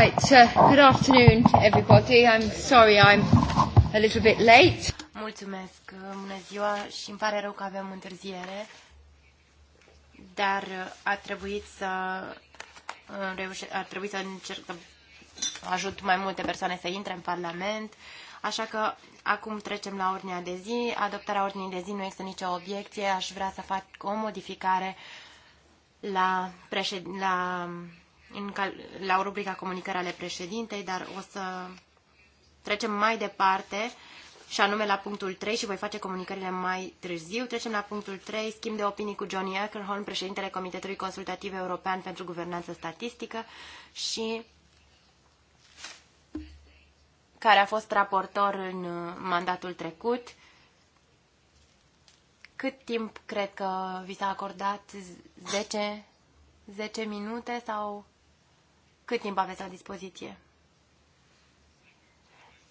Right, uh, good afternoon everybody. I'm sorry I'm a little bit late. Mulțumesc, uh, bună ziua și îmi pare rău că avem întârziere, dar uh, a trebuit să uh, a trebuit să încerc să ajut mai multe persoane să intre în Parlament, așa că acum trecem la ordinea de zi. Adoptarea ordinii de zi nu este nicio obiecție, aș vrea să fac o modificare la, președ... la în la rubrica comunicare ale președintei, dar o să trecem mai departe și anume la punctul 3 și voi face comunicările mai târziu. Trecem la punctul 3, schimb de opinii cu Johnny Ackerholm, președintele Comitetului Consultativ European pentru Guvernanță Statistică și care a fost raportor în mandatul trecut. Cât timp cred că vi s-a acordat? 10, 10 minute sau cât timp aveți la dispoziție?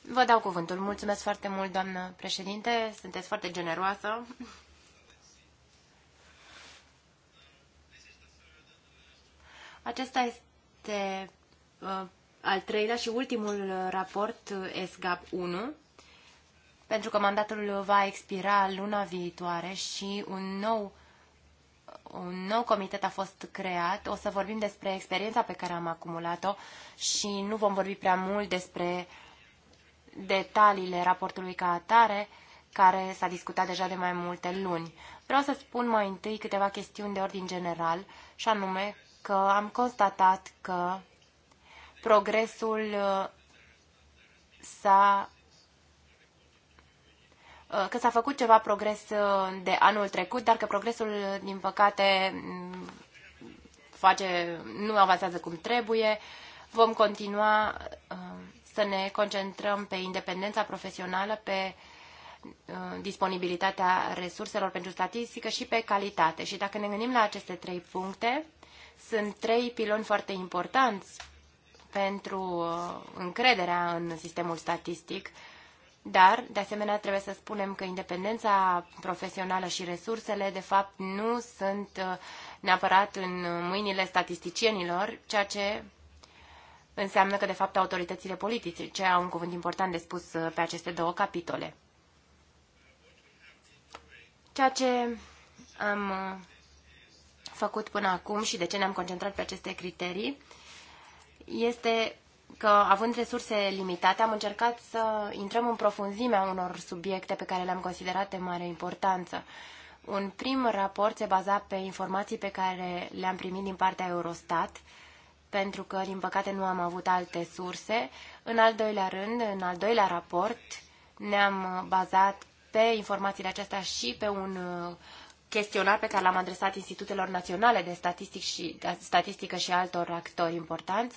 Vă dau cuvântul. Mulțumesc foarte mult, doamnă președinte. Sunteți foarte generoasă. Acesta este uh, al treilea și ultimul raport uh, SGAP 1, pentru că mandatul va expira luna viitoare și un nou un nou comitet a fost creat. O să vorbim despre experiența pe care am acumulat-o și nu vom vorbi prea mult despre detaliile raportului ca atare, care s-a discutat deja de mai multe luni. Vreau să spun mai întâi câteva chestiuni de ordin general, și anume că am constatat că progresul uh, s-a Uh, că s-a făcut ceva progres uh, de anul trecut, dar că progresul, din păcate, mm, face, nu avansează cum trebuie. Vom continua uh, să ne concentrăm pe independența profesională, pe disponibilitatea resurselor pentru statistică și pe calitate. Și dacă ne gândim la aceste trei puncte, sunt trei piloni foarte importanți pentru încrederea în sistemul statistic dar, de asemenea, trebuie să spunem că independența profesională și resursele, de fapt, nu sunt uh, neapărat în mâinile statisticienilor, ceea ce înseamnă că, de fapt, autoritățile politice ce au un cuvânt important de spus uh, pe aceste două capitole. Ceea ce am uh, făcut până acum și de ce ne-am concentrat pe aceste criterii este că, având resurse limitate, am încercat să intrăm în profunzimea unor subiecte pe care le-am considerat de mare importanță. Un prim raport se baza pe informații pe care le-am primit din partea Eurostat, pentru că, din păcate, nu am avut alte surse. În al doilea rând, în al doilea raport, ne-am bazat pe informațiile acestea și pe un uh, chestionar pe care l-am adresat Institutelor Naționale de Statistic și, Statistică și altor actori importanți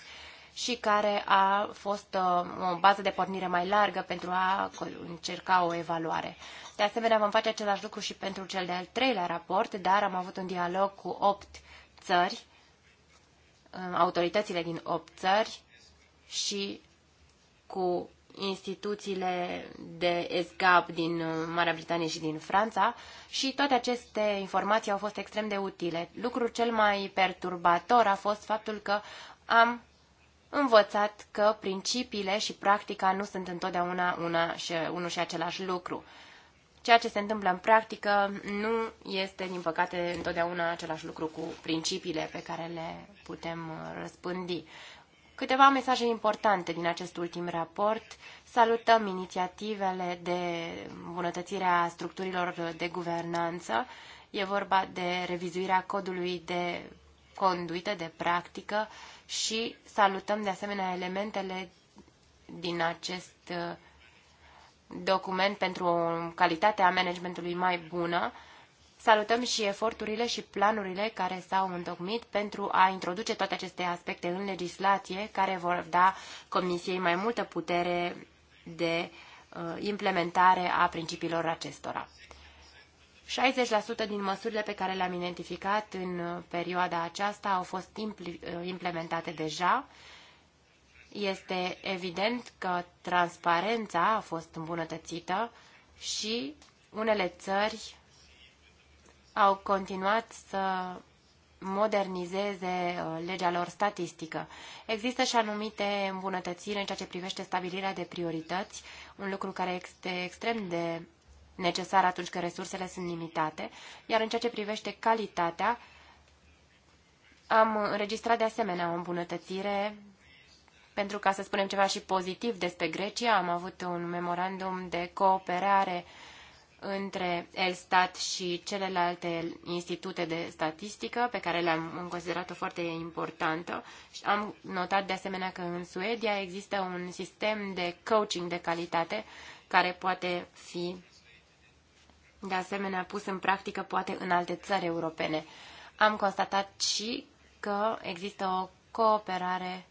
și care a fost uh, o bază de pornire mai largă pentru a încerca o evaluare. De asemenea, vom face același lucru și pentru cel de-al treilea raport, dar am avut un dialog cu opt țări, uh, autoritățile din opt țări și cu instituțiile de ESGAB din uh, Marea Britanie și din Franța și toate aceste informații au fost extrem de utile. Lucrul cel mai perturbator a fost faptul că am învățat că principiile și practica nu sunt întotdeauna una și, unul și același lucru. Ceea ce se întâmplă în practică nu este, din păcate, întotdeauna același lucru cu principiile pe care le putem uh, răspândi. Câteva mesaje importante din acest ultim raport. Salutăm inițiativele de îmbunătățire a structurilor de guvernanță. E vorba de revizuirea codului de conduită, de practică și salutăm de asemenea elementele din acest uh, document pentru calitatea managementului mai bună. Salutăm și eforturile și planurile care s-au întocmit pentru a introduce toate aceste aspecte în legislație care vor da Comisiei mai multă putere de uh, implementare a principiilor acestora. 60% din măsurile pe care le-am identificat în uh, perioada aceasta au fost uh, implementate deja. Este evident că transparența a fost îmbunătățită și unele țări au continuat să modernizeze uh, legea lor statistică. Există și anumite îmbunătățiri în ceea ce privește stabilirea de priorități, un lucru care este extrem de necesar atunci când resursele sunt limitate, iar în ceea ce privește calitatea, am înregistrat de asemenea o îmbunătățire pentru ca să spunem ceva și pozitiv despre Grecia. Am avut un memorandum de cooperare între Elstat și celelalte institute de statistică, pe care le-am considerat-o foarte importantă. Am notat de asemenea că în Suedia există un sistem de coaching de calitate care poate fi de asemenea pus în practică poate în alte țări europene. Am constatat și că există o cooperare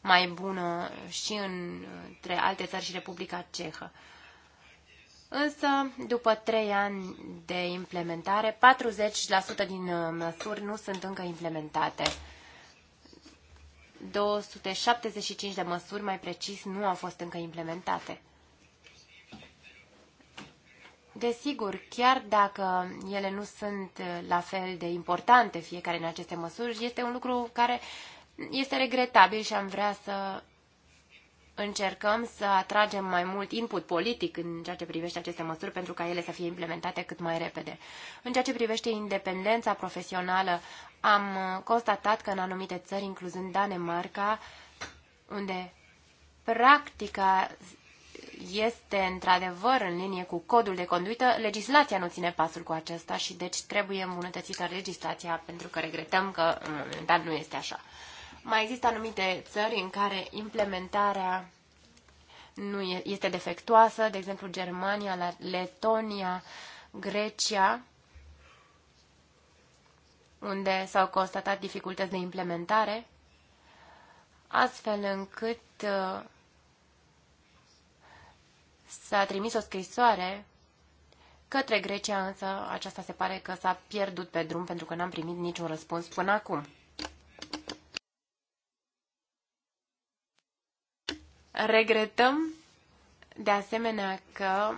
mai bună și între alte țări și Republica Cehă. Însă, după trei ani de implementare, 40% din uh, măsuri nu sunt încă implementate. 275 de măsuri, mai precis, nu au fost încă implementate. Desigur, chiar dacă ele nu sunt la fel de importante fiecare în aceste măsuri, este un lucru care este regretabil și am vrea să încercăm să atragem mai mult input politic în ceea ce privește aceste măsuri pentru ca ele să fie implementate cât mai repede. În ceea ce privește independența profesională, am constatat că în anumite țări, incluzând Danemarca, unde practica este într-adevăr în linie cu codul de conduită, legislația nu ține pasul cu acesta și deci trebuie îmbunătățită legislația pentru că regretăm că în momentan nu este așa. Mai există anumite țări în care implementarea nu este defectuoasă, de exemplu Germania, Letonia, Grecia, unde s-au constatat dificultăți de implementare, astfel încât uh, s-a trimis o scrisoare către Grecia, însă aceasta se pare că s-a pierdut pe drum pentru că n-am primit niciun răspuns până acum. Regretăm de asemenea că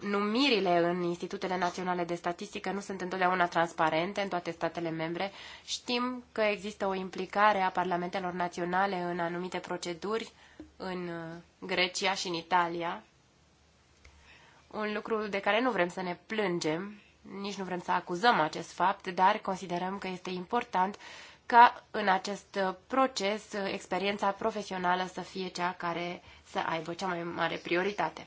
numirile în institutele naționale de statistică nu sunt întotdeauna transparente în toate statele membre. Știm că există o implicare a parlamentelor naționale în anumite proceduri în uh, Grecia și în Italia, un lucru de care nu vrem să ne plângem, nici nu vrem să acuzăm acest fapt, dar considerăm că este important ca în acest proces experiența profesională să fie cea care să aibă cea mai mare prioritate.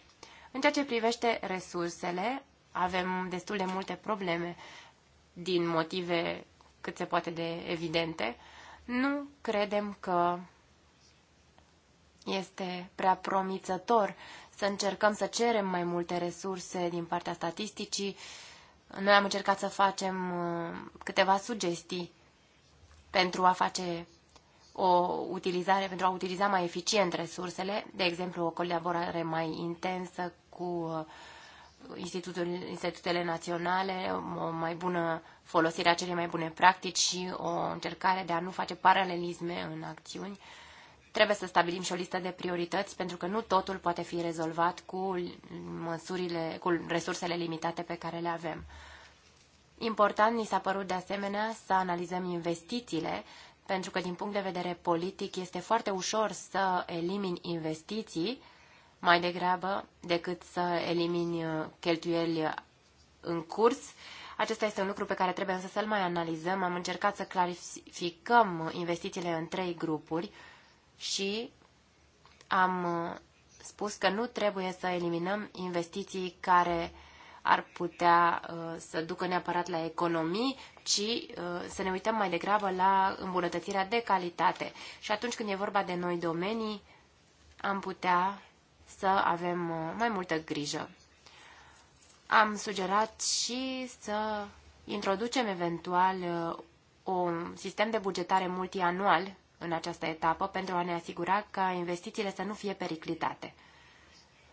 În ceea ce privește resursele, avem destul de multe probleme din motive cât se poate de evidente. Nu credem că este prea promițător să încercăm să cerem mai multe resurse din partea statisticii. Noi am încercat să facem uh, câteva sugestii pentru a face o utilizare, pentru a utiliza mai eficient resursele, de exemplu o colaborare mai intensă cu uh, institutele naționale, o mai bună folosire a celei mai bune practici și o încercare de a nu face paralelisme în acțiuni. Trebuie să stabilim și o listă de priorități, pentru că nu totul poate fi rezolvat cu măsurile, cu resursele limitate pe care le avem. Important ni s-a părut de asemenea să analizăm investițiile, pentru că din punct de vedere politic este foarte ușor să elimini investiții mai degrabă decât să elimini uh, cheltuieli în curs. Acesta este un lucru pe care trebuie să-l mai analizăm. Am încercat să clarificăm investițiile în trei grupuri și am uh, spus că nu trebuie să eliminăm investiții care ar putea uh, să ducă neapărat la economii, ci uh, să ne uităm mai degrabă la îmbunătățirea de calitate. Și atunci când e vorba de noi domenii, am putea să avem mai multă grijă. Am sugerat și să introducem eventual un sistem de bugetare multianual în această etapă pentru a ne asigura ca investițiile să nu fie periclitate.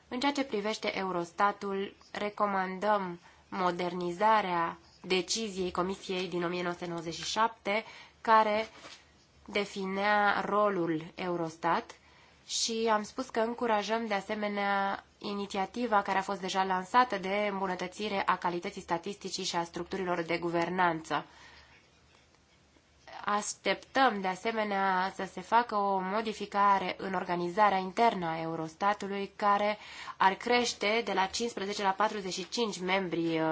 În ceea ce privește Eurostatul, recomandăm modernizarea deciziei Comisiei din 1997, care definea rolul Eurostat și am spus că încurajăm de asemenea inițiativa care a fost deja lansată de îmbunătățire a calității statisticii și a structurilor de guvernanță Așteptăm, de asemenea, să se facă o modificare în organizarea internă a Eurostatului, care ar crește de la 15 la 45 membri uh,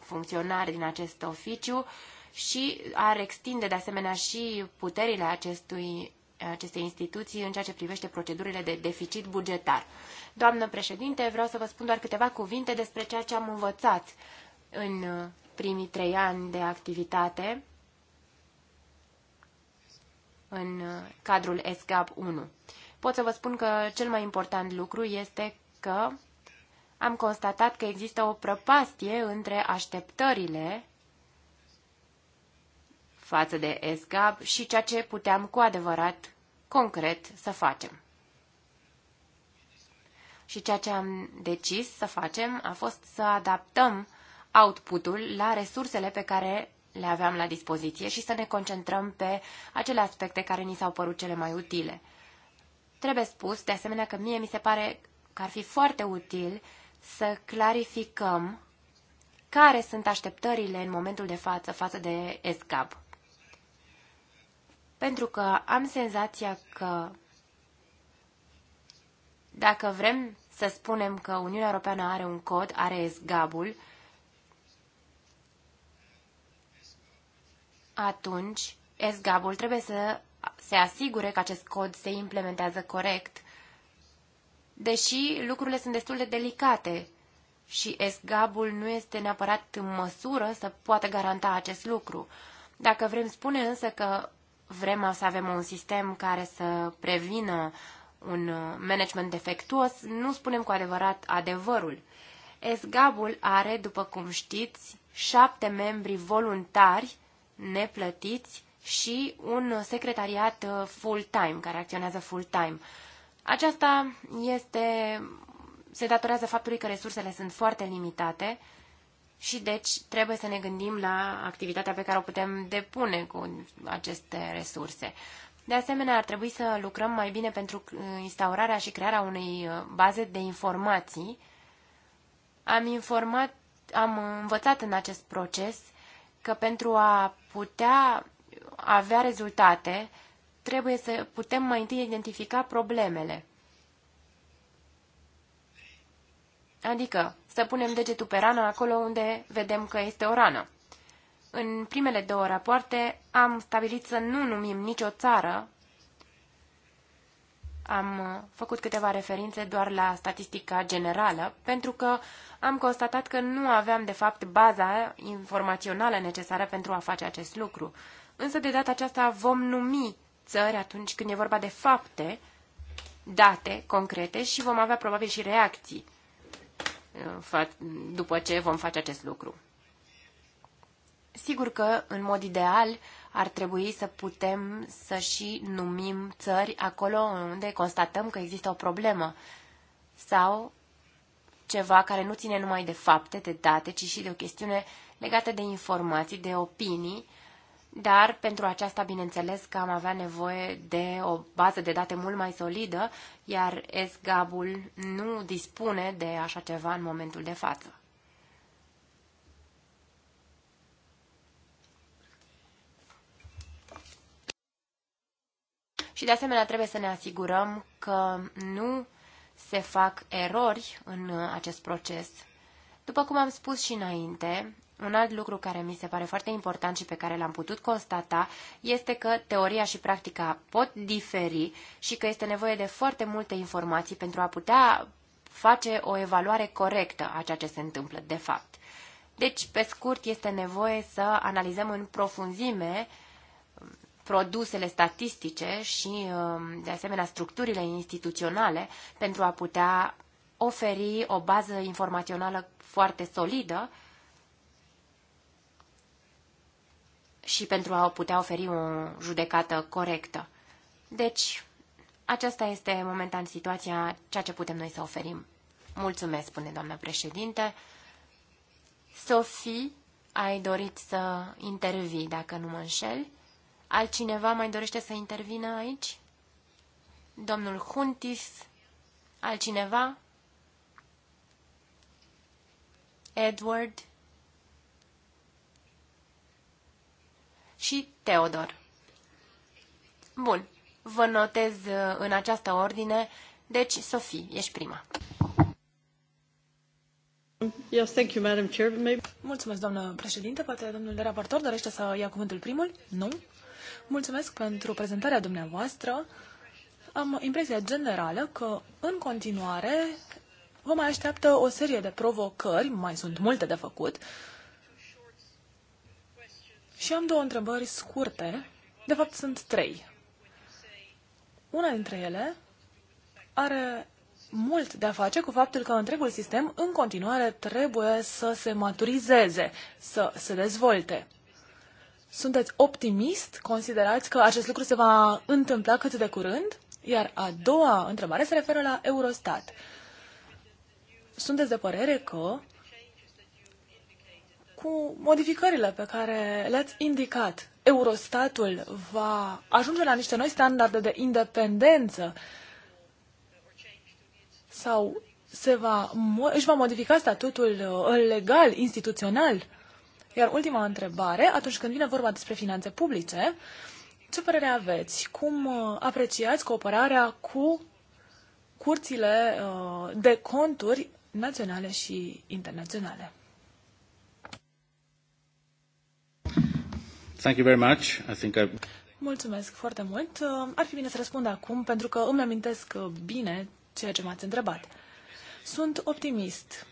funcționari din acest oficiu și ar extinde, de asemenea, și puterile acestui acestei instituții în ceea ce privește procedurile de deficit bugetar. Doamnă președinte, vreau să vă spun doar câteva cuvinte despre ceea ce am învățat în uh, primii trei ani de activitate în uh, cadrul ESCAP 1. Pot să vă spun că cel mai important lucru este că am constatat că există o prăpastie între așteptările față de ESGAB și ceea ce puteam cu adevărat concret să facem. Și ceea ce am decis să facem a fost să adaptăm outputul la resursele pe care le aveam la dispoziție și să ne concentrăm pe acele aspecte care ni s-au părut cele mai utile. Trebuie spus, de asemenea, că mie mi se pare că ar fi foarte util să clarificăm care sunt așteptările în momentul de față față de ESCAP. Pentru că am senzația că dacă vrem să spunem că Uniunea Europeană are un cod, are ESGAB-ul atunci SGAB-ul trebuie să se asigure că acest cod se implementează corect, deși lucrurile sunt destul de delicate și SGAB-ul nu este neapărat în măsură să poată garanta acest lucru. Dacă vrem spune însă că vrem să avem un sistem care să prevină un management defectuos, nu spunem cu adevărat adevărul. SGAB-ul are, după cum știți, șapte membri voluntari neplătiți și un secretariat uh, full-time, care acționează full-time. Aceasta este, se datorează faptului că resursele sunt foarte limitate și deci trebuie să ne gândim la activitatea pe care o putem depune cu aceste resurse. De asemenea, ar trebui să lucrăm mai bine pentru uh, instaurarea și crearea unei uh, baze de informații. Am informat, am învățat în acest proces că pentru a putea avea rezultate, trebuie să putem mai întâi identifica problemele. Adică să punem degetul pe rană acolo unde vedem că este o rană. În primele două rapoarte am stabilit să nu numim nicio țară am uh, făcut câteva referințe doar la statistica generală, pentru că am constatat că nu aveam, de fapt, baza informațională necesară pentru a face acest lucru. Însă, de data aceasta, vom numi țări atunci când e vorba de fapte, date concrete și vom avea probabil și reacții uh, după ce vom face acest lucru. Sigur că, în mod ideal, ar trebui să putem să și numim țări acolo unde constatăm că există o problemă sau ceva care nu ține numai de fapte, de date, ci și de o chestiune legată de informații, de opinii, dar pentru aceasta, bineînțeles, că am avea nevoie de o bază de date mult mai solidă, iar SGAB-ul nu dispune de așa ceva în momentul de față. și de asemenea trebuie să ne asigurăm că nu se fac erori în acest proces. După cum am spus și înainte, un alt lucru care mi se pare foarte important și pe care l-am putut constata este că teoria și practica pot diferi și că este nevoie de foarte multe informații pentru a putea face o evaluare corectă a ceea ce se întâmplă de fapt. Deci, pe scurt, este nevoie să analizăm în profunzime produsele statistice și, um, de asemenea, structurile instituționale pentru a putea oferi o bază informațională foarte solidă și pentru a putea oferi o judecată corectă. Deci, aceasta este momentan situația, ceea ce putem noi să oferim. Mulțumesc, spune doamna președinte. Sophie, ai dorit să intervii, dacă nu mă înșel. Altcineva mai dorește să intervină aici? Domnul Huntis? Altcineva? Edward? Și Teodor. Bun, vă notez uh, în această ordine. Deci, Sofie, ești prima. Yes, thank you, Madam Chair. Maybe... Mulțumesc, doamnă președinte. Poate domnul raportor dorește să ia cuvântul primul? Nu? Mulțumesc pentru prezentarea dumneavoastră. Am impresia generală că, în continuare, vă mai așteaptă o serie de provocări, mai sunt multe de făcut. Și am două întrebări scurte, de fapt sunt trei. Una dintre ele are mult de a face cu faptul că întregul sistem în continuare trebuie să se maturizeze, să se dezvolte. Sunteți optimist? Considerați că acest lucru se va întâmpla cât de curând? Iar a doua întrebare se referă la Eurostat. Sunteți de părere că cu modificările pe care le-ați indicat, Eurostatul va ajunge la niște noi standarde de independență sau se va, își va modifica statutul uh, legal, instituțional iar ultima întrebare, atunci când vine vorba despre finanțe publice, ce părere aveți? Cum uh, apreciați cooperarea cu curțile uh, de conturi naționale și internaționale? Thank you very much. I think I... Mulțumesc foarte mult. Uh, ar fi bine să răspund acum, pentru că îmi amintesc bine ceea ce m-ați întrebat. Sunt optimist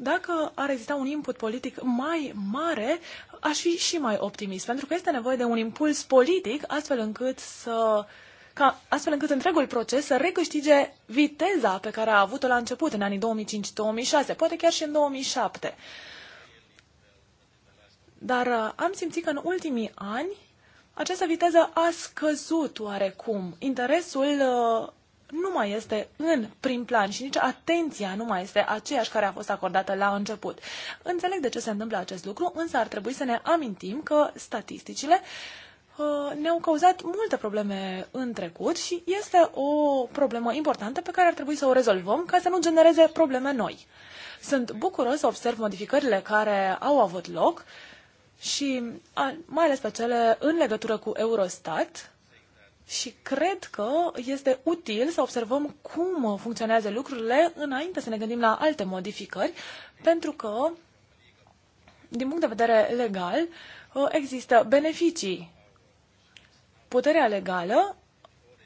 dacă ar exista un input politic mai mare, aș fi și mai optimist, pentru că este nevoie de un impuls politic astfel încât să ca, astfel încât întregul proces să recâștige viteza pe care a avut-o la început, în anii 2005-2006, poate chiar și în 2007. Dar uh, am simțit că în ultimii ani această viteză a scăzut oarecum. Interesul uh, nu mai este în prim plan și nici atenția nu mai este aceeași care a fost acordată la început. Înțeleg de ce se întâmplă acest lucru, însă ar trebui să ne amintim că statisticile uh, ne-au cauzat multe probleme în trecut și este o problemă importantă pe care ar trebui să o rezolvăm ca să nu genereze probleme noi. Sunt bucuros să observ modificările care au avut loc și mai ales pe cele în legătură cu Eurostat, și cred că este util să observăm cum funcționează lucrurile înainte să ne gândim la alte modificări, pentru că, din punct de vedere legal, există beneficii. Puterea legală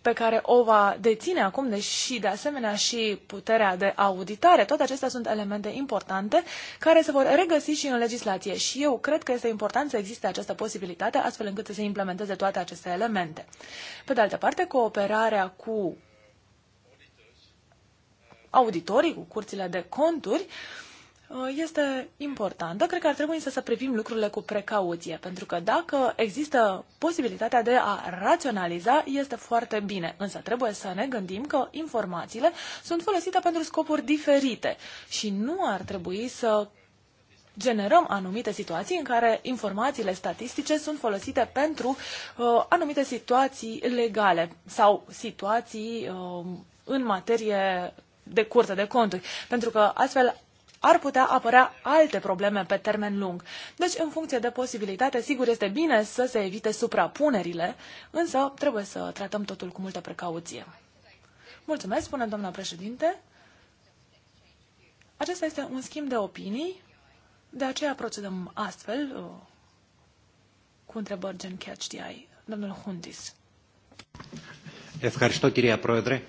pe care o va deține acum, deși de asemenea și puterea de auditare. Toate acestea sunt elemente importante care se vor regăsi și în legislație și eu cred că este important să existe această posibilitate astfel încât să se implementeze toate aceste elemente. Pe de altă parte, cooperarea cu auditorii, cu curțile de conturi, uh, Uh, este importantă. Cred că ar trebui să să privim lucrurile cu precauție, pentru că dacă există posibilitatea de a raționaliza, este foarte bine. Însă trebuie să ne gândim că informațiile sunt folosite pentru scopuri diferite și nu ar trebui să generăm anumite situații în care informațiile statistice sunt folosite pentru uh, anumite situații legale sau situații uh, în materie de curte de conturi, pentru că astfel ar putea apărea alte probleme pe termen lung. Deci, în funcție de posibilitate, sigur este bine să se evite suprapunerile, însă trebuie să tratăm totul cu multă precauție. Mulțumesc, spune doamna președinte. Acesta este un schimb de opinii, de aceea procedăm astfel, uh, cu întrebări gen catch the eye. Domnul Hundis. Ευχαριστώ κυρία Πρόεδρε.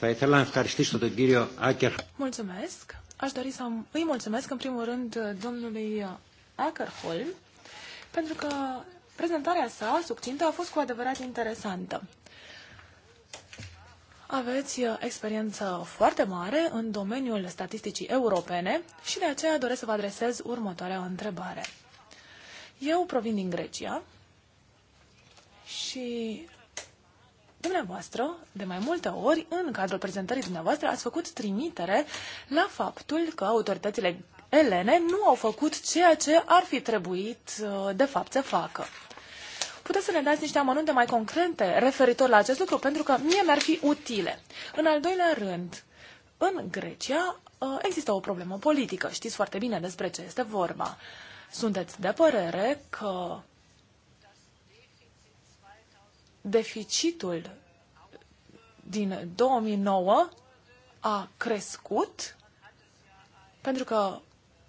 Θα ήθελα να ευχαριστήσω τον κύριο Άκερ. Mulțumesc. Aș dori să îi mulțumesc în primul rând domnului Ackerholm pentru că prezentarea sa succintă a fost cu adevărat interesantă. Aveți uh, experiență foarte mare în domeniul statisticii europene și de aceea doresc să vă adresez următoarea întrebare. Eu provin din Grecia și Dumneavoastră, de mai multe ori, în cadrul prezentării dumneavoastră, ați făcut trimitere la faptul că autoritățile elene nu au făcut ceea ce ar fi trebuit, uh, de fapt, să facă. Puteți să ne dați niște amănunte mai concrete referitor la acest lucru, pentru că mie mi-ar fi utile. În al doilea rând, în Grecia uh, există o problemă politică. Știți foarte bine despre ce este vorba. Sunteți de părere că deficitul din 2009 a crescut pentru că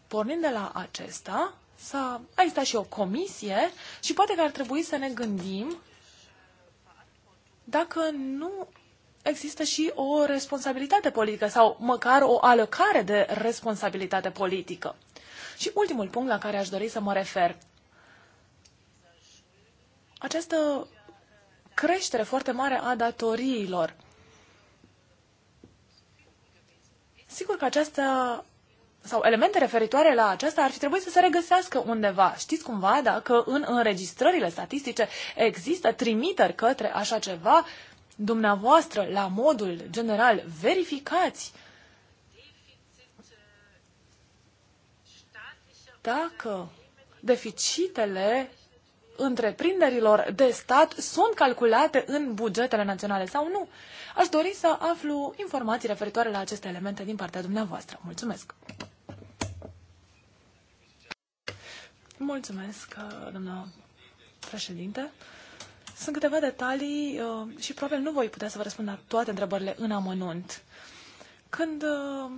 pornind de la acesta s-a, a existat și o comisie și poate că ar trebui să ne gândim dacă nu există și o responsabilitate politică sau măcar o alocare de responsabilitate politică. Și ultimul punct la care aș dori să mă refer. Această creștere foarte mare a datoriilor. Sigur că aceasta sau elemente referitoare la aceasta ar fi trebuit să se regăsească undeva. Știți cumva dacă în înregistrările statistice există trimiteri către așa ceva? Dumneavoastră, la modul general, verificați dacă deficitele întreprinderilor de stat sunt calculate în bugetele naționale sau nu. Aș dori să aflu informații referitoare la aceste elemente din partea dumneavoastră. Mulțumesc! Mulțumesc, doamna președinte. Sunt câteva detalii uh, și probabil nu voi putea să vă răspund la toate întrebările în amănunt. Când uh,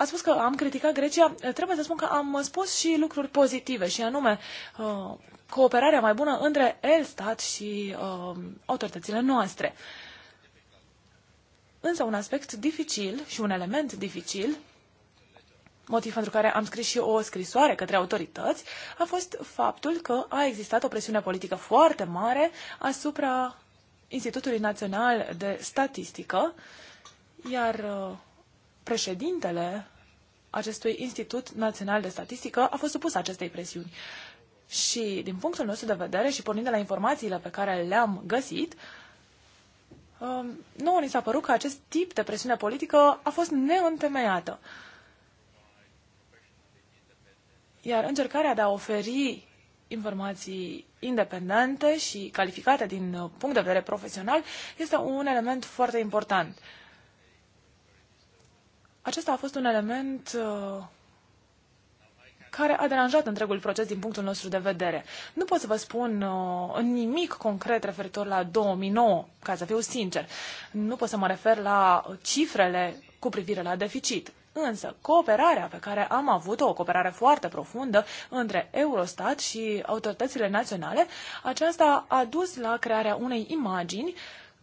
a spus că am criticat Grecia, trebuie să spun că am spus și lucruri pozitive, și anume uh, cooperarea mai bună între Elstat și uh, autoritățile noastre. Însă un aspect dificil și un element dificil, motiv pentru care am scris și o scrisoare către autorități, a fost faptul că a existat o presiune politică foarte mare asupra Institutului Național de Statistică, iar uh, președintele acestui Institut Național de Statistică a fost supus acestei presiuni. Și din punctul nostru de vedere și pornind de la informațiile pe care le-am găsit, um, nouă ni s-a părut că acest tip de presiune politică a fost neîntemeiată. Iar încercarea de a oferi informații independente și calificate din punct de vedere profesional este un element foarte important. Acesta a fost un element uh, care a deranjat întregul proces din punctul nostru de vedere. Nu pot să vă spun uh, nimic concret referitor la 2009, ca să fiu sincer. Nu pot să mă refer la cifrele cu privire la deficit. Însă, cooperarea pe care am avut-o, o cooperare foarte profundă între Eurostat și autoritățile naționale, aceasta a dus la crearea unei imagini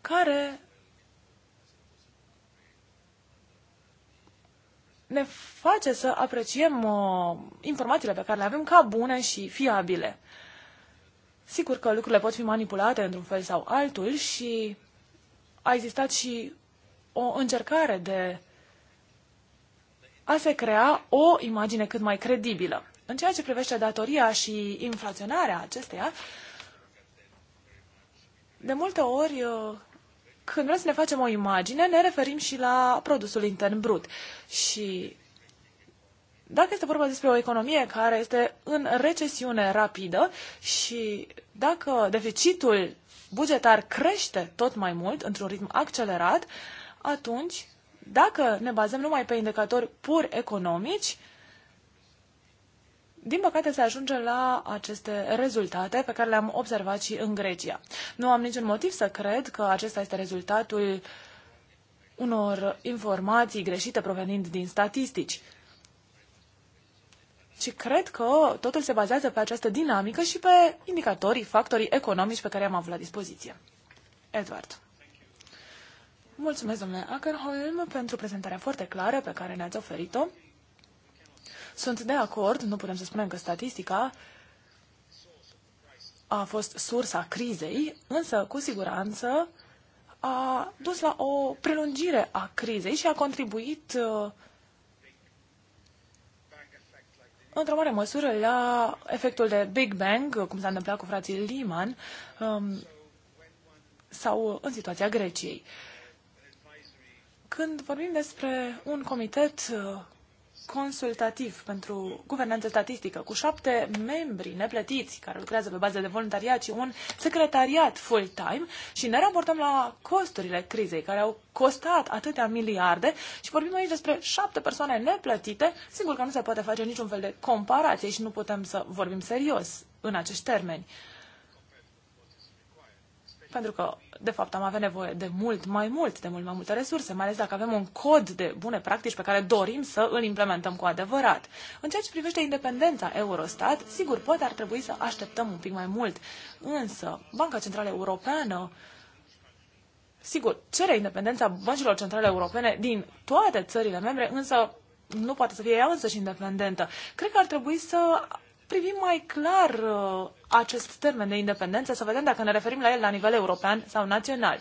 care ne face să apreciem uh, informațiile pe care le avem ca bune și fiabile. Sigur că lucrurile pot fi manipulate într-un fel sau altul și a existat și o încercare de a se crea o imagine cât mai credibilă. În ceea ce privește datoria și inflaționarea acesteia, de multe ori uh, când vrem să ne facem o imagine, ne referim și la produsul intern brut. Și dacă este vorba despre o economie care este în recesiune rapidă și dacă deficitul bugetar crește tot mai mult, într-un ritm accelerat, atunci, dacă ne bazăm numai pe indicatori pur economici, din păcate, se ajunge la aceste rezultate pe care le-am observat și în Grecia. Nu am niciun motiv să cred că acesta este rezultatul unor informații greșite provenind din statistici. Și cred că totul se bazează pe această dinamică și pe indicatorii, factorii economici pe care am avut la dispoziție. Edward. Mulțumesc, domnule Ackerholm, pentru prezentarea foarte clară pe care ne-ați oferit-o. Sunt de acord, nu putem să spunem că statistica a fost sursa crizei, însă cu siguranță a dus la o prelungire a crizei și a contribuit uh, într-o mare măsură la efectul de Big Bang, cum s-a întâmplat cu frații Lehman um, sau în situația Greciei. Când vorbim despre un comitet uh, consultativ pentru guvernanță statistică cu șapte membri neplătiți care lucrează pe bază de voluntariat și un secretariat full-time și ne raportăm la costurile crizei care au costat atâtea miliarde și vorbim aici despre șapte persoane neplătite. Sigur că nu se poate face niciun fel de comparație și nu putem să vorbim serios în acești termeni. Uh, pentru că, de fapt, am avea nevoie de mult mai mult, de mult mai multe resurse, mai ales dacă avem un cod de bune practici pe care dorim să îl implementăm cu adevărat. În ceea ce privește independența Eurostat, sigur, poate ar trebui să așteptăm un pic mai mult, însă Banca Centrală Europeană Sigur, cere independența băncilor centrale europene din toate țările membre, însă nu poate să fie ea însăși independentă. Cred că ar trebui să privim mai clar uh, acest termen de independență, să vedem dacă ne referim la el la nivel european sau național.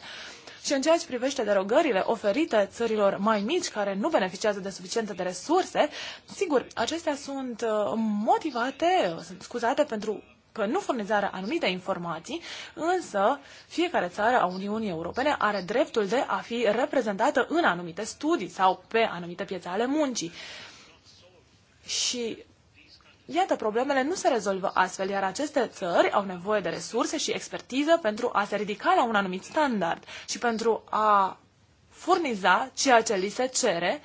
Și în ceea ce privește derogările oferite țărilor mai mici care nu beneficiază de suficiente de resurse, sigur, acestea sunt uh, motivate, sunt scuzate pentru că nu furnizarea anumite informații, însă fiecare țară a Uniunii Europene are dreptul de a fi reprezentată în anumite studii sau pe anumite piețe ale muncii. Și Iată, problemele nu se rezolvă astfel, iar aceste țări au nevoie de resurse și expertiză pentru a se ridica la un anumit standard și pentru a furniza ceea ce li se cere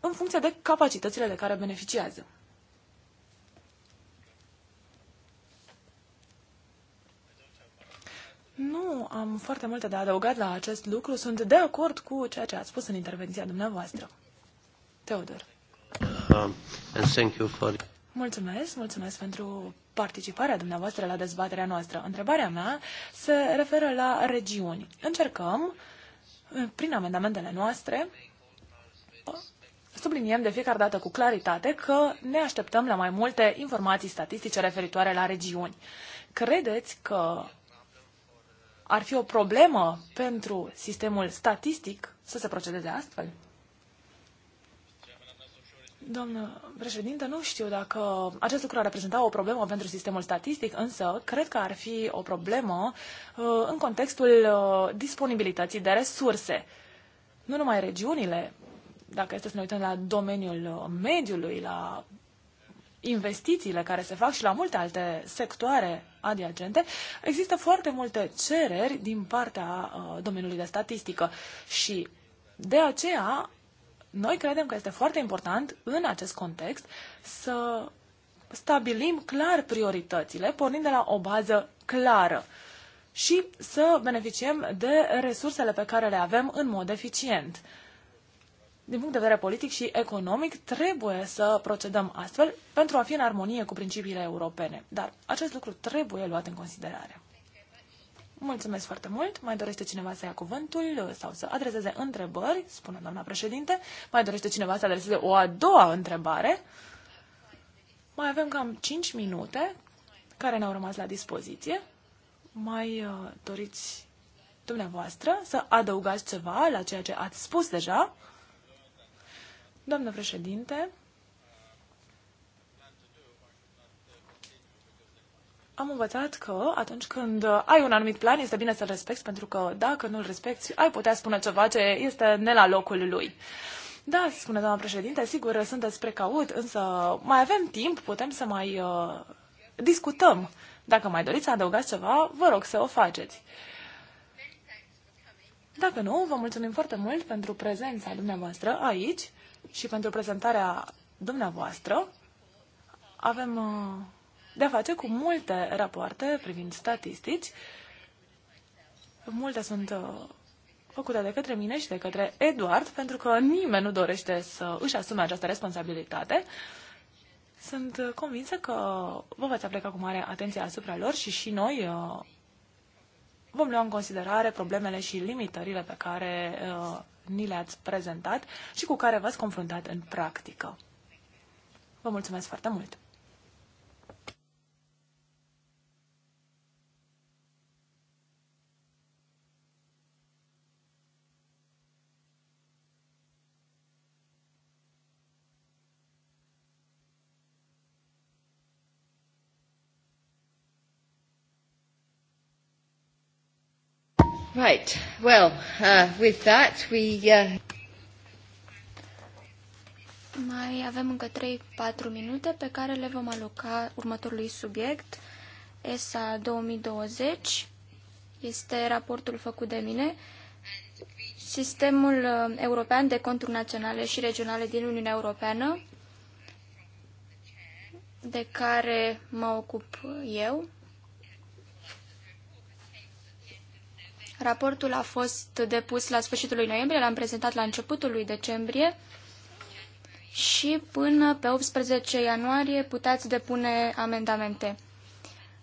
în funcție de capacitățile de care beneficiază. Nu am foarte multe de adăugat la acest lucru. Sunt de acord cu ceea ce ați spus în intervenția dumneavoastră. Teodor. Um, mulțumesc, mulțumesc pentru participarea dumneavoastră la dezbaterea noastră. Întrebarea mea se referă la regiuni. Încercăm, uh, prin amendamentele noastre, subliniem de fiecare dată cu claritate că ne așteptăm la mai multe informații statistice referitoare la regiuni. Credeți că ar fi o problemă pentru sistemul statistic să se procedeze astfel? Doamnă Președintă, nu știu dacă acest lucru ar reprezenta o problemă pentru sistemul statistic, însă cred că ar fi o problemă uh, în contextul uh, disponibilității de resurse. Nu numai regiunile, dacă este să ne uităm la domeniul uh, mediului, la investițiile care se fac și la multe alte sectoare adiacente, există foarte multe cereri din partea uh, domeniului de statistică și de aceea noi credem că este foarte important în acest context să stabilim clar prioritățile, pornind de la o bază clară și să beneficiem de resursele pe care le avem în mod eficient. Din punct de vedere politic și economic, trebuie să procedăm astfel pentru a fi în armonie cu principiile europene. Dar acest lucru trebuie luat în considerare. Mulțumesc foarte mult. Mai dorește cineva să ia cuvântul sau să adreseze întrebări, spune doamna președinte. Mai dorește cineva să adreseze o a doua întrebare. Mai avem cam 5 minute care ne-au rămas la dispoziție. Mai uh, doriți dumneavoastră să adăugați ceva la ceea ce ați spus deja? Doamnă președinte, am învățat că atunci când ai un anumit plan, este bine să-l respecti, pentru că dacă nu-l respecti, ai putea spune ceva ce este ne la locul lui. Da, spune doamna președinte, sigur, sunteți precaut, însă mai avem timp, putem să mai uh, discutăm. Dacă mai doriți să adăugați ceva, vă rog să o faceți. Dacă nu, vă mulțumim foarte mult pentru prezența dumneavoastră aici și pentru prezentarea dumneavoastră. Avem... Uh, de a face cu multe rapoarte privind statistici. Multe sunt uh, făcute de către mine și de către Eduard, pentru că nimeni nu dorește să își asume această responsabilitate. Sunt uh, convinsă că vă veți apleca cu mare atenție asupra lor și și noi uh, vom lua în considerare problemele și limitările pe care ni le-ați prezentat și cu care v-ați confruntat în practică. Vă mulțumesc foarte mult! Right. Well, uh, with that, we. Uh... Mai avem încă 3-4 minute pe care le vom aloca următorului subiect. ESA 2020 este raportul făcut de mine. Sistemul uh, European de Conturi Naționale și Regionale din Uniunea Europeană, de care mă ocup eu, Raportul a fost depus la sfârșitul lui noiembrie, l-am prezentat la începutul lui decembrie și până pe 18 ianuarie puteți depune amendamente.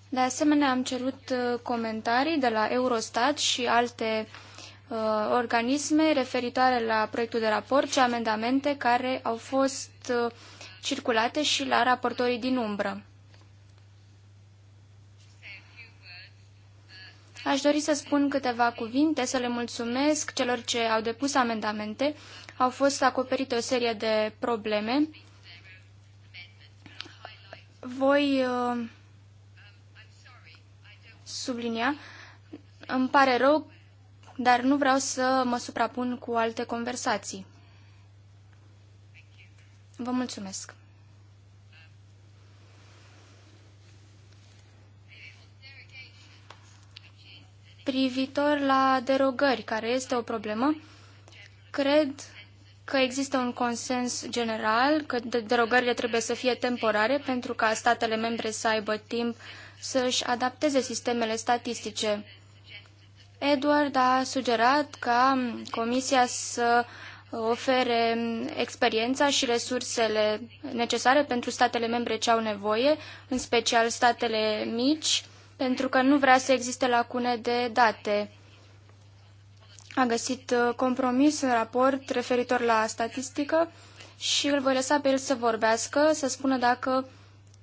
De asemenea, am cerut uh, comentarii de la Eurostat și alte uh, organisme referitoare la proiectul de raport și amendamente care au fost uh, circulate și la raportorii din umbră. Aș dori să spun câteva cuvinte, să le mulțumesc celor ce au depus amendamente. Au fost acoperite o serie de probleme. Voi uh, sublinia. Îmi pare rău, dar nu vreau să mă suprapun cu alte conversații. Vă mulțumesc. privitor la derogări, care este o problemă. Cred că există un consens general că derogările trebuie să fie temporare pentru ca statele membre să aibă timp să-și adapteze sistemele statistice. Edward a sugerat ca Comisia să ofere experiența și resursele necesare pentru statele membre ce au nevoie, în special statele mici, pentru că nu vrea să existe lacune de date. A găsit uh, compromis în raport referitor la statistică și îl voi lăsa pe el să vorbească, să spună dacă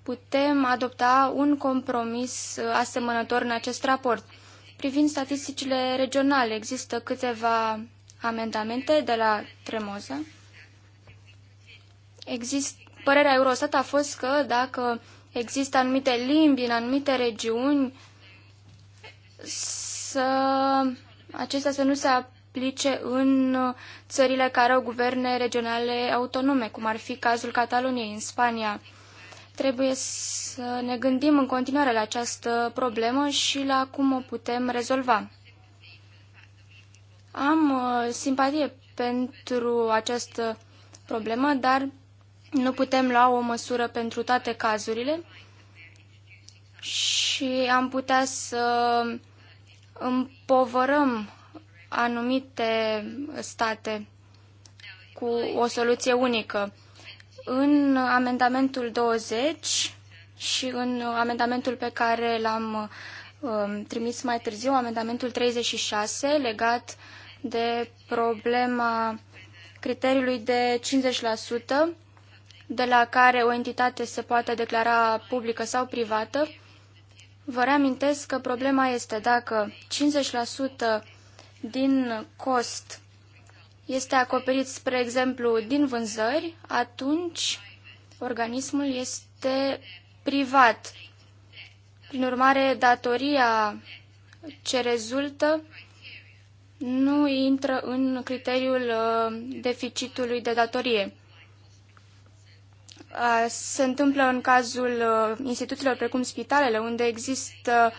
putem adopta un compromis uh, asemănător în acest raport. Privind statisticile regionale, există câteva amendamente de la Tremoza. Exist, părerea Eurostat a fost că dacă există anumite limbi în anumite regiuni, să acestea să nu se aplice în țările care au guverne regionale autonome, cum ar fi cazul Cataloniei în Spania. Trebuie să ne gândim în continuare la această problemă și la cum o putem rezolva. Am uh, simpatie pentru această problemă, dar nu putem lua o măsură pentru toate cazurile și am putea să împovărăm anumite state cu o soluție unică. În amendamentul 20 și în amendamentul pe care l-am um, trimis mai târziu, amendamentul 36, legat de problema criteriului de 50%, de la care o entitate se poate declara publică sau privată, vă reamintesc că problema este dacă 50% din cost este acoperit, spre exemplu, din vânzări, atunci organismul este privat. Prin urmare, datoria ce rezultă nu intră în criteriul uh, deficitului de datorie se întâmplă în cazul instituțiilor precum spitalele, unde există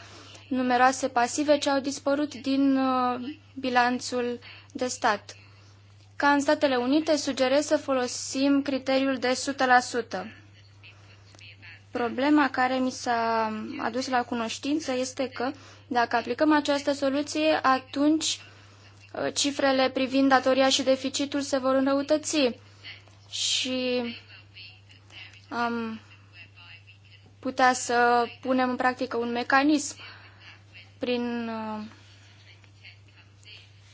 numeroase pasive ce au dispărut din bilanțul de stat. Ca în Statele Unite, sugerez să folosim criteriul de 100%. Problema care mi s-a adus la cunoștință este că dacă aplicăm această soluție, atunci cifrele privind datoria și deficitul se vor înrăutăți. Și am putea să punem în practică un mecanism prin uh,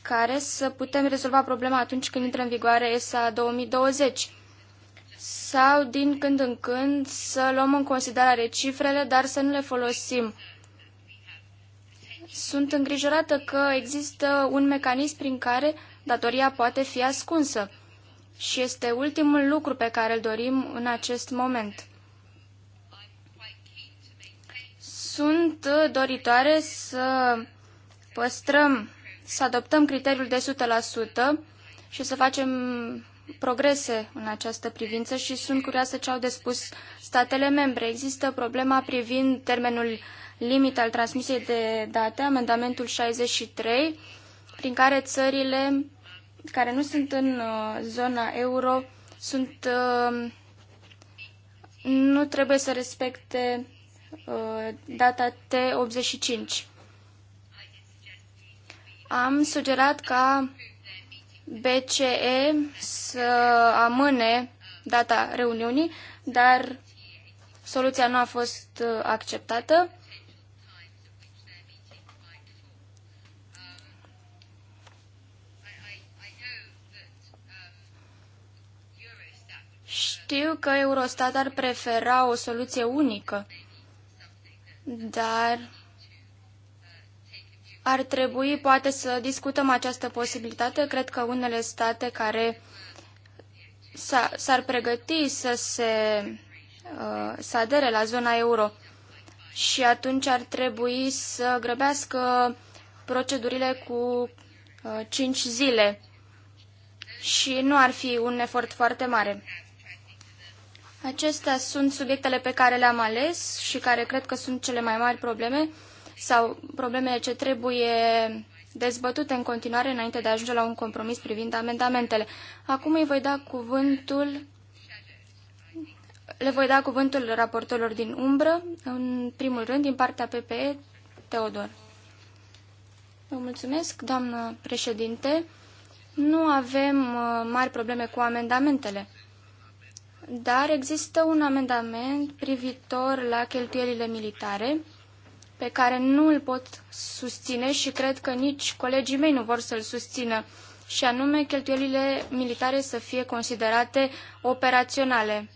care să putem rezolva problema atunci când intră în vigoare ESA 2020 sau din când în când să luăm în considerare cifrele, dar să nu le folosim. Sunt îngrijorată că există un mecanism prin care datoria poate fi ascunsă și este ultimul lucru pe care îl dorim în acest moment. Sunt uh, doritoare să păstrăm, să adoptăm criteriul de 100% și să facem progrese în această privință și sunt curioasă ce au de spus statele membre. Există problema privind termenul limit al transmisiei de date, amendamentul 63, prin care țările care nu sunt în uh, zona euro sunt uh, nu trebuie să respecte uh, data T85. Am sugerat ca BCE să amâne data reuniunii, dar soluția nu a fost acceptată. Știu că Eurostat ar prefera o soluție unică, dar ar trebui poate să discutăm această posibilitate. Cred că unele state care s-ar pregăti să se uh, să adere la zona euro și atunci ar trebui să grăbească procedurile cu 5 uh, zile și nu ar fi un efort foarte mare. Acestea sunt subiectele pe care le-am ales și care cred că sunt cele mai mari probleme sau problemele ce trebuie dezbătute în continuare înainte de a ajunge la un compromis privind amendamentele. Acum îi voi da cuvântul le voi da cuvântul raportorilor din umbră, în primul rând din partea PPE, Teodor. Vă mulțumesc, doamnă președinte. Nu avem uh, mari probleme cu amendamentele dar există un amendament privitor la cheltuielile militare pe care nu îl pot susține și cred că nici colegii mei nu vor să-l susțină, și anume cheltuielile militare să fie considerate operaționale.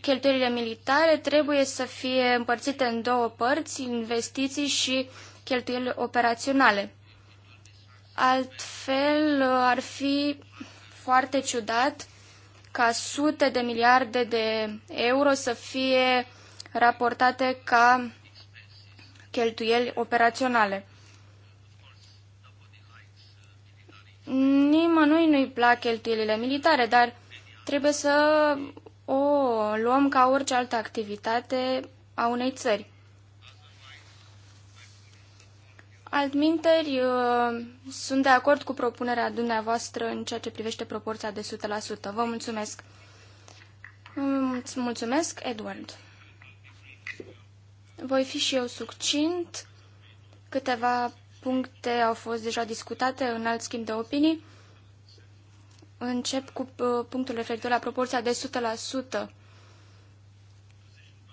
Cheltuielile militare trebuie să fie împărțite în două părți, investiții și cheltuieli operaționale. Altfel ar fi foarte ciudat ca sute de miliarde de euro să fie raportate ca cheltuieli operaționale. Nimănui nu-i plac cheltuielile militare, dar trebuie să o luăm ca orice altă activitate a unei țări. Altminteri, uh, sunt de acord cu propunerea dumneavoastră în ceea ce privește proporția de 100%. Vă mulțumesc. mulțumesc, Edward. Voi fi și eu succint. Câteva puncte au fost deja discutate în alt schimb de opinii. Încep cu uh, punctul referitor la proporția de 100%.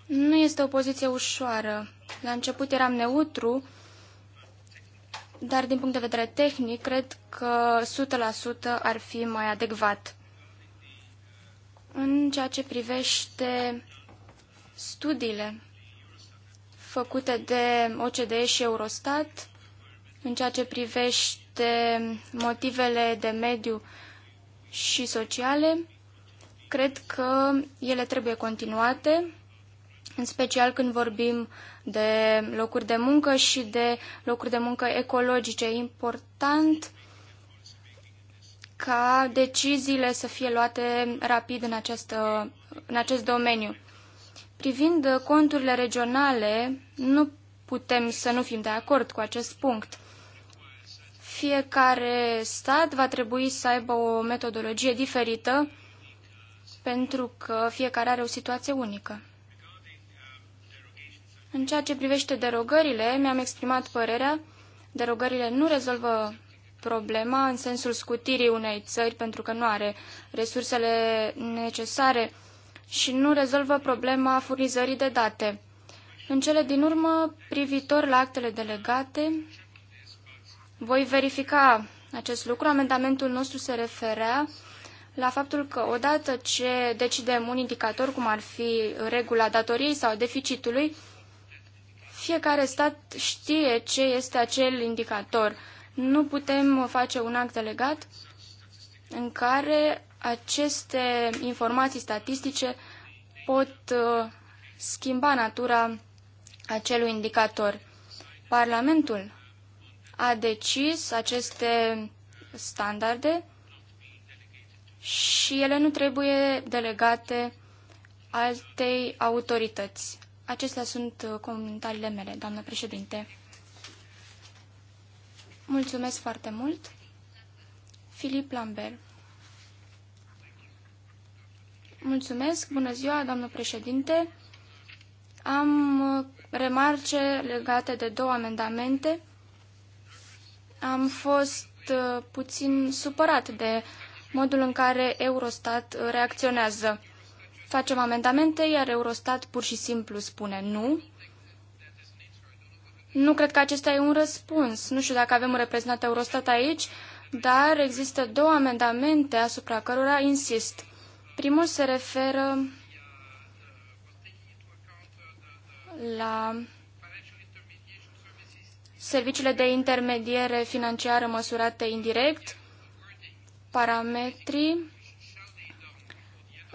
Nu este o poziție ușoară. La început eram neutru, dar din punct de vedere tehnic, cred că 100% ar fi mai adecvat. În ceea ce privește studiile făcute de OCDE și Eurostat, în ceea ce privește motivele de mediu și sociale, cred că ele trebuie continuate în special când vorbim de locuri de muncă și de locuri de muncă ecologice. E important ca deciziile să fie luate rapid în, această, în acest domeniu. Privind conturile regionale, nu putem să nu fim de acord cu acest punct. Fiecare stat va trebui să aibă o metodologie diferită pentru că fiecare are o situație unică. În ceea ce privește derogările, mi-am exprimat părerea, derogările nu rezolvă problema în sensul scutirii unei țări pentru că nu are resursele necesare și nu rezolvă problema furnizării de date. În cele din urmă, privitor la actele delegate, voi verifica acest lucru. Amendamentul nostru se referea la faptul că odată ce decidem un indicator, cum ar fi regula datoriei sau deficitului, fiecare stat știe ce este acel indicator. Nu putem face un act delegat în care aceste informații statistice pot uh, schimba natura acelui indicator. Parlamentul a decis aceste standarde și ele nu trebuie delegate altei autorități. Acestea sunt uh, comentariile mele, doamnă președinte. Mulțumesc foarte mult. Filip Lambert. Mulțumesc, bună ziua, doamnă președinte. Am uh, remarce legate de două amendamente. Am fost uh, puțin supărat de modul în care Eurostat reacționează facem amendamente, iar Eurostat pur și simplu spune nu. Nu cred că acesta e un răspuns. Nu știu dacă avem un reprezentant Eurostat aici, dar există două amendamente asupra cărora insist. Primul se referă la serviciile de intermediere financiară măsurate indirect, parametrii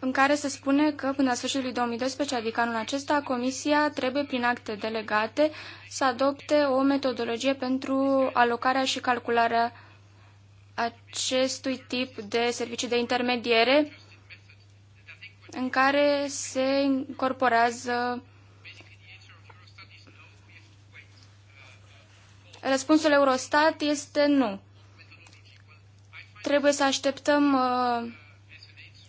în care se spune că până la sfârșitul lui 2012, adică anul acesta, Comisia trebuie prin acte delegate să adopte o metodologie pentru alocarea și calcularea acestui tip de servicii de intermediere în care se incorporează Răspunsul Eurostat este nu. Trebuie să așteptăm uh,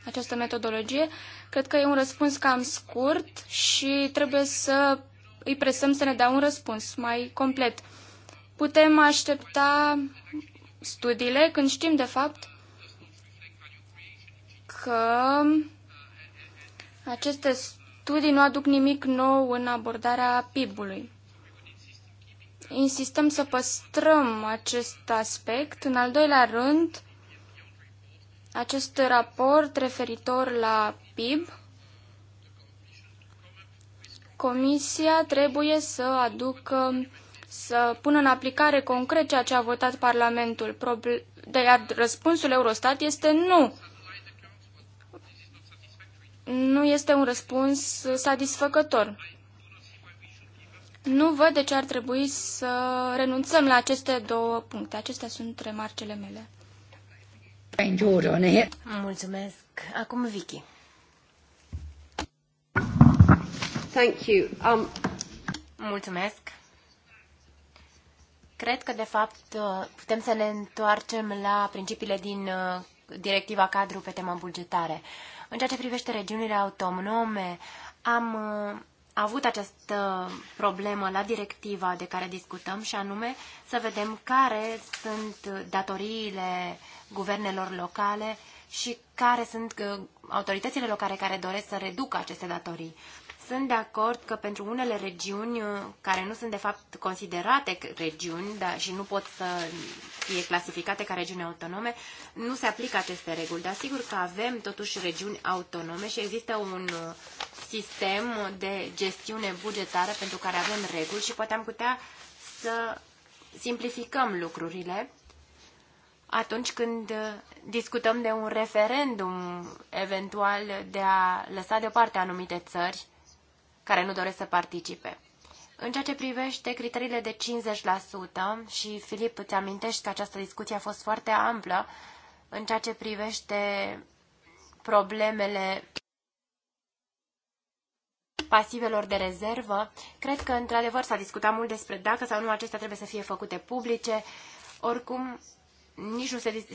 această metodologie. Cred că e un răspuns cam scurt și trebuie să îi presăm să ne dea un răspuns mai complet. Putem aștepta studiile când știm de fapt că aceste studii nu aduc nimic nou în abordarea PIB-ului. Insistăm să păstrăm acest aspect. În al doilea rând, acest raport referitor la PIB, Comisia trebuie să aducă, să pună în aplicare concret ceea ce a votat Parlamentul. De iar răspunsul Eurostat este nu. Nu este un răspuns satisfăcător. Nu văd de ce ar trebui să renunțăm la aceste două puncte. Acestea sunt remarcele mele. Mulțumesc. Acum Vicky. Thank you. Um... Mulțumesc. Cred că, de fapt, uh, putem să ne întoarcem la principiile din uh, directiva cadru pe tema bugetare. În ceea ce privește regiunile autonome, am uh, avut această problemă la directiva de care discutăm și anume să vedem care sunt datoriile guvernelor locale și care sunt uh, autoritățile locale care doresc să reducă aceste datorii. Sunt de acord că pentru unele regiuni uh, care nu sunt de fapt considerate regiuni da, și nu pot să fie clasificate ca regiuni autonome, nu se aplică aceste reguli. Dar sigur că avem totuși regiuni autonome și există un uh, sistem de gestiune bugetară pentru care avem reguli și poate am putea să simplificăm lucrurile atunci când uh, discutăm de un referendum eventual de a lăsa deoparte anumite țări care nu doresc să participe. În ceea ce privește criteriile de 50% și, Filip, îți amintești că această discuție a fost foarte amplă în ceea ce privește problemele pasivelor de rezervă, cred că, într-adevăr, s-a discutat mult despre dacă sau nu acestea trebuie să fie făcute publice. Oricum, nici nu, se,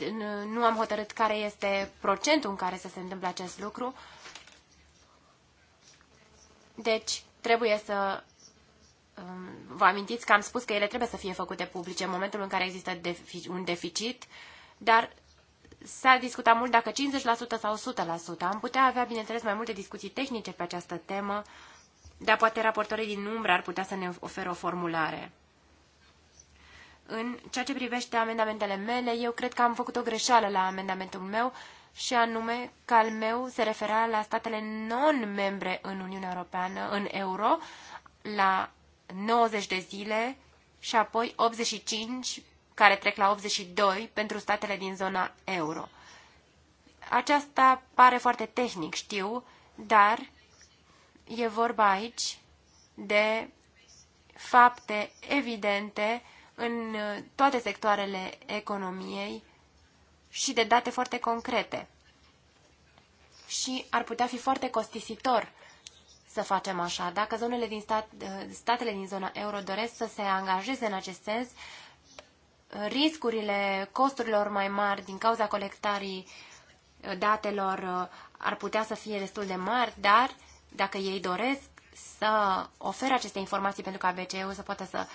nu am hotărât care este procentul în care să se întâmple acest lucru. Deci, trebuie să um, Vă amintiți că am spus că ele trebuie să fie făcute publice în momentul în care există un deficit, dar s-a discutat mult dacă 50% sau 100%. Am putea avea, bineînțeles, mai multe discuții tehnice pe această temă, dar poate raportorii din umbră ar putea să ne oferă o formulare. În ceea ce privește amendamentele mele, eu cred că am făcut o greșeală la amendamentul meu și anume că al meu se refera la statele non-membre în Uniunea Europeană, în euro, la 90 de zile și apoi 85 care trec la 82 pentru statele din zona euro. Aceasta pare foarte tehnic, știu, dar e vorba aici de fapte evidente în uh, toate sectoarele economiei și de date foarte concrete. Și ar putea fi foarte costisitor să facem așa. Dacă zonele din stat, uh, statele din zona euro doresc să se angajeze în acest sens, riscurile costurilor mai mari din cauza colectării uh, datelor ar putea să fie destul de mari, dar dacă ei doresc să ofere aceste informații pentru ca BCE-ul să poată să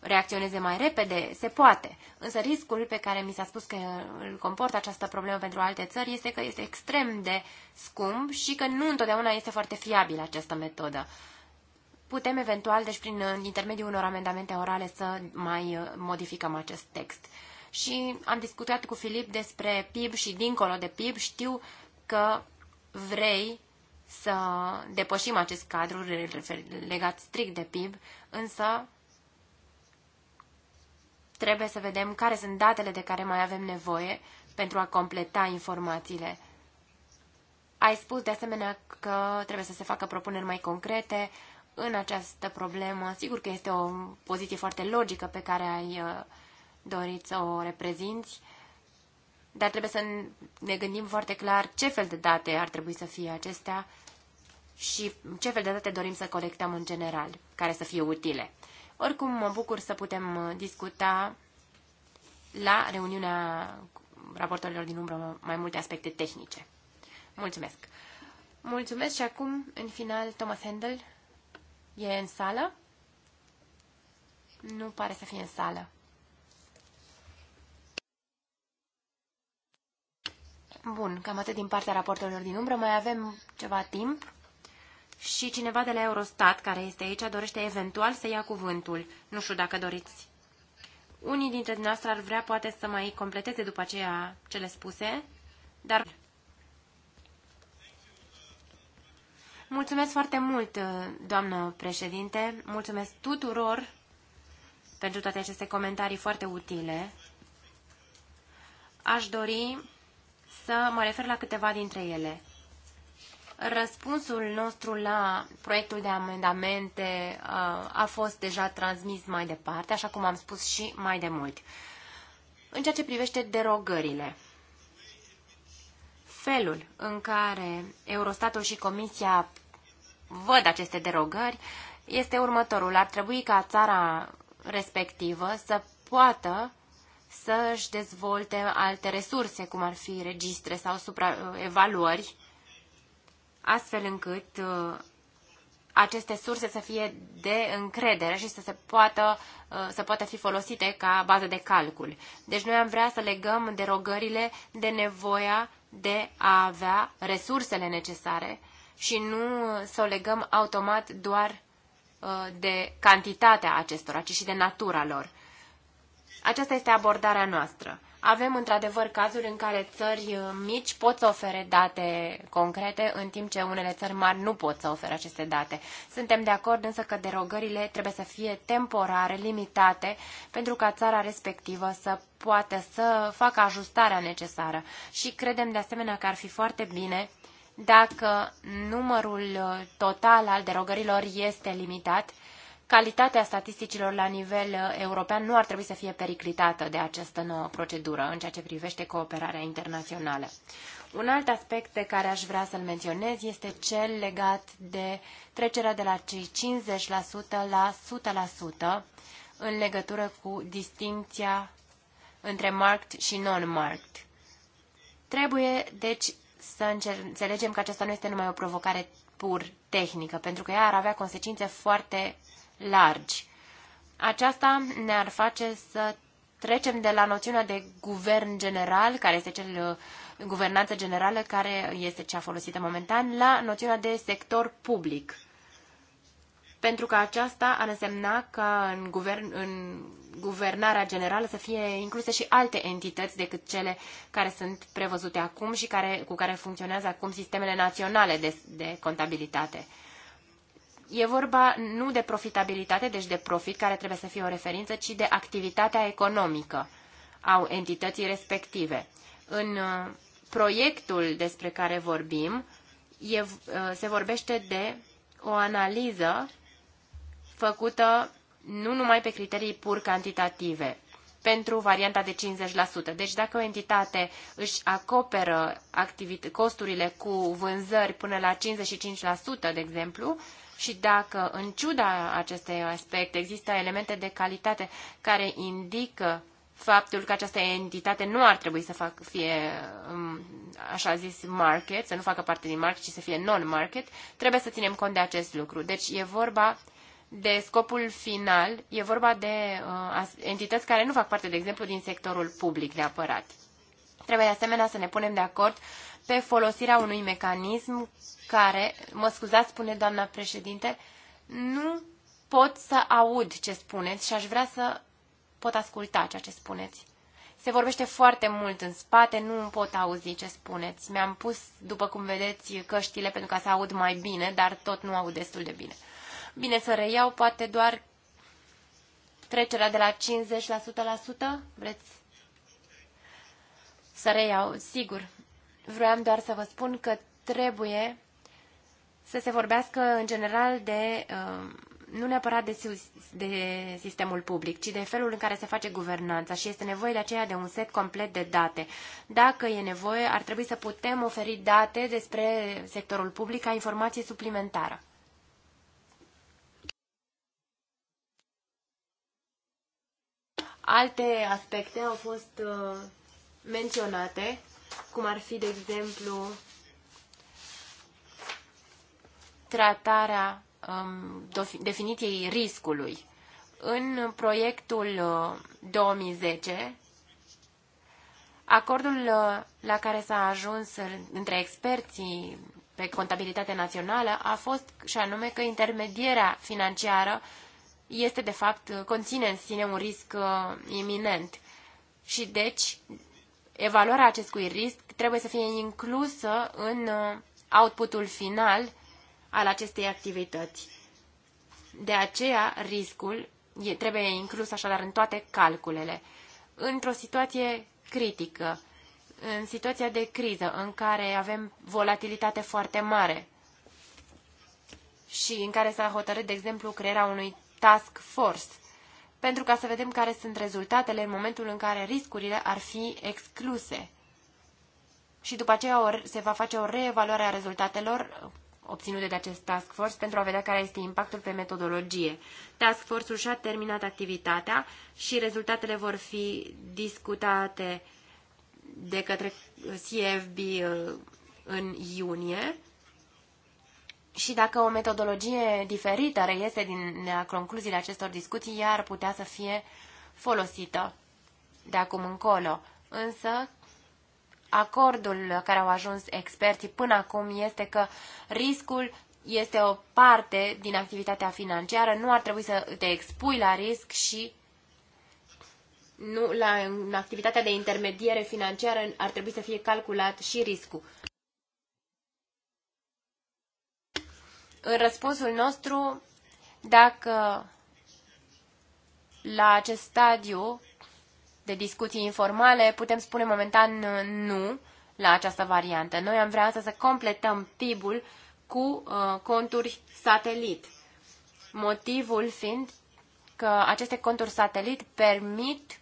reacționeze mai repede, se poate. Însă riscul pe care mi s-a spus că îl comportă această problemă pentru alte țări este că este extrem de scump și că nu întotdeauna este foarte fiabilă această metodă. Putem eventual, deci prin intermediul unor amendamente orale, să mai uh, modificăm acest text. Și am discutat cu Filip despre PIB și dincolo de PIB știu că vrei să depășim acest cadru legat strict de PIB, însă Trebuie să vedem care sunt datele de care mai avem nevoie pentru a completa informațiile. Ai spus de asemenea că trebuie să se facă propuneri mai concrete în această problemă. Sigur că este o poziție foarte logică pe care ai uh, dorit să o reprezinți, dar trebuie să ne gândim foarte clar ce fel de date ar trebui să fie acestea și ce fel de date dorim să colectăm în general, care să fie utile. Oricum, mă bucur să putem uh, discuta la reuniunea raportorilor din umbră mai multe aspecte tehnice. Mulțumesc! Mulțumesc și acum, în final, Thomas Handel e în sală? Nu pare să fie în sală. Bun, cam atât din partea raportorilor din umbră. Mai avem ceva timp și cineva de la Eurostat, care este aici, dorește eventual să ia cuvântul. Nu știu dacă doriți. Unii dintre dumneavoastră ar vrea poate să mai completeze după aceea cele spuse, dar... Mulțumesc foarte mult, doamnă președinte. Mulțumesc tuturor pentru toate aceste comentarii foarte utile. Aș dori să mă refer la câteva dintre ele. Răspunsul nostru la proiectul de amendamente uh, a fost deja transmis mai departe, așa cum am spus și mai de mult. În ceea ce privește derogările, felul în care Eurostatul și Comisia văd aceste derogări este următorul. Ar trebui ca țara respectivă să poată să-și dezvolte alte resurse, cum ar fi registre sau uh, evaluări astfel încât uh, aceste surse să fie de încredere și să se poată, uh, să poată fi folosite ca bază de calcul. Deci noi am vrea să legăm derogările de nevoia de a avea resursele necesare și nu să o legăm automat doar uh, de cantitatea acestora, ci și de natura lor. Aceasta este abordarea noastră. Avem într-adevăr cazuri în care țări uh, mici pot să ofere date concrete, în timp ce unele țări mari nu pot să ofere aceste date. Suntem de acord însă că derogările trebuie să fie temporare, limitate, pentru ca țara respectivă să poată să facă ajustarea necesară. Și credem de asemenea că ar fi foarte bine dacă numărul uh, total al derogărilor este limitat calitatea statisticilor la nivel uh, european nu ar trebui să fie periclitată de această nouă procedură în ceea ce privește cooperarea internațională. Un alt aspect pe care aș vrea să-l menționez este cel legat de trecerea de la cei 50% la 100% în legătură cu distinția între marked și non-marked. Trebuie, deci, să înțelegem că aceasta nu este numai o provocare pur tehnică, pentru că ea ar avea consecințe foarte largi. Aceasta ne-ar face să trecem de la noțiunea de guvern general, care este cel uh, guvernanță generală, care este cea folosită momentan, la noțiunea de sector public. Pentru că aceasta ar însemna ca în, guvern, în guvernarea generală să fie incluse și alte entități decât cele care sunt prevăzute acum și care, cu care funcționează acum sistemele naționale de, de contabilitate. E vorba nu de profitabilitate, deci de profit, care trebuie să fie o referință, ci de activitatea economică a entității respective. În uh, proiectul despre care vorbim, e, uh, se vorbește de o analiză făcută nu numai pe criterii pur cantitative, pentru varianta de 50%. Deci dacă o entitate își acoperă costurile cu vânzări până la 55%, de exemplu, și dacă, în ciuda acestei aspecte, există elemente de calitate care indică faptul că această entitate nu ar trebui să fac, fie, um, așa zis, market, să nu facă parte din market, ci să fie non-market, trebuie să ținem cont de acest lucru. Deci e vorba de scopul final, e vorba de uh, entități care nu fac parte, de exemplu, din sectorul public neapărat. Trebuie de asemenea să ne punem de acord pe folosirea unui mecanism care, mă scuzați, spune doamna președinte, nu pot să aud ce spuneți și aș vrea să pot asculta ceea ce spuneți. Se vorbește foarte mult în spate, nu pot auzi ce spuneți. Mi-am pus, după cum vedeți, căștile pentru ca să aud mai bine, dar tot nu aud destul de bine. Bine să reiau, poate doar trecerea de la 50% la 100%? Vreți să reiau, sigur. Vroiam doar să vă spun că trebuie să se vorbească în general de, um, nu neapărat de, de sistemul public, ci de felul în care se face guvernanța și este nevoie de aceea de un set complet de date. Dacă e nevoie, ar trebui să putem oferi date despre sectorul public ca informație suplimentară. Alte aspecte au fost uh, menționate, cum ar fi, de exemplu, tratarea um, definiției riscului. În proiectul 2010, uh, acordul uh, la care s-a ajuns între experții pe contabilitate națională a fost și anume că intermedierea financiară este de fapt, conține în sine un risc uh, iminent. Și deci evaluarea acestui risc trebuie să fie inclusă în uh, outputul final al acestei activități. De aceea, riscul trebuie inclus așadar în toate calculele. Într-o situație critică, în situația de criză în care avem volatilitate foarte mare și în care s-a hotărât, de exemplu, crearea unui task force pentru ca să vedem care sunt rezultatele în momentul în care riscurile ar fi excluse. Și după aceea se va face o reevaluare a rezultatelor obținute de acest task force pentru a vedea care este impactul pe metodologie. Task force-ul și-a terminat activitatea și rezultatele vor fi discutate de către CFB uh, în iunie și dacă o metodologie diferită reiese din concluziile acestor discuții, ea ar putea să fie folosită de acum încolo. Însă, acordul la care au ajuns experții până acum este că riscul este o parte din activitatea financiară, nu ar trebui să te expui la risc și nu, la, în activitatea de intermediere financiară ar trebui să fie calculat și riscul. În răspunsul nostru, dacă la acest stadiu de discuții informale putem spune momentan nu la această variantă. Noi am vrea să să completăm PIB-ul cu uh, conturi satelit. Motivul fiind că aceste conturi satelit permit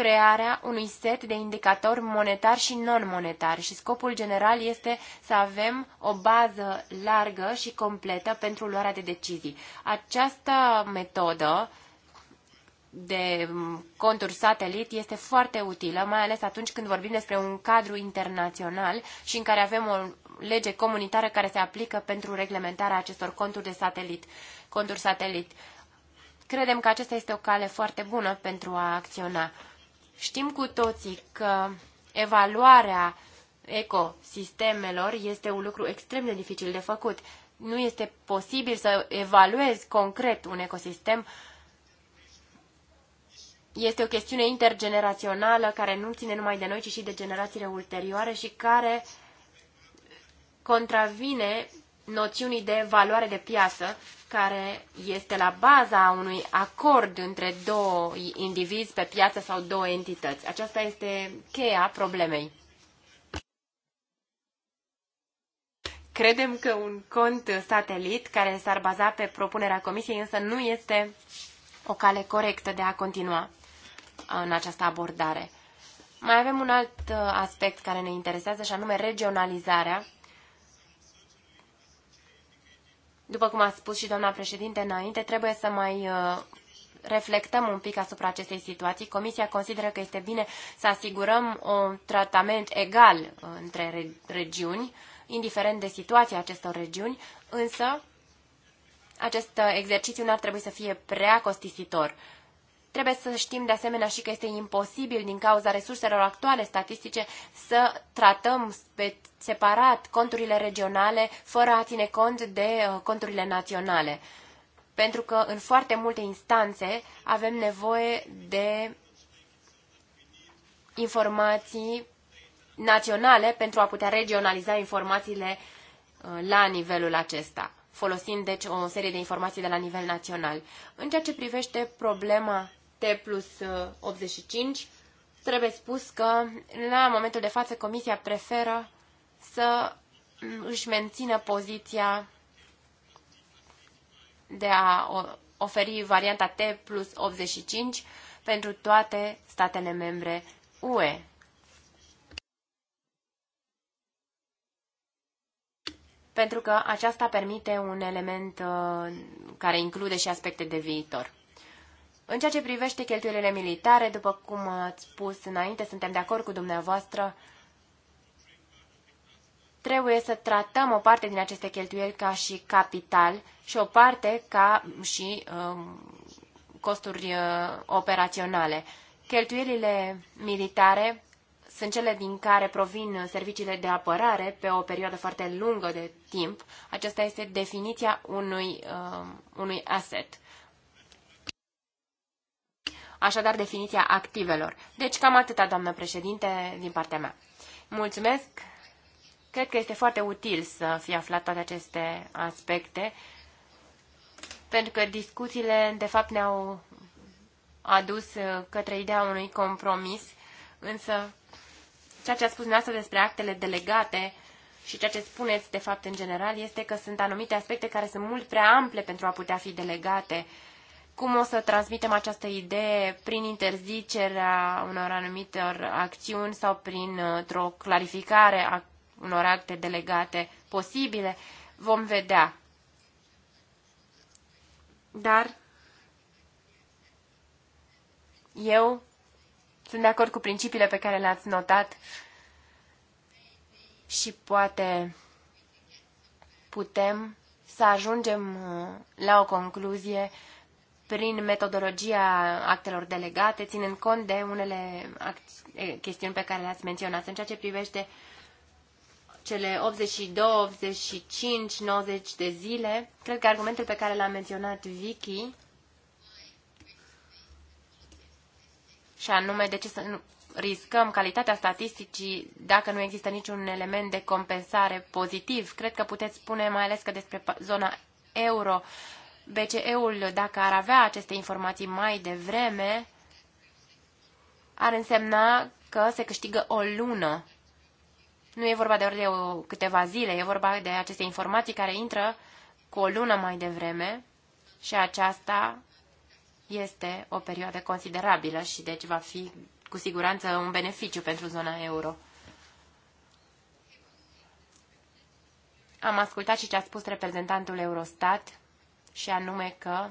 crearea unui set de indicatori monetar și non-monetar și scopul general este să avem o bază largă și completă pentru luarea de decizii. Această metodă de conturi satelit este foarte utilă, mai ales atunci când vorbim despre un cadru internațional și în care avem o lege comunitară care se aplică pentru reglementarea acestor conturi de satelit, conturi satelit. Credem că acesta este o cale foarte bună pentru a acționa. Știm cu toții că evaluarea ecosistemelor este un lucru extrem de dificil de făcut. Nu este posibil să evaluezi concret un ecosistem. Este o chestiune intergenerațională care nu ține numai de noi, ci și de generațiile ulterioare și care contravine noțiunii de valoare de piață care este la baza unui acord între două indivizi pe piață sau două entități. Aceasta este cheia problemei. Credem că un cont satelit care s-ar baza pe propunerea comisiei însă nu este o cale corectă de a continua în această abordare. Mai avem un alt uh, aspect care ne interesează și anume regionalizarea După cum a spus și doamna președinte înainte, trebuie să mai uh, reflectăm un pic asupra acestei situații. Comisia consideră că este bine să asigurăm un tratament egal uh, între regiuni, indiferent de situația acestor regiuni, însă acest uh, exercițiu nu ar trebui să fie prea costisitor. Trebuie să știm de asemenea și că este imposibil din cauza resurselor actuale statistice să tratăm pe separat conturile regionale fără a ține cont de uh, conturile naționale. Pentru că în foarte multe instanțe avem nevoie de informații naționale pentru a putea regionaliza informațiile uh, la nivelul acesta, folosind deci o serie de informații de la nivel național. În ceea ce privește problema T plus 85, uh, trebuie spus că la momentul de față Comisia preferă să își mențină poziția de a oferi varianta T plus 85 pentru toate statele membre UE. Pentru că aceasta permite un element uh, care include și aspecte de viitor. În ceea ce privește cheltuielile militare, după cum ați spus înainte, suntem de acord cu dumneavoastră, trebuie să tratăm o parte din aceste cheltuieli ca și capital și o parte ca și um, costuri uh, operaționale. Cheltuielile militare sunt cele din care provin serviciile de apărare pe o perioadă foarte lungă de timp. Aceasta este definiția unui, uh, unui asset așadar definiția activelor. Deci cam atâta, doamnă președinte, din partea mea. Mulțumesc! Cred că este foarte util să fie aflat toate aceste aspecte, pentru că discuțiile, de fapt, ne-au adus uh, către ideea unui compromis, însă ceea ce a spus dumneavoastră despre actele delegate și ceea ce spuneți, de fapt, în general, este că sunt anumite aspecte care sunt mult prea ample pentru a putea fi delegate cum o să transmitem această idee prin interzicerea unor anumitor acțiuni sau prin o clarificare a unor acte delegate posibile, vom vedea. Dar eu sunt de acord cu principiile pe care le-ați notat și poate putem să ajungem uh, la o concluzie prin metodologia actelor delegate, ținând cont de unele chestiuni pe care le-ați menționat în ceea ce privește cele 82, 85, 90 de zile. Cred că argumentul pe care l-a menționat Vicky și anume de ce să nu riscăm calitatea statisticii dacă nu există niciun element de compensare pozitiv. Cred că puteți spune mai ales că despre zona euro BCE-ul, dacă ar avea aceste informații mai devreme, ar însemna că se câștigă o lună. Nu e vorba ori de o, câteva zile, e vorba de aceste informații care intră cu o lună mai devreme și aceasta este o perioadă considerabilă și deci va fi cu siguranță un beneficiu pentru zona euro. Am ascultat și ce a spus reprezentantul Eurostat și anume că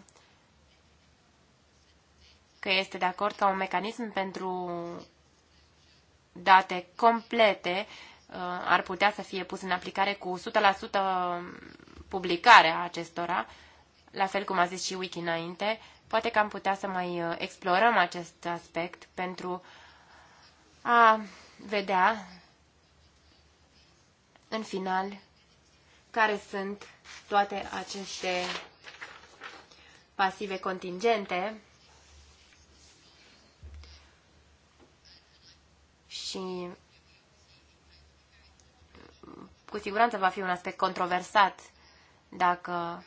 că este de acord ca un mecanism pentru date complete uh, ar putea să fie pus în aplicare cu 100% publicarea acestora, la fel cum a zis și Wiki înainte. Poate că am putea să mai uh, explorăm acest aspect pentru a vedea în final care sunt toate aceste pasive contingente și cu siguranță va fi un aspect controversat dacă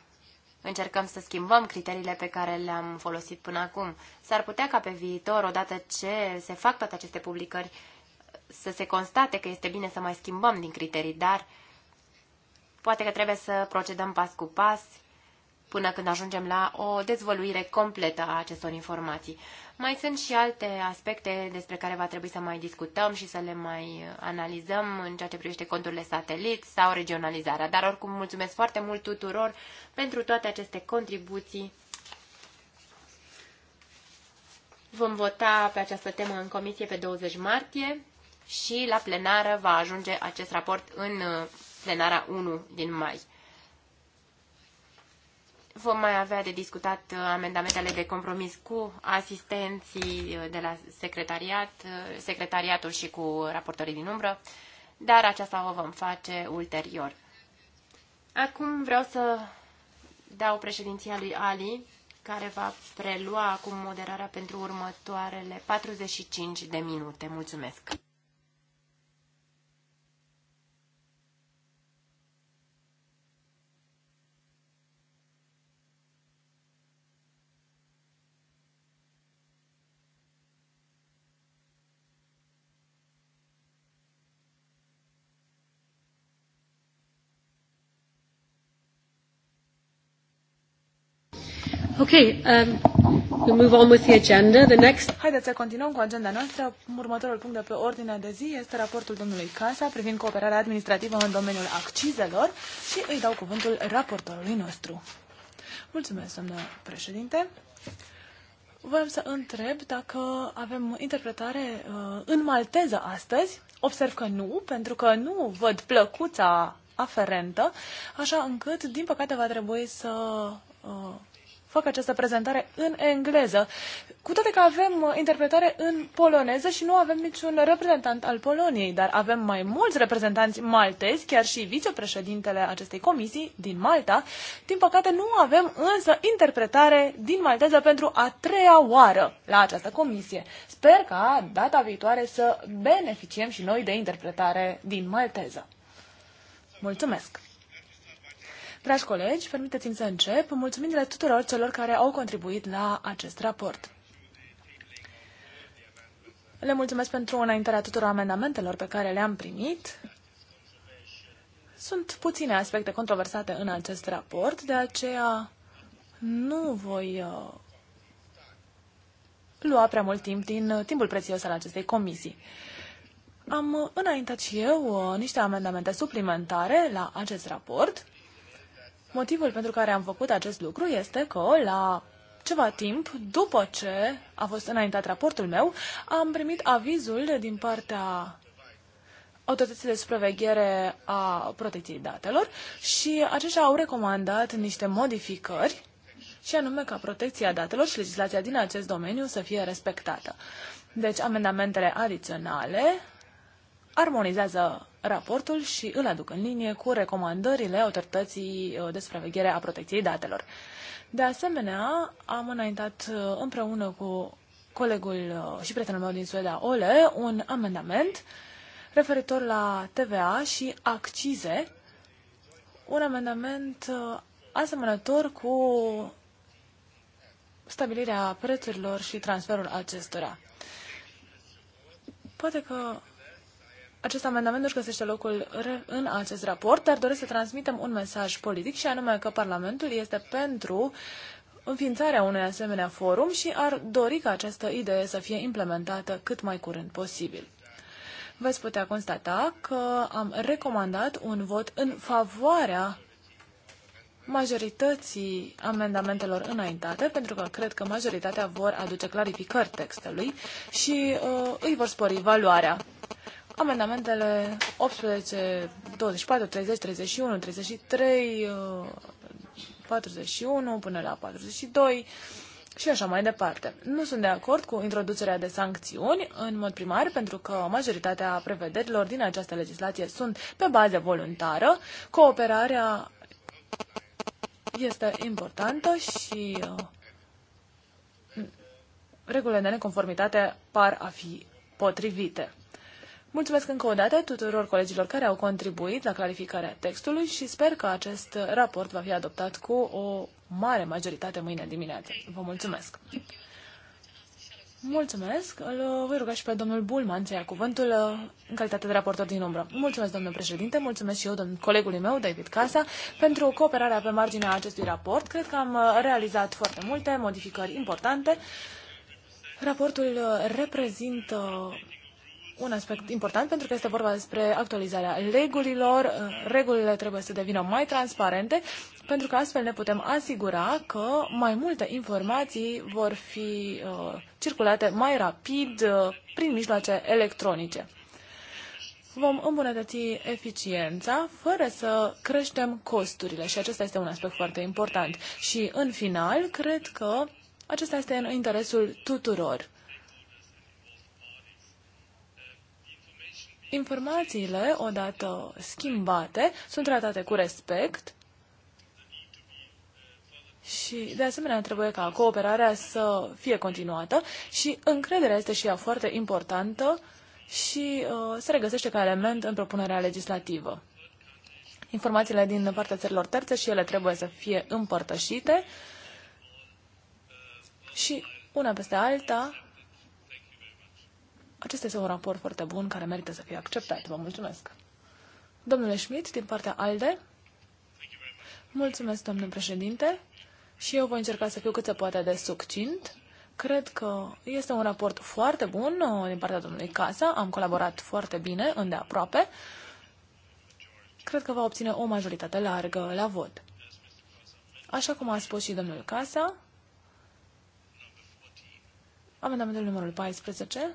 încercăm să schimbăm criteriile pe care le-am folosit până acum. S-ar putea ca pe viitor, odată ce se fac toate aceste publicări, să se constate că este bine să mai schimbăm din criterii, dar poate că trebuie să procedăm pas cu pas până când ajungem la o dezvăluire completă a acestor informații. Mai sunt și alte aspecte despre care va trebui să mai discutăm și să le mai analizăm în ceea ce privește conturile satelit sau regionalizarea. Dar oricum mulțumesc foarte mult tuturor pentru toate aceste contribuții. Vom vota pe această temă în comisie pe 20 martie și la plenară va ajunge acest raport în plenara 1 din mai. Vom mai avea de discutat uh, amendamentele de compromis cu asistenții uh, de la secretariat, uh, secretariatul și cu raportorii din umbră, dar aceasta o vom face ulterior. Acum vreau să dau președinția lui Ali, care va prelua acum moderarea pentru următoarele 45 de minute. Mulțumesc! Um, agenda. The next... Haideți să continuăm cu agenda noastră. Următorul punct de pe ordinea de zi este raportul domnului Casa privind cooperarea administrativă în domeniul accizelor și îi dau cuvântul raportorului nostru. Mulțumesc, doamnă președinte. Vreau să întreb dacă avem interpretare uh, în malteză astăzi. Observ că nu, pentru că nu văd plăcuța aferentă, așa încât, din păcate, va trebui să uh, fac această prezentare în engleză, cu toate că avem uh, interpretare în poloneză și nu avem niciun reprezentant al Poloniei, dar avem mai mulți reprezentanți maltezi, chiar și vicepreședintele acestei comisii din Malta. Din păcate nu avem însă interpretare din malteză pentru a treia oară la această comisie. Sper ca data viitoare să beneficiem și noi de interpretare din malteză. Mulțumesc! Dragi colegi, permiteți-mi să încep mulțumindu-le tuturor celor care au contribuit la acest raport. Le mulțumesc pentru înaintarea tuturor amendamentelor pe care le-am primit. Sunt puține aspecte controversate în acest raport, de aceea nu voi uh, lua prea mult timp din uh, timpul prețios al acestei comisii. Am înaintat și eu uh, niște amendamente suplimentare la acest raport Motivul pentru care am făcut acest lucru este că la ceva timp după ce a fost înaintat raportul meu, am primit avizul din partea autorității de supraveghere a protecției datelor și aceștia au recomandat niște modificări și anume ca protecția datelor și legislația din acest domeniu să fie respectată. Deci amendamentele adiționale armonizează raportul și îl aduc în linie cu recomandările autorității uh, de supraveghere a protecției datelor. De asemenea, am înaintat uh, împreună cu colegul uh, și prietenul meu din Suedia, Ole, un amendament referitor la TVA și accize, un amendament asemănător cu stabilirea prețurilor și transferul acestora. Poate că acest amendament își găsește locul în acest raport, dar doresc să transmitem un mesaj politic și anume că Parlamentul este pentru înființarea unui asemenea forum și ar dori ca această idee să fie implementată cât mai curând posibil. Veți putea constata că am recomandat un vot în favoarea majorității amendamentelor înaintate, pentru că cred că majoritatea vor aduce clarificări textului și uh, îi vor spori valoarea. Amendamentele 18, 24, 30, 31, 33, 41 până la 42 și așa mai departe. Nu sunt de acord cu introducerea de sancțiuni în mod primar pentru că majoritatea prevederilor din această legislație sunt pe bază voluntară. Cooperarea este importantă și uh, regulile de neconformitate par a fi potrivite. Mulțumesc încă o dată tuturor colegilor care au contribuit la clarificarea textului și sper că acest raport va fi adoptat cu o mare majoritate mâine dimineață. Vă mulțumesc! Mulțumesc. Îl voi ruga și pe domnul Bulman să ia cuvântul uh, în calitate de raportor din umbră. Mulțumesc, domnule președinte, mulțumesc și eu, domnul colegului meu, David Casa, pentru cooperarea pe marginea acestui raport. Cred că am uh, realizat foarte multe modificări importante. Raportul uh, reprezintă un aspect important pentru că este vorba despre actualizarea regulilor. Uh, Regulile trebuie să devină mai transparente pentru că astfel ne putem asigura că mai multe informații vor fi uh, circulate mai rapid uh, prin mijloace electronice. Vom îmbunătăți eficiența fără să creștem costurile și acesta este un aspect foarte important. Și în final, cred că acesta este în interesul tuturor Informațiile, odată schimbate, sunt tratate cu respect și, de asemenea, trebuie ca cooperarea să fie continuată și încrederea este și ea foarte importantă și uh, se regăsește ca element în propunerea legislativă. Informațiile din partea țărilor terțe și ele trebuie să fie împărtășite și una peste alta acesta este un raport foarte bun care merită să fie acceptat. Vă mulțumesc. Domnule Schmidt, din partea ALDE. Mulțumesc, domnule președinte. Și eu voi încerca să fiu cât se poate de succint. Cred că este un raport foarte bun uh, din partea domnului Casa. Am colaborat foarte bine, îndeaproape. Cred că va obține o majoritate largă la vot. Așa cum a spus și domnul Casa, amendamentul numărul 14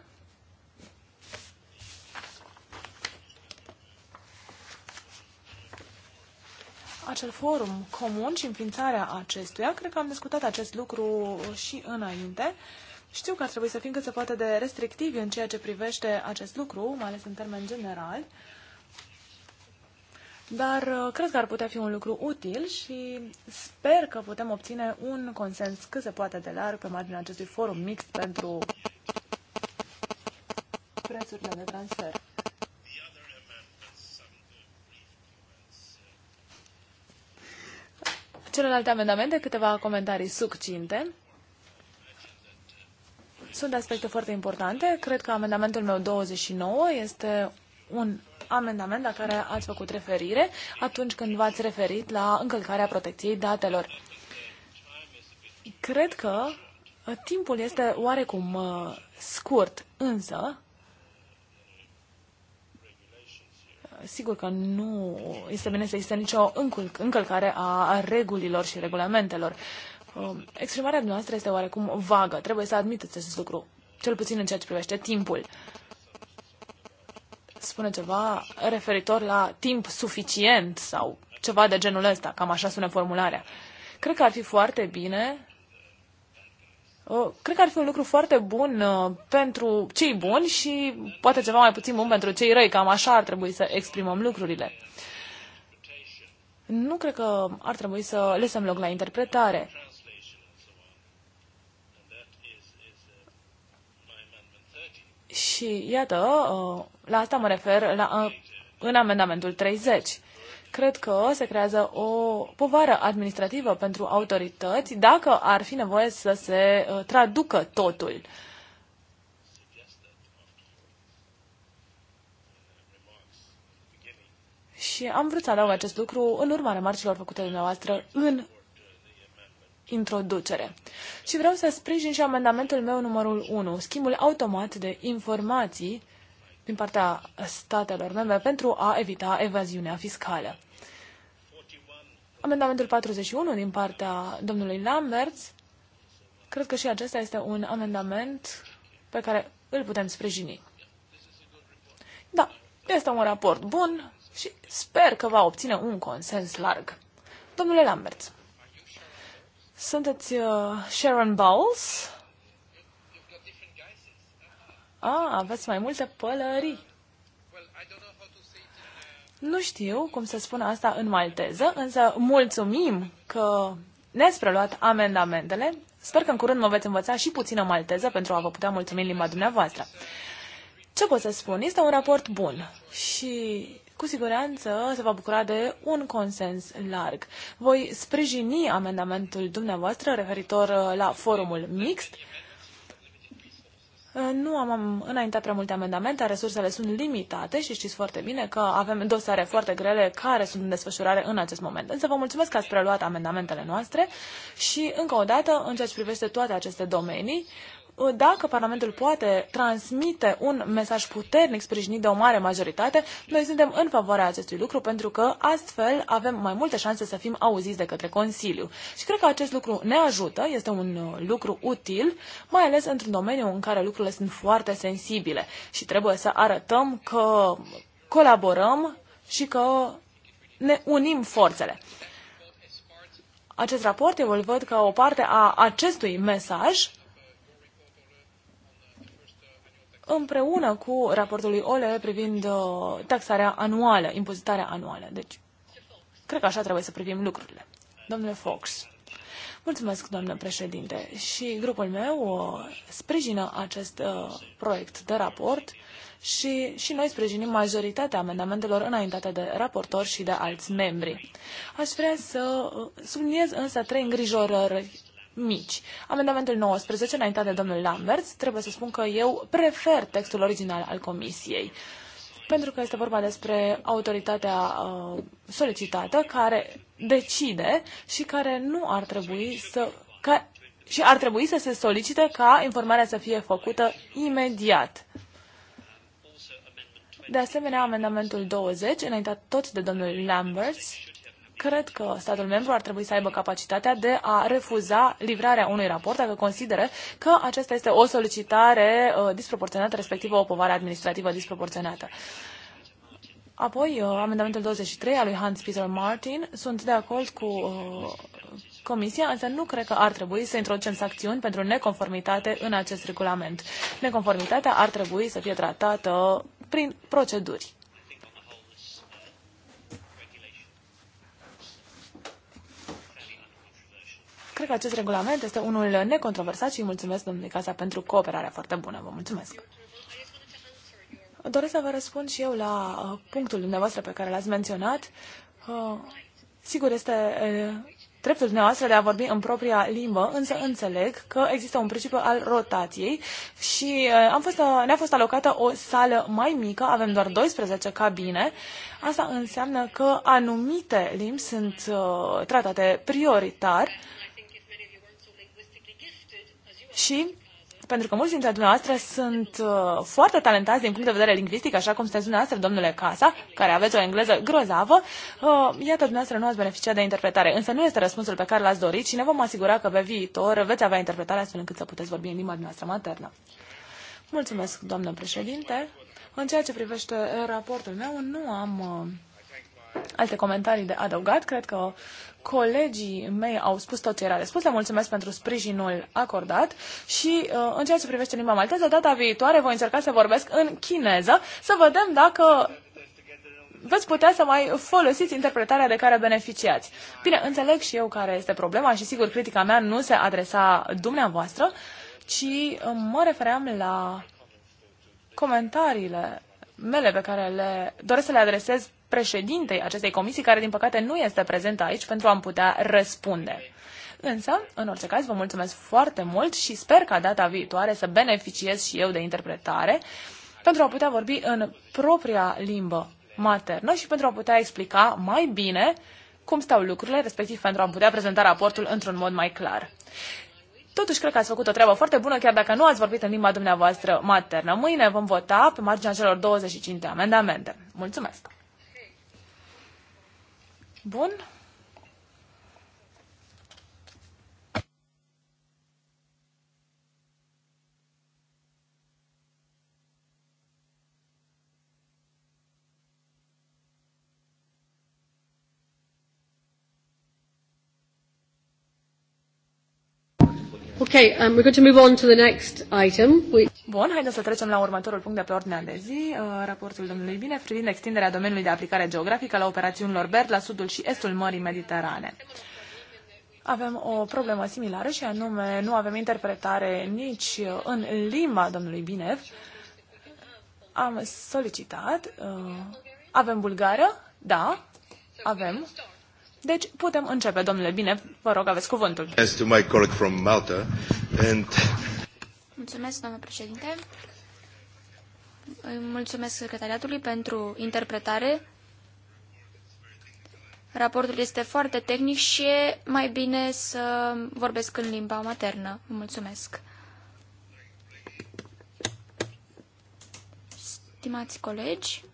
acel forum comun și înființarea acestuia. Cred că am discutat acest lucru și înainte. Știu că ar trebui să fim cât se poate de restrictivi în ceea ce privește acest lucru, mai ales în termeni generali, dar uh, cred că ar putea fi un lucru util și sper că putem obține un consens cât se poate de larg pe marginea acestui forum mixt pentru prețurile de transfer. celelalte amendamente, câteva comentarii succinte. Sunt aspecte foarte importante. Cred că amendamentul meu 29 este un amendament la care ați făcut referire atunci când v-ați referit la încălcarea protecției datelor. Cred că timpul este oarecum uh, scurt, însă sigur că nu este bine să existe nicio încălcare a regulilor și regulamentelor. Um, Exprimarea noastră este oarecum vagă. Trebuie să admiteți acest lucru, cel puțin în ceea ce privește timpul. Spune ceva referitor la timp suficient sau ceva de genul ăsta, cam așa sună formularea. Cred că ar fi foarte bine Uh, cred că ar fi un lucru foarte bun uh, pentru cei buni și poate ceva mai puțin bun pentru cei răi. Cam așa ar trebui să exprimăm lucrurile. Nu cred că ar trebui să lăsăm loc la interpretare. Și iată, uh, la asta mă refer la, în amendamentul 30 cred că se creează o povară administrativă pentru autorități dacă ar fi nevoie să se uh, traducă totul. Și am vrut să adaug acest lucru în urma remarcilor făcute de dumneavoastră în introducere. Și vreau să sprijin și amendamentul meu numărul 1, schimbul automat de informații din partea statelor membre pentru a evita evaziunea fiscală. Amendamentul 41 din partea domnului Lamberts, cred că și acesta este un amendament pe care îl putem sprijini. Da, este un raport bun și sper că va obține un consens larg. Domnule Lamberts, sunteți uh, Sharon Bowles? A, aveți mai multe pălării. Nu știu cum să spun asta în malteză, însă mulțumim că ne-ați preluat amendamentele. Sper că în curând mă veți învăța și puțină malteză pentru a vă putea mulțumi în limba dumneavoastră. Ce pot să spun? Este un raport bun și cu siguranță se va bucura de un consens larg. Voi sprijini amendamentul dumneavoastră referitor uh, la forumul mixt Uh, nu am înaintat prea multe amendamente, resursele sunt limitate și știți foarte bine că avem dosare foarte grele care sunt în desfășurare în acest moment. Însă vă mulțumesc că ați preluat amendamentele noastre și, încă o dată, în ceea ce privește toate aceste domenii, dacă Parlamentul poate transmite un mesaj puternic sprijinit de o mare majoritate, noi suntem în favoarea acestui lucru pentru că astfel avem mai multe șanse să fim auziți de către Consiliu. Și cred că acest lucru ne ajută, este un uh, lucru util, mai ales într-un domeniu în care lucrurile sunt foarte sensibile și trebuie să arătăm că colaborăm și că ne unim forțele acest raport, eu îl văd ca o parte a acestui mesaj împreună cu raportul lui Ole privind uh, taxarea anuală, impozitarea anuală. Deci, cred că așa trebuie să privim lucrurile. Domnule Fox. Mulțumesc, doamnă președinte. Și grupul meu uh, sprijină acest uh, proiect de raport și, și noi sprijinim majoritatea amendamentelor înaintate de raportori și de alți membri. Aș vrea să subliniez însă trei îngrijorări mici. Amendamentul 19, înaintea de domnul Lamberts, trebuie să spun că eu prefer textul original al Comisiei pentru că este vorba despre autoritatea uh, solicitată care decide și care nu ar trebui să ca, și ar trebui să se solicite ca informarea să fie făcută imediat. De asemenea, amendamentul 20, înaintea tot de domnul Lamberts, cred că statul membru ar trebui să aibă capacitatea de a refuza livrarea unui raport dacă consideră că acesta este o solicitare uh, disproporționată, respectiv o povară administrativă disproporționată. Apoi, uh, amendamentul 23 al lui Hans Peter Martin. Sunt de acord cu uh, Comisia, însă nu cred că ar trebui să introducem sancțiuni pentru neconformitate în acest regulament. Neconformitatea ar trebui să fie tratată prin proceduri. Cred că acest regulament este unul necontroversat și îi mulțumesc domnului Casa pentru cooperarea foarte bună. Vă mulțumesc! Doresc să vă răspund și eu la uh, punctul dumneavoastră pe care l-ați menționat. Uh, sigur, este uh, dreptul dumneavoastră de a vorbi în propria limbă, însă înțeleg că există un principiu al rotației și am fost, ne-a fost alocată o sală mai mică, avem doar 12 cabine. Asta înseamnă că anumite limbi sunt tratate prioritar și pentru că mulți dintre dumneavoastră sunt uh, foarte talentați din punct de vedere lingvistic, așa cum sunteți dumneavoastră, domnule Casa, care aveți o engleză grozavă, uh, iată, dumneavoastră nu ați beneficiat de interpretare, însă nu este răspunsul pe care l-ați dorit și ne vom asigura că pe viitor veți avea interpretare astfel încât să puteți vorbi în limba dumneavoastră maternă. Mulțumesc, doamnă președinte. În ceea ce privește raportul meu, nu am uh, alte comentarii de adăugat. Cred că colegii mei au spus tot ce era de spus. Le mulțumesc pentru sprijinul acordat și uh, în ceea ce privește limba malteză, data viitoare voi încerca să vorbesc în chineză, să vedem dacă veți putea să mai folosiți interpretarea de care beneficiați. Bine, înțeleg și eu care este problema și sigur critica mea nu se adresa dumneavoastră, ci uh, mă refeream la comentariile mele pe care le doresc să le adresez președintei acestei comisii, care din păcate nu este prezentă aici pentru a-mi putea răspunde. Însă, în orice caz, vă mulțumesc foarte mult și sper ca data viitoare să beneficiez și eu de interpretare pentru a putea vorbi în propria limbă maternă și pentru a putea explica mai bine cum stau lucrurile, respectiv pentru a putea prezenta raportul într-un mod mai clar. Totuși, cred că ați făcut o treabă foarte bună, chiar dacă nu ați vorbit în limba dumneavoastră maternă. Mâine vom vota pe marginea celor 25 de amendamente. Mulțumesc! Bun, Okay, um, we're going to move on to the next item, Bun, haideți să trecem la următorul punct de pe ordinea de zi, uh, raportul domnului Bine privind extinderea domeniului de aplicare geografică la operațiunilor BERT la sudul și estul Mării Mediterane. Avem o problemă similară și anume nu avem interpretare nici în limba domnului Binev. Am solicitat. Uh, avem bulgară? Da, avem. Deci putem începe, domnule Bine, vă rog, aveți cuvântul. to my colleague from Malta and... Mulțumesc, domnule președinte. Îi mulțumesc secretariatului pentru interpretare. Raportul este foarte tehnic și e mai bine să vorbesc în limba maternă. Mulțumesc. Stimați colegi,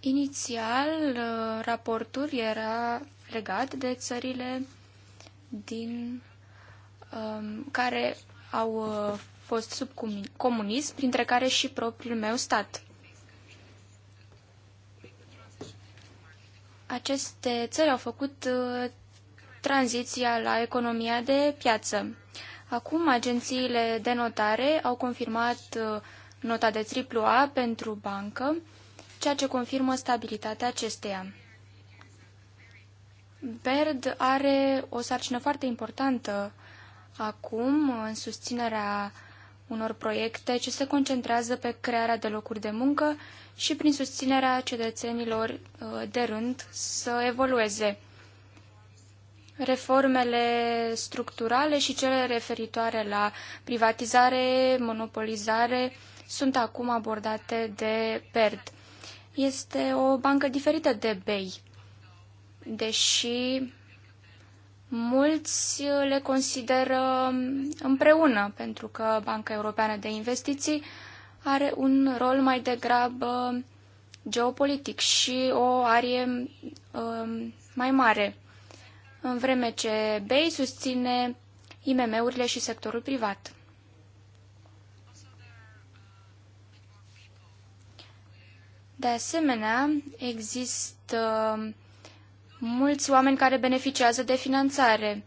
Inițial, uh, raportul era legat de țările din um, care au uh, fost sub comunism, printre care și propriul meu stat. Aceste țări au făcut uh, tranziția la economia de piață. Acum, agențiile de notare au confirmat uh, nota de AAA pentru bancă, ceea ce confirmă stabilitatea acesteia. BERD are o sarcină foarte importantă acum în susținerea unor proiecte ce se concentrează pe crearea de locuri de muncă și prin susținerea cetățenilor uh, de rând să evolueze. Reformele structurale și cele referitoare la privatizare, monopolizare sunt acum abordate de PERD este o bancă diferită de BEI, deși mulți le consideră împreună, pentru că Banca Europeană de Investiții are un rol mai degrabă geopolitic și o arie um, mai mare, în vreme ce BEI susține IMM-urile și sectorul privat. De asemenea, există uh, mulți oameni care beneficiază de finanțare.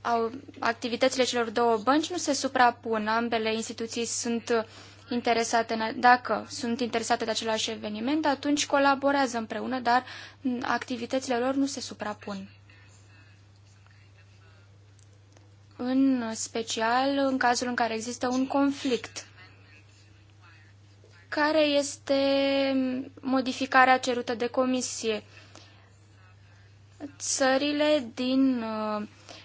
Au, activitățile celor două bănci nu se suprapun. Ambele instituții sunt interesate, dacă sunt interesate de același eveniment, atunci colaborează împreună, dar activitățile lor nu se suprapun. În special în cazul în care există un conflict care este modificarea cerută de comisie. Țările din uh,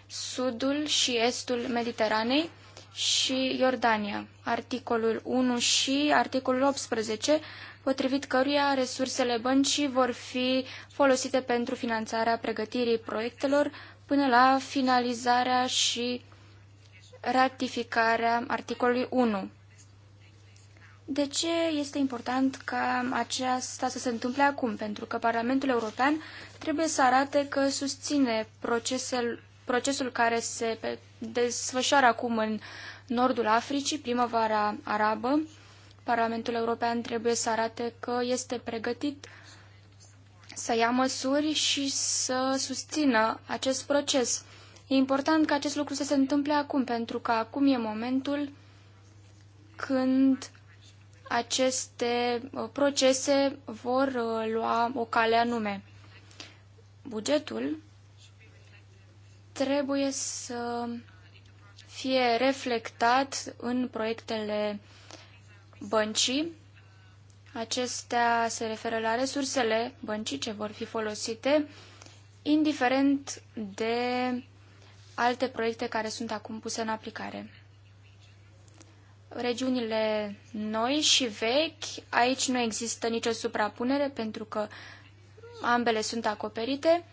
sudul și estul Mediteranei și Iordania, articolul 1 și articolul 18, potrivit căruia resursele băncii vor fi folosite pentru finanțarea pregătirii proiectelor până la finalizarea și ratificarea articolului 1. De ce este important ca aceasta să se întâmple acum? Pentru că Parlamentul European trebuie să arate că susține procesul, procesul care se desfășoară acum în nordul Africii, primăvara arabă. Parlamentul European trebuie să arate că este pregătit să ia măsuri și să susțină acest proces. E important ca acest lucru să se întâmple acum, pentru că acum e momentul când aceste uh, procese vor uh, lua o cale anume. Bugetul trebuie să fie reflectat în proiectele băncii. Acestea se referă la resursele băncii ce vor fi folosite, indiferent de alte proiecte care sunt acum puse în aplicare regiunile noi și vechi, aici nu există nicio suprapunere pentru că ambele sunt acoperite.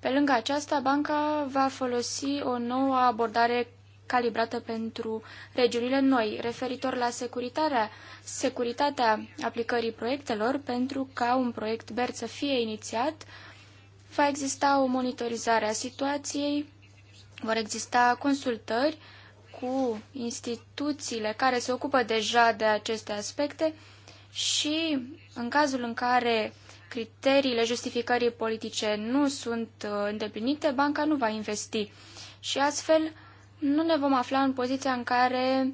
Pe lângă aceasta, banca va folosi o nouă abordare calibrată pentru regiunile noi, referitor la securitatea, securitatea aplicării proiectelor, pentru ca un proiect BERT să fie inițiat, va exista o monitorizare a situației, vor exista consultări cu instituțiile care se ocupă deja de aceste aspecte și în cazul în care criteriile justificării politice nu sunt uh, îndeplinite, banca nu va investi. Și astfel nu ne vom afla în poziția în care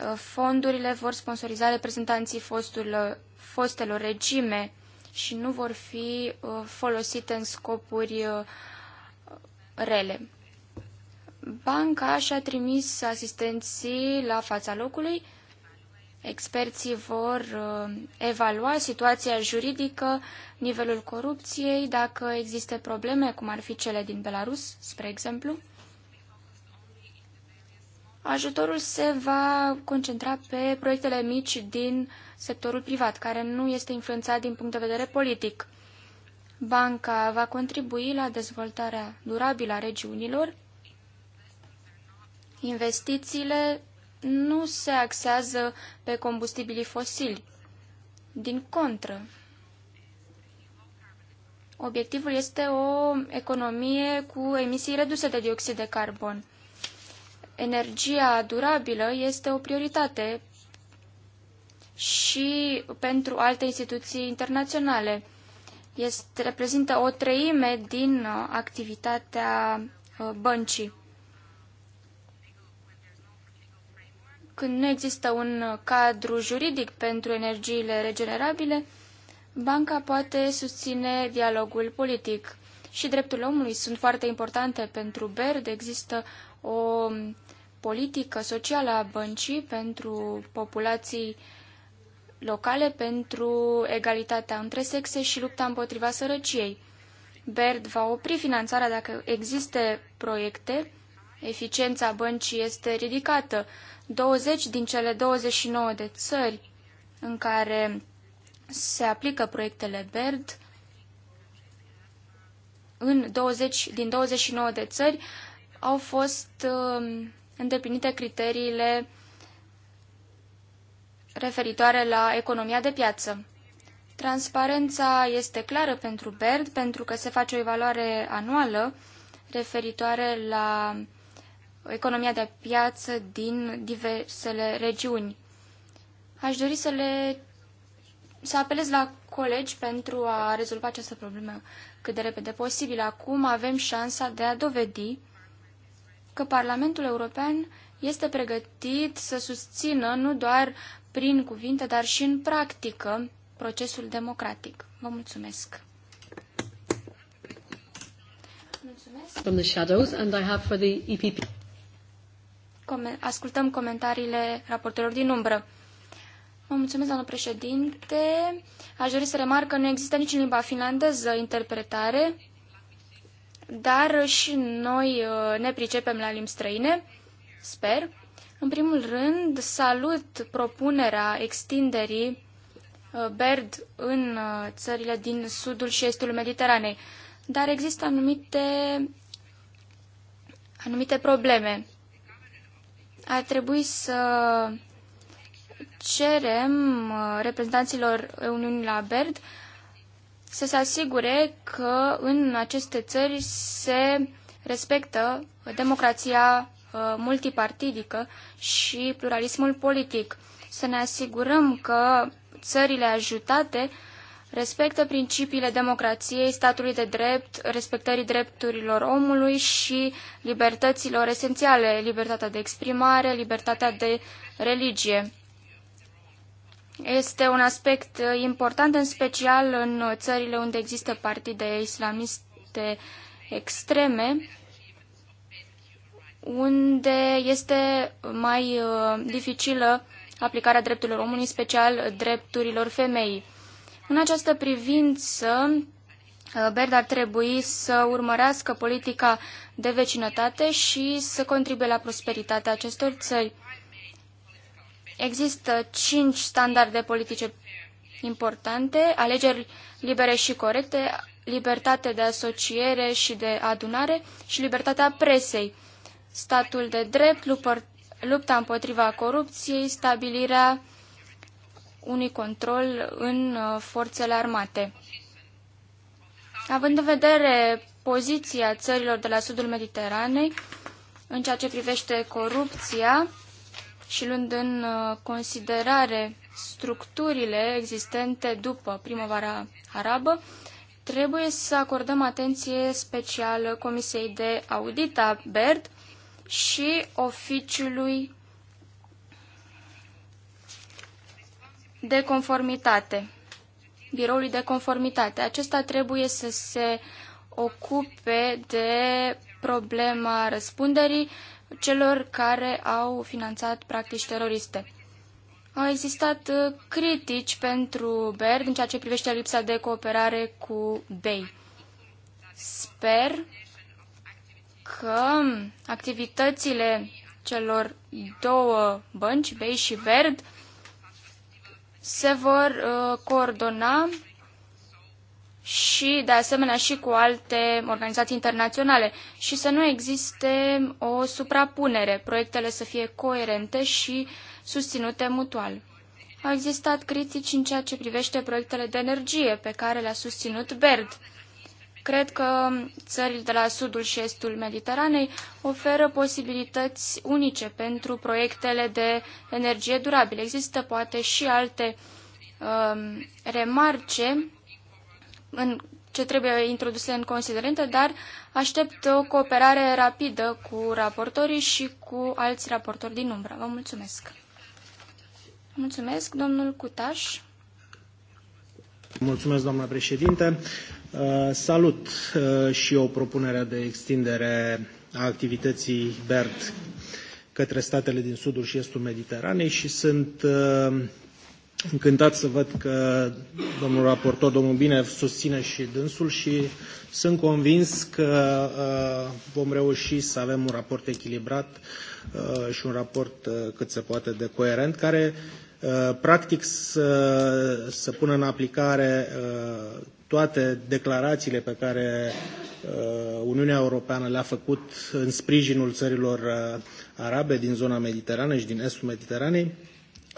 uh, fondurile vor sponsoriza reprezentanții fostul, uh, fostelor regime și nu vor fi folosite în scopuri rele. Banca și-a trimis asistenții la fața locului. Experții vor uh, evalua situația juridică, nivelul corupției, dacă există probleme, cum ar fi cele din Belarus, spre exemplu. Ajutorul se va concentra pe proiectele mici din sectorul privat, care nu este influențat din punct de vedere politic. Banca va contribui la dezvoltarea durabilă a regiunilor Investițiile nu se axează pe combustibilii fosili. Din contră, obiectivul este o economie cu emisii reduse de dioxid de carbon. Energia durabilă este o prioritate și pentru alte instituții internaționale. Este, reprezintă o treime din uh, activitatea uh, băncii. Când nu există un cadru juridic pentru energiile regenerabile, banca poate susține dialogul politic. Și drepturile omului sunt foarte importante pentru BERD. Există o politică socială a băncii pentru populații locale, pentru egalitatea între sexe și lupta împotriva sărăciei. BERD va opri finanțarea dacă există proiecte eficiența băncii este ridicată. 20 din cele 29 de țări în care se aplică proiectele BERD, în 20, din 29 de țări au fost um, îndeplinite criteriile referitoare la economia de piață. Transparența este clară pentru BERD pentru că se face o evaluare anuală referitoare la economia de piață din diversele regiuni. Aș dori să le să apelez la colegi pentru a rezolva această problemă cât de repede posibil. Acum avem șansa de a dovedi că Parlamentul European este pregătit să susțină nu doar prin cuvinte, dar și în practică procesul democratic. Vă mulțumesc! Mulțumesc. From the shadows, and I have for the EPP ascultăm comentariile raportorilor din umbră. Mă mulțumesc, doamnă președinte. Aș dori să remarc că nu există nici în limba finlandeză interpretare, dar și noi uh, ne pricepem la limbi străine, sper. În primul rând, salut propunerea extinderii uh, BERD în uh, țările din sudul și estul Mediteranei, dar există anumite, anumite probleme ar trebui să cerem uh, reprezentanților Uniunii la BERD să se asigure că în aceste țări se respectă democrația uh, multipartidică și pluralismul politic. Să ne asigurăm că țările ajutate respectă principiile democrației, statului de drept, respectării drepturilor omului și libertăților esențiale, libertatea de exprimare, libertatea de religie. Este un aspect important, în special în țările unde există partide islamiste extreme, unde este mai uh, dificilă aplicarea drepturilor omului, în special drepturilor femeii. În această privință, uh, Berd ar trebui să urmărească politica de vecinătate și să contribuie la prosperitatea acestor țări. Există cinci standarde politice importante, alegeri libere și corecte, libertate de asociere și de adunare și libertatea presei, statul de drept, lupta împotriva corupției, stabilirea unui control în uh, forțele armate. Având în vedere poziția țărilor de la sudul Mediteranei în ceea ce privește corupția și luând în uh, considerare structurile existente după primăvara arabă, trebuie să acordăm atenție specială Comisiei de Audit a BERD și Oficiului de conformitate, biroului de conformitate. Acesta trebuie să se ocupe de problema răspunderii celor care au finanțat practici teroriste. Au existat uh, critici pentru BERD în ceea ce privește lipsa de cooperare cu BEI. Sper că activitățile celor două bănci, BEI și BERD, se vor uh, coordona și, de asemenea, și cu alte organizații internaționale și să nu existe o suprapunere, proiectele să fie coerente și susținute mutual. Au existat critici în ceea ce privește proiectele de energie pe care le-a susținut BERD Cred că țările de la sudul și estul Mediteranei oferă posibilități unice pentru proiectele de energie durabilă. Există poate și alte um, remarce în ce trebuie introduse în considerentă, dar aștept o cooperare rapidă cu raportorii și cu alți raportori din umbră. Vă mulțumesc! Mulțumesc, domnul Cutaș. Mulțumesc, doamna președinte. Uh, salut uh, și eu propunerea de extindere a activității BERD către statele din sudul și estul Mediteranei și sunt uh, încântat să văd că domnul raportor, domnul Bine, susține și dânsul și sunt convins că vom reuși să avem un raport echilibrat și un raport cât se poate de coerent, care practic să, să pună în aplicare toate declarațiile pe care uh, Uniunea Europeană le-a făcut în sprijinul țărilor uh, arabe din zona mediteranei și din estul Mediteranei.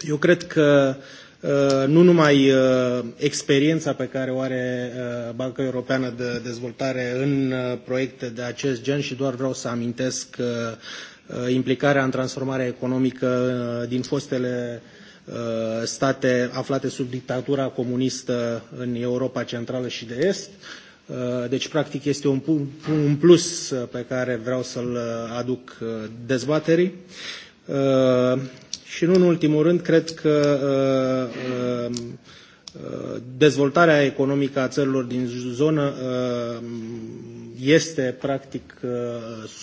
Eu cred că uh, nu numai experiența pe care o are Banca Europeană de Dezvoltare în proiecte de acest gen și doar vreau să amintesc implicarea în transformarea economică din fostele uh, Uh, state aflate sub dictatura comunistă în Europa Centrală și de Est. Uh, deci, practic, este un, plus uh, pe care vreau să-l aduc dezbaterii. Și nu în ultimul rând, cred că um, dezvoltarea economică a țărilor din zonă este practic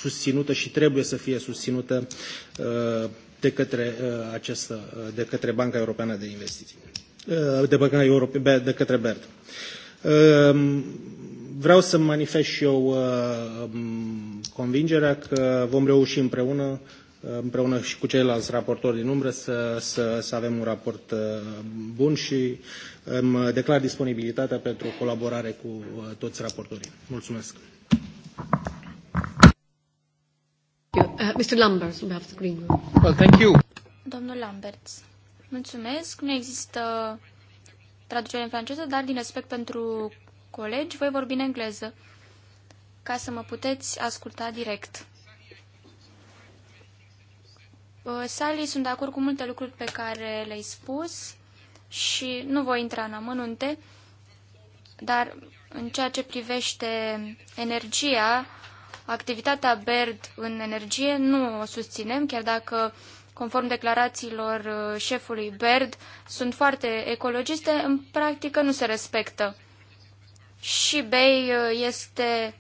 susținută și trebuie să fie susținută de către, uh, acest, uh, de către Banca Europeană de Investiții, uh, de, Banca Europe, de către BERD. Um, vreau să manifest și eu um, convingerea că vom reuși împreună împreună și cu ceilalți raportori din umbră să, să, să avem un raport bun și îmi declar disponibilitatea pentru colaborare cu toți raportorii. Mulțumesc! you. Uh, Mr. Lambert, on behalf of the Green Group. Well, thank you. Domnul Lambert, mulțumesc. Nu există traducere în franceză, dar din respect pentru colegi, voi vorbi în engleză, ca să mă puteți asculta direct. Uh, Sally, sunt de acord cu multe lucruri pe care le-ai spus și nu voi intra în amănunte, dar în ceea ce privește energia, Activitatea BERD în energie nu o susținem, chiar dacă, conform declarațiilor uh, șefului BERD, sunt foarte ecologiste, în practică nu se respectă. Și BEI uh, este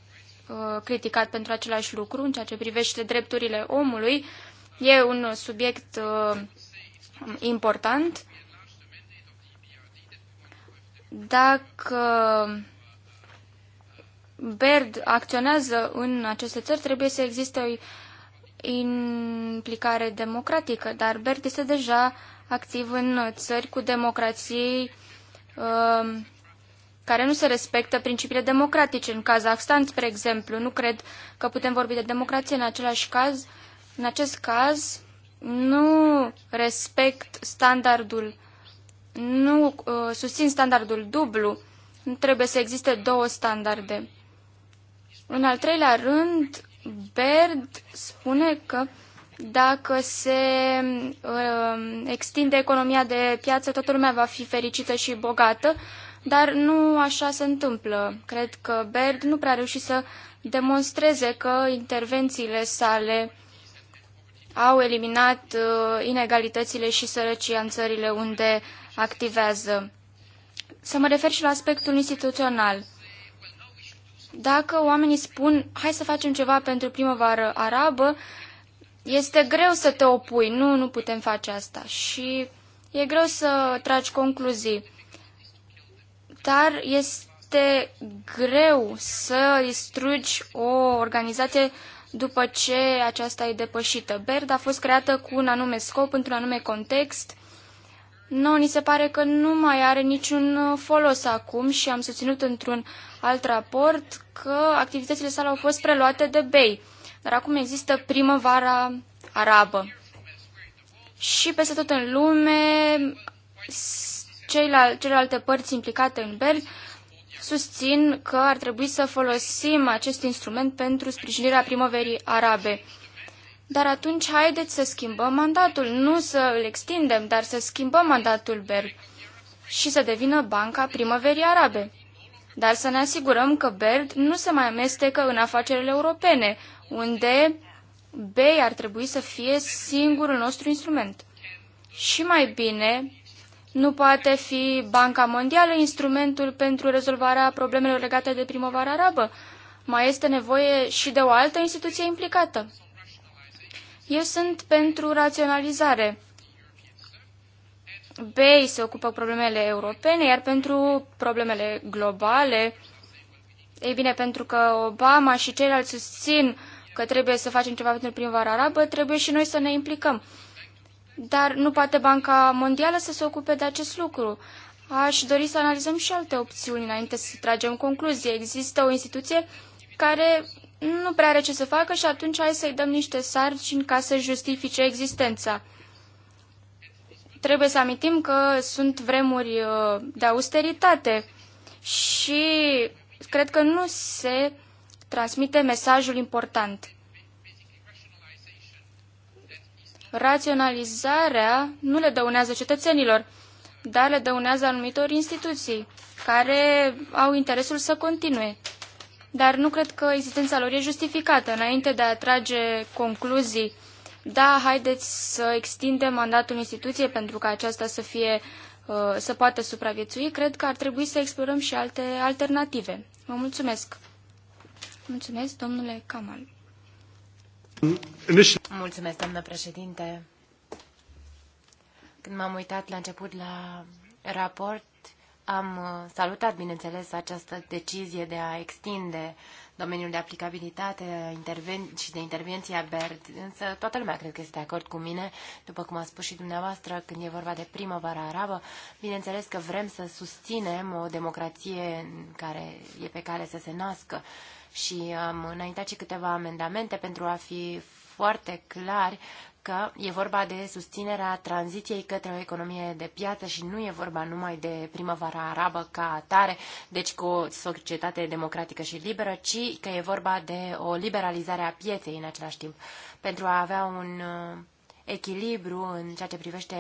uh, criticat pentru același lucru în ceea ce privește drepturile omului. E un subiect important. Dacă Baird acționează în aceste țări, trebuie să existe o implicare democratică, dar Baird este deja activ în țări cu democrații uh, care nu se respectă principiile democratice. În Kazakhstan, spre exemplu, nu cred că putem vorbi de democrație în același caz. În acest caz, nu respect standardul, nu uh, susțin standardul dublu. Nu trebuie să existe două standarde. În al treilea rând, Baird spune că dacă se uh, extinde economia de piață, toată lumea va fi fericită și bogată, dar nu așa se întâmplă. Cred că Baird nu prea a reușit să demonstreze că intervențiile sale au eliminat uh, inegalitățile și sărăcia în țările unde activează. Să mă refer și la aspectul instituțional. Dacă oamenii spun, hai să facem ceva pentru primăvară arabă, este greu să te opui, nu, nu putem face asta și e greu să tragi concluzii. Dar este greu să distrugi o organizație după ce aceasta e depășită. BERD a fost creată cu un anume scop, într-un anume context nouă ni se pare că nu mai are niciun uh, folos acum și am susținut într-un alt raport că activitățile sale au fost preluate de BEI. Dar acum există primăvara arabă. Și peste tot în lume, celelalte părți implicate în Bern susțin că ar trebui să folosim acest instrument pentru sprijinirea primăverii arabe. Dar atunci haideți să schimbăm mandatul, nu să îl extindem, dar să schimbăm mandatul BERG și să devină Banca Primăverii Arabe. Dar să ne asigurăm că Berg nu se mai amestecă în afacerile europene, unde BEI ar trebui să fie singurul nostru instrument. Și mai bine, nu poate fi Banca Mondială instrumentul pentru rezolvarea problemelor legate de primăvara arabă. Mai este nevoie și de o altă instituție implicată. Eu sunt pentru raționalizare. BEI se ocupă problemele europene, iar pentru problemele globale, ei bine, pentru că Obama și ceilalți susțin că trebuie să facem ceva pentru primăvara arabă, trebuie și noi să ne implicăm. Dar nu poate Banca Mondială să se ocupe de acest lucru. Aș dori să analizăm și alte opțiuni înainte să tragem concluzie. Există o instituție care nu prea are ce să facă și atunci hai să-i dăm niște sarcini ca să justifice existența. Trebuie să amintim că sunt vremuri uh, de austeritate și cred că nu se transmite mesajul important. Raționalizarea nu le dăunează cetățenilor, dar le dăunează anumitor instituții care au interesul să continue dar nu cred că existența lor e justificată. Înainte de a trage concluzii, da, haideți să extindem mandatul instituției pentru ca aceasta să fie uh, să poată supraviețui, cred că ar trebui să explorăm și alte alternative. Vă mulțumesc! Mulțumesc, domnule Kamal. Mulțumesc, doamnă președinte. Când m-am uitat la început la raport, am uh, salutat, bineînțeles, această decizie de a extinde domeniul de aplicabilitate și de intervenție a BERD, însă toată lumea cred că este de acord cu mine, după cum a spus și dumneavoastră, când e vorba de primăvara arabă, bineînțeles că vrem să susținem o democrație care e pe cale să se nască și am înaintat și câteva amendamente pentru a fi foarte clari că e vorba de susținerea tranziției către o economie de piață și nu e vorba numai de primăvara arabă ca atare, deci cu o societate democratică și liberă, ci că e vorba de o liberalizare a pieței în același timp. Pentru a avea un uh, echilibru în ceea ce privește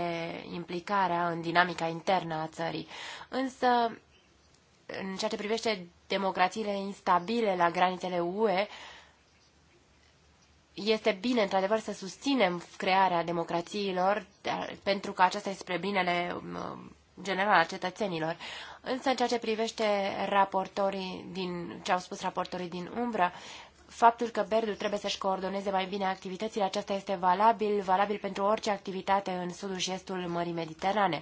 implicarea în dinamica internă a țării. Însă, în ceea ce privește democrațiile instabile la granițele UE, este bine, într-adevăr, să susținem crearea democrațiilor, pentru că aceasta este spre binele um, general a cetățenilor. Însă, în ceea ce privește raportorii din, ce au spus raportorii din umbră, faptul că Berdul trebuie să-și coordoneze mai bine activitățile, aceasta este valabil, valabil pentru orice activitate în sudul și estul Mării Mediterane.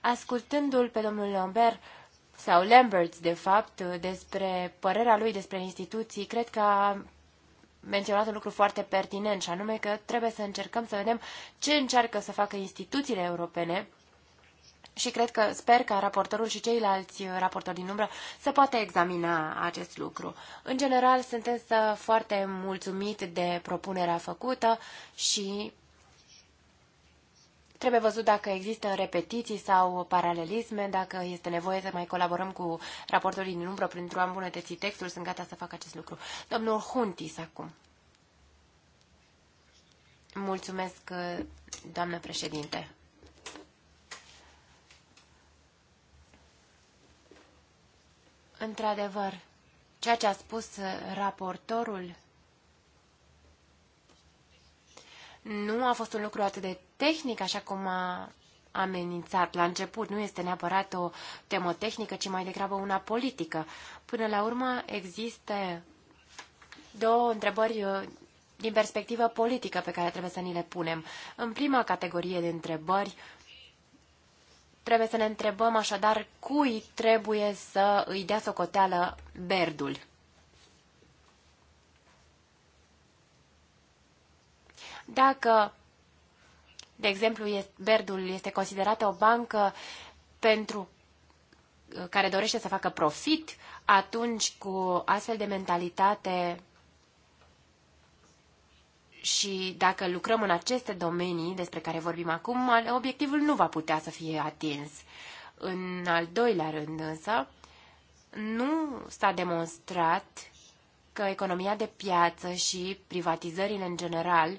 Ascultându-l pe domnul Lambert, sau Lamberts, de fapt, despre părerea lui despre instituții, cred că a menționat un lucru foarte pertinent și anume că trebuie să încercăm să vedem ce încearcă să facă instituțiile europene și cred că sper că raportorul și ceilalți raportori din umbră să poată examina acest lucru. În general, sunt însă foarte mulțumit de propunerea făcută și Trebuie văzut dacă există repetiții sau paralelisme, dacă este nevoie să mai colaborăm cu raportorii din umbră pentru a îmbunătăți textul. Sunt gata să fac acest lucru. Domnul Huntis acum. Mulțumesc, doamnă președinte. Într-adevăr, ceea ce a spus raportorul nu a fost un lucru atât de tehnic, așa cum a amenințat la început. Nu este neapărat o temă tehnică, ci mai degrabă una politică. Până la urmă există două întrebări uh, din perspectivă politică pe care trebuie să ni le punem. În prima categorie de întrebări, trebuie să ne întrebăm așadar cui trebuie să îi dea socoteală berdul. Dacă de exemplu, Berdul este considerată o bancă pentru uh, care dorește să facă profit, atunci cu astfel de mentalitate și dacă lucrăm în aceste domenii despre care vorbim acum, obiectivul nu va putea să fie atins. În al doilea rând însă, nu s-a demonstrat că economia de piață și privatizările în general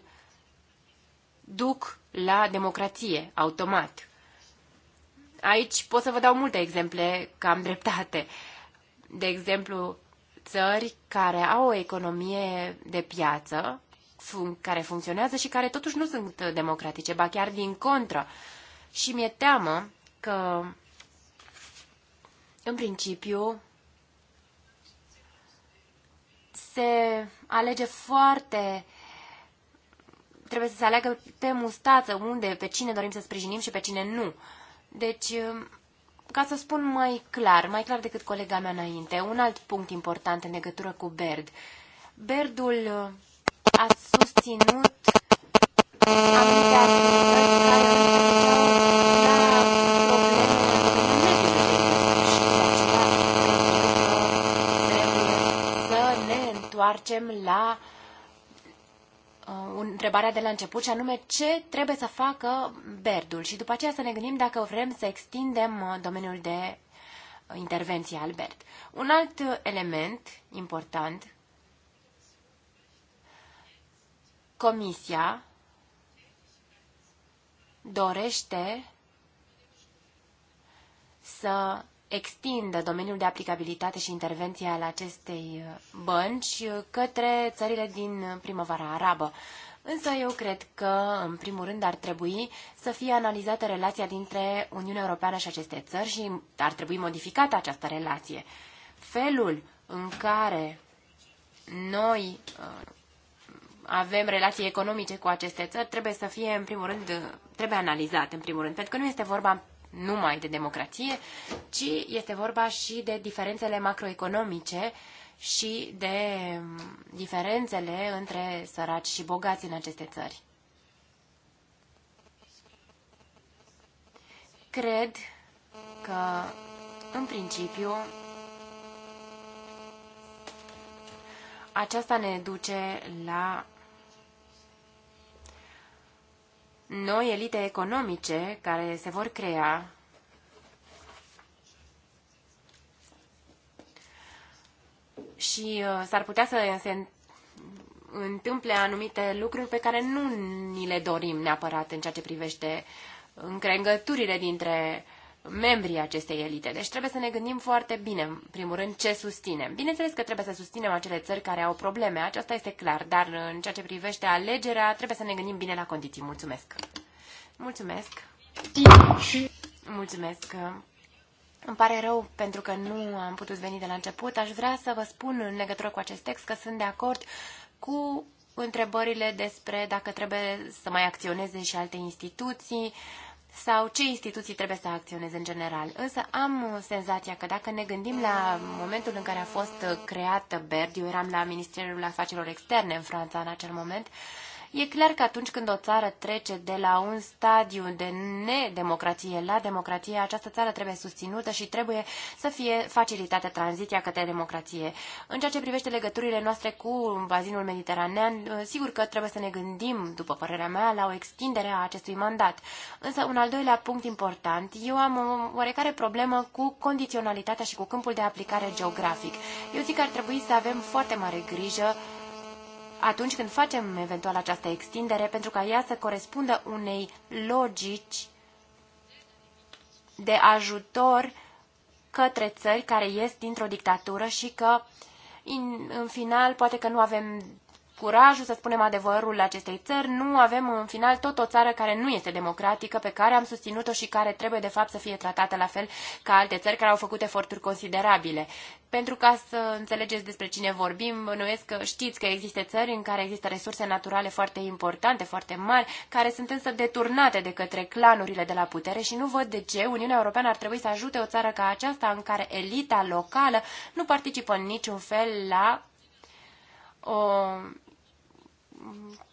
duc la democrație, automat. Aici pot să vă dau multe exemple că am dreptate. De exemplu, țări care au o economie de piață fun- care funcționează și care totuși nu sunt democratice, ba chiar din contră. Și mi-e teamă că, în principiu, se alege foarte trebuie să se aleagă pe mustață unde, pe cine dorim să sprijinim și pe cine nu. Deci, um, ca să spun mai clar, mai clar decât colega mea înainte, un alt punct important în legătură cu Berd. Berdul uh, a susținut anumite să ne întoarcem la întrebarea de la început, și anume ce trebuie să facă Berdul și după aceea să ne gândim dacă vrem să extindem uh, domeniul de uh, intervenție al Berd. Un alt uh, element important, Comisia dorește să extindă domeniul de aplicabilitate și intervenție al acestei bănci către țările din primăvara arabă. Însă eu cred că, în primul rând, ar trebui să fie analizată relația dintre Uniunea Europeană și aceste țări și ar trebui modificată această relație. Felul în care noi uh, avem relații economice cu aceste țări trebuie să fie, în primul rând, uh, trebuie analizat, în primul rând, pentru că nu este vorba numai de democrație, ci este vorba și de diferențele macroeconomice și de diferențele între săraci și bogați în aceste țări. Cred că, în principiu, aceasta ne duce la noi elite economice care se vor crea și uh, s-ar putea să se întâmple anumite lucruri pe care nu ni le dorim neapărat în ceea ce privește încrengăturile dintre membrii acestei elite. Deci trebuie să ne gândim foarte bine, în primul rând, ce susținem. Bineînțeles că trebuie să susținem acele țări care au probleme, aceasta este clar, dar uh, în ceea ce privește alegerea, trebuie să ne gândim bine la condiții. Mulțumesc! Mulțumesc! Mulțumesc! Îmi pare rău pentru că nu am putut veni de la început. Aș vrea să vă spun în legătură cu acest text că sunt de acord cu întrebările despre dacă trebuie să mai acționeze și alte instituții sau ce instituții trebuie să acționeze în general. Însă am senzația că dacă ne gândim la momentul în care a fost creată BERD, eu eram la Ministerul Afacerilor Externe în Franța în acel moment, uh, E clar că atunci când o țară trece de la un stadiu de nedemocrație la democrație, această țară trebuie susținută și trebuie să fie facilitată tranziția către democrație. În ceea ce privește legăturile noastre cu bazinul mediteranean, sigur că trebuie să ne gândim, după părerea mea, la o extindere a acestui mandat. Însă un al doilea punct important, eu am o oarecare problemă cu condiționalitatea și cu câmpul de aplicare geografic. Eu zic că ar trebui să avem foarte mare grijă atunci când facem eventual această extindere, pentru ca ea să corespundă unei logici de ajutor către țări care ies dintr-o dictatură și că, în, în final, poate că nu avem curajul să spunem adevărul acestei țări, nu avem în final tot o țară care nu este democratică, pe care am susținut-o și care trebuie de fapt să fie tratată la fel ca alte țări care au făcut eforturi considerabile. Pentru ca să înțelegeți despre cine vorbim, bănuiesc că știți că există țări în care există resurse naturale foarte importante, foarte mari, care sunt însă deturnate de către clanurile de la putere și nu văd de ce Uniunea Europeană ar trebui să ajute o țară ca aceasta în care elita locală nu participă în niciun fel la o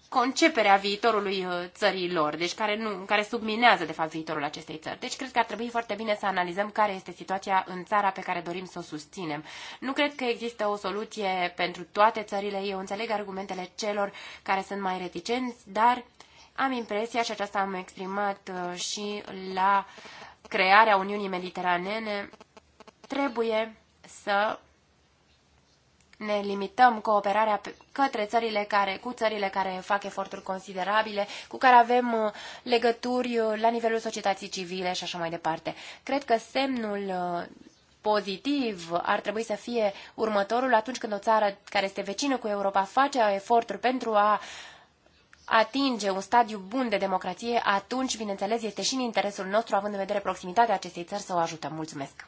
conceperea viitorului uh, țării lor, deci care, nu, care subminează, de fapt, viitorul acestei țări. Deci, cred că ar trebui foarte bine să analizăm care este situația în țara pe care dorim să o susținem. Nu cred că există o soluție pentru toate țările. Eu înțeleg argumentele celor care sunt mai reticenți, dar am impresia, și aceasta am exprimat uh, și la crearea Uniunii Mediteranene, trebuie să ne limităm cooperarea către țările care, cu țările care fac eforturi considerabile, cu care avem uh, legături uh, la nivelul societății civile și așa mai departe. Cred că semnul uh, pozitiv ar trebui să fie următorul atunci când o țară care este vecină cu Europa face eforturi pentru a atinge un stadiu bun de democrație, atunci, bineînțeles, este și în interesul nostru, având în vedere proximitatea acestei țări, să o ajutăm. Mulțumesc!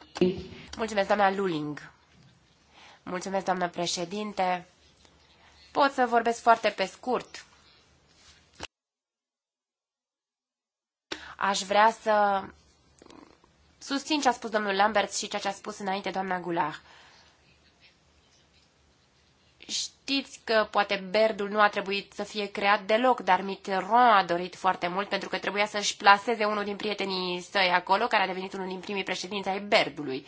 Mulțumesc, doamna Luling! Mulțumesc, doamnă președinte. Pot să vorbesc foarte pe scurt. Aș vrea să susțin ce a spus domnul Lambert și ceea ce a spus înainte doamna Gular. Știți că poate Berdul nu a trebuit să fie creat deloc, dar Mitterrand a dorit foarte mult pentru că trebuia să-și placeze unul din prietenii săi acolo, care a devenit unul din primii președinți ai Berdului.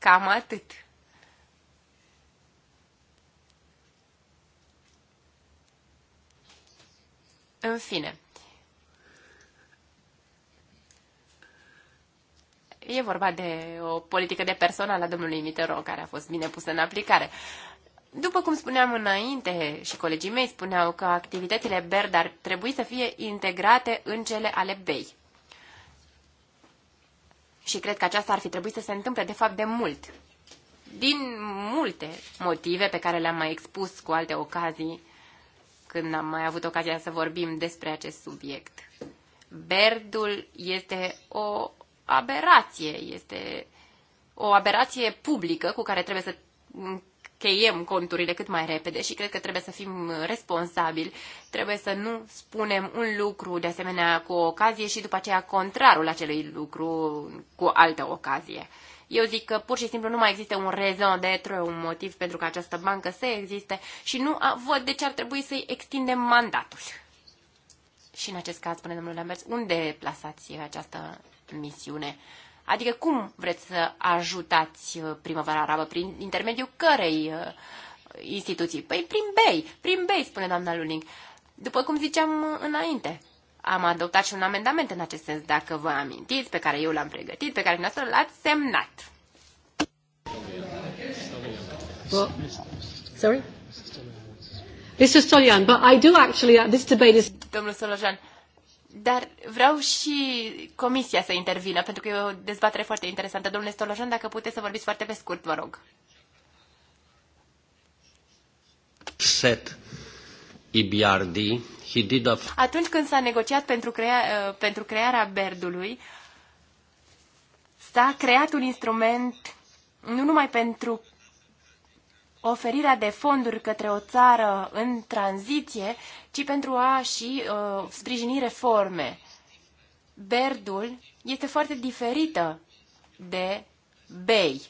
Cam atât. În fine. E vorba de o politică de personal a domnului Mitero, care a fost bine pusă în aplicare. După cum spuneam înainte și colegii mei spuneau că activitățile BERD ar trebui să fie integrate în cele ale BEI. Și cred că aceasta ar fi trebuit să se întâmple, de fapt, de mult. Din multe motive pe care le-am mai expus cu alte ocazii, când am mai avut ocazia să vorbim despre acest subiect. Berdul este o aberație, este o aberație publică cu care trebuie să cheiem conturile cât mai repede și cred că trebuie să fim responsabili. Trebuie să nu spunem un lucru de asemenea cu o ocazie și după aceea contrarul acelui lucru cu altă ocazie. Eu zic că pur și simplu nu mai există un de etru, un motiv pentru că această bancă să existe și nu a, văd de ce ar trebui să-i extindem mandatul. Și în acest caz, spune domnul Lamberts, unde plasați această misiune? Adică cum vreți să ajutați uh, primăvara arabă? Prin intermediul cărei uh, instituții? Păi prin BEI, prin BEI, spune doamna Luling. După cum ziceam uh, înainte, am adoptat și un amendament în acest sens, dacă vă amintiți, pe care eu l-am pregătit, pe care dumneavoastră l-ați semnat. Well, sorry? Mr. Stolian, but I do actually, uh, this debate is... Domnul Solojan, dar vreau și comisia să intervină, pentru că e o dezbatere foarte interesantă. Domnule Stolojan, dacă puteți să vorbiți foarte pe scurt, vă rog. Set EBRD, he did a... Atunci când s-a negociat pentru, crea, uh, pentru crearea Berdului, s-a creat un instrument nu numai pentru oferirea de fonduri către o țară în tranziție, ci pentru a și uh, sprijini reforme. Berdul este foarte diferită de bei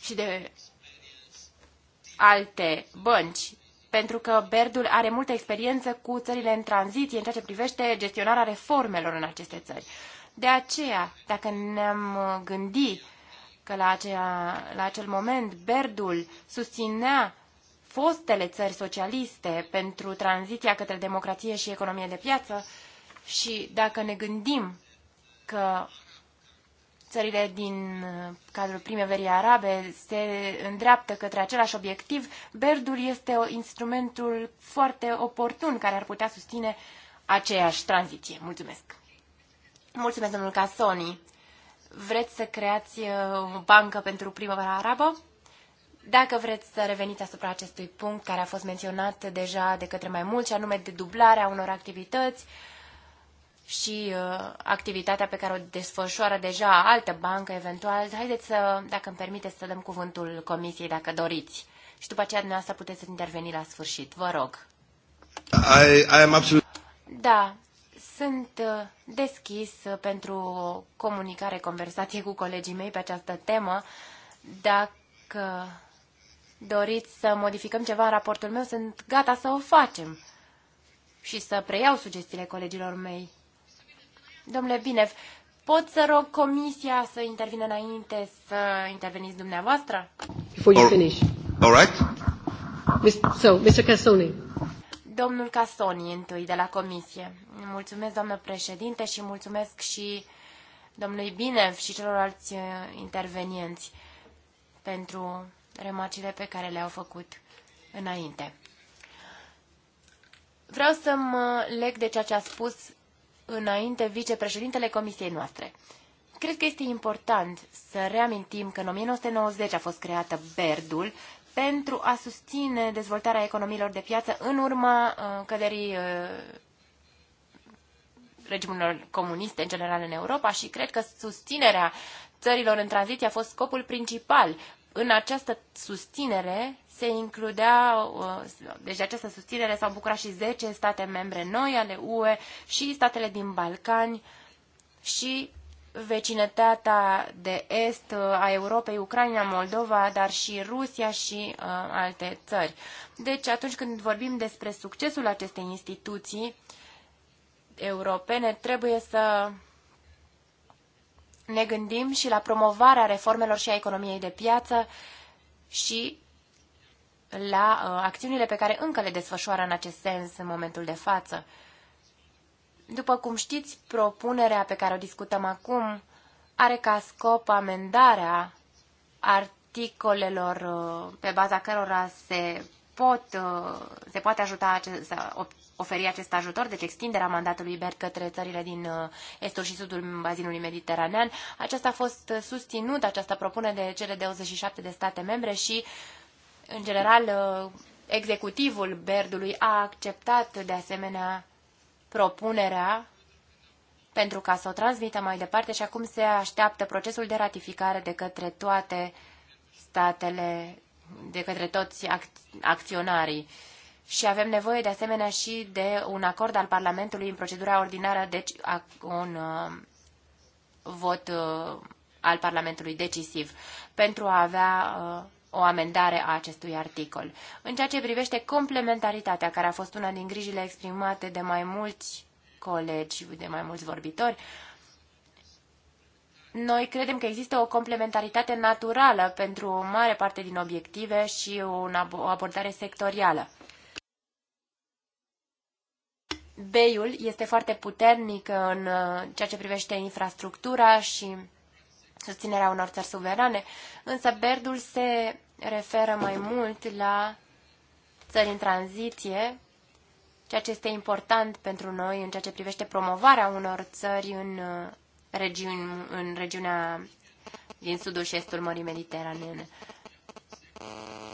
și de alte bănci, pentru că Berdul are multă experiență cu țările în tranziție în ceea ce privește gestionarea reformelor în aceste țări. De aceea, dacă ne-am gândit că la, acea, la acel moment Berdul susținea fostele țări socialiste pentru tranziția către democrație și economie de piață și dacă ne gândim că țările din uh, cadrul primeverii arabe se îndreaptă către același obiectiv, Berdul este instrumentul foarte oportun care ar putea susține aceeași tranziție. Mulțumesc! Mulțumesc, domnul Casoni! Vreți să creați uh, o bancă pentru primăvara arabă? Dacă vreți să reveniți asupra acestui punct care a fost menționat deja de către mai mulți, anume de dublarea unor activități și uh, activitatea pe care o desfășoară deja altă bancă eventual, haideți să, dacă îmi permiteți, să dăm cuvântul comisiei dacă doriți. Și după aceea dumneavoastră puteți interveni la sfârșit. Vă rog. I, I am absolut... Da, sunt uh, deschis uh, pentru comunicare, conversație cu colegii mei pe această temă. Dacă doriți să modificăm ceva în raportul meu, sunt gata să o facem și să preiau sugestiile colegilor mei. Domnule Binev, pot să rog comisia să intervină înainte să interveniți dumneavoastră? Before you finish. All right. So, Mr. Cassoni. Domnul Casoni, întâi, de la Comisie. Mulțumesc, doamnă președinte, și mulțumesc și domnului Binev și celorlalți uh, intervenienți pentru remarcile pe care le-au făcut înainte. Vreau să mă leg de ceea ce a spus înainte vicepreședintele comisiei noastre. Cred că este important să reamintim că în 1990 a fost creată berd pentru a susține dezvoltarea economiilor de piață în urma uh, căderii uh, regimurilor comuniste în general în Europa și cred că susținerea țărilor în tranziție a fost scopul principal. În această susținere se includea, uh, deci această susținere s-au bucurat și 10 state membre noi ale UE și statele din Balcani și vecinătatea de est uh, a Europei, Ucraina, Moldova, dar și Rusia și uh, alte țări. Deci atunci când vorbim despre succesul acestei instituții europene, trebuie să ne gândim și la promovarea reformelor și a economiei de piață și la uh, acțiunile pe care încă le desfășoară în acest sens în momentul de față. Uh, după cum știți, propunerea pe care o discutăm acum are ca scop amendarea articolelor uh, pe baza cărora se, pot, uh, se poate ajuta să oferi acest ajutor, deci extinderea mandatului BERT către țările din uh, estul și sudul bazinului mediteranean. Aceasta a fost susținută, această propunere de cele 27 de state membre și, în general, executivul Berdului a acceptat de asemenea propunerea pentru ca să o transmită mai departe și acum se așteaptă procesul de ratificare de către toate statele, de către toți ac- acționarii. Și avem nevoie de asemenea și de un acord al Parlamentului în procedura ordinară, deci un uh, vot uh, al Parlamentului decisiv pentru a avea uh, o amendare a acestui articol. În ceea ce privește complementaritatea, care a fost una din grijile exprimate de mai mulți colegi, și de mai mulți vorbitori, noi credem că există o complementaritate naturală pentru o mare parte din obiective și o abordare sectorială. Beiul este foarte puternic în uh, ceea ce privește infrastructura și susținerea unor țări suverane, însă Berdul se referă mai mult la țări în tranziție, ceea ce este important pentru noi în ceea ce privește promovarea unor țări în, uh, regiuni, în regiunea din sudul și estul Mării Mediteranene.